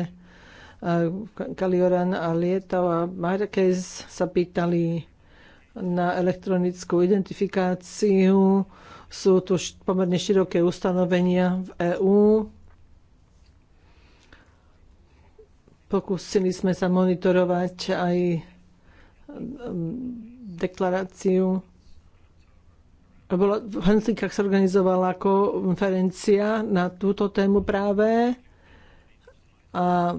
Kalioran a Lieto a Marquez sa pýtali na elektronickú identifikáciu sú tu pomerne široké ustanovenia v EÚ. Pokúsili sme sa monitorovať aj um, deklaráciu bola, v Henslikách sa organizovala konferencia na túto tému práve a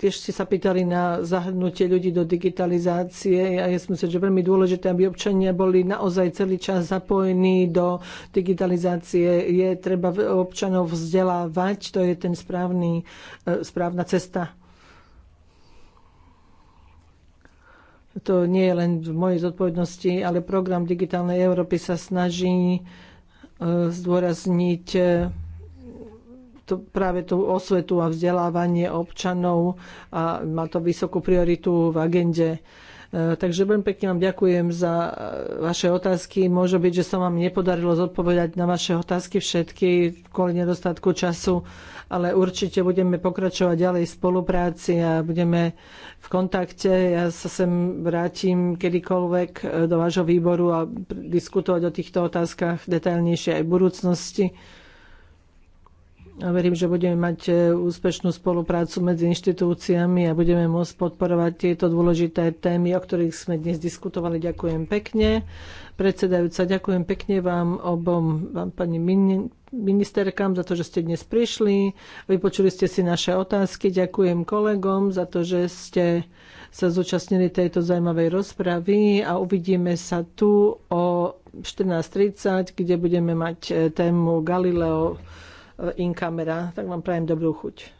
tiež ste sa pýtali na zahrnutie ľudí do digitalizácie a ja si myslím, že veľmi dôležité, aby občania boli naozaj celý čas zapojení do digitalizácie. Je treba občanov vzdelávať, to je ten správny, e, správna cesta. To nie je len v mojej zodpovednosti, ale program Digitálnej Európy sa snaží e, zdôrazniť e, to, práve tú osvetu a vzdelávanie občanov a má to vysokú prioritu v agende. E, takže veľmi pekne vám ďakujem za vaše otázky. Môže byť, že sa vám nepodarilo zodpovedať na vaše otázky všetky kvôli nedostatku času, ale určite budeme pokračovať ďalej v spolupráci a budeme v kontakte. Ja sa sem vrátim kedykoľvek e, do vášho výboru a diskutovať o týchto otázkach detailnejšie aj v budúcnosti. A verím, že budeme mať e, úspešnú spoluprácu medzi inštitúciami a budeme môcť podporovať tieto dôležité témy, o ktorých sme dnes diskutovali. Ďakujem pekne. Predsedajúca, ďakujem pekne vám obom, vám pani ministerkám, za to, že ste dnes prišli. Vypočuli ste si naše otázky. Ďakujem kolegom za to, že ste sa zúčastnili tejto zaujímavej rozpravy a uvidíme sa tu o 14.30, kde budeme mať e, tému Galileo in camera. Tak vám prajem dobrú chuť.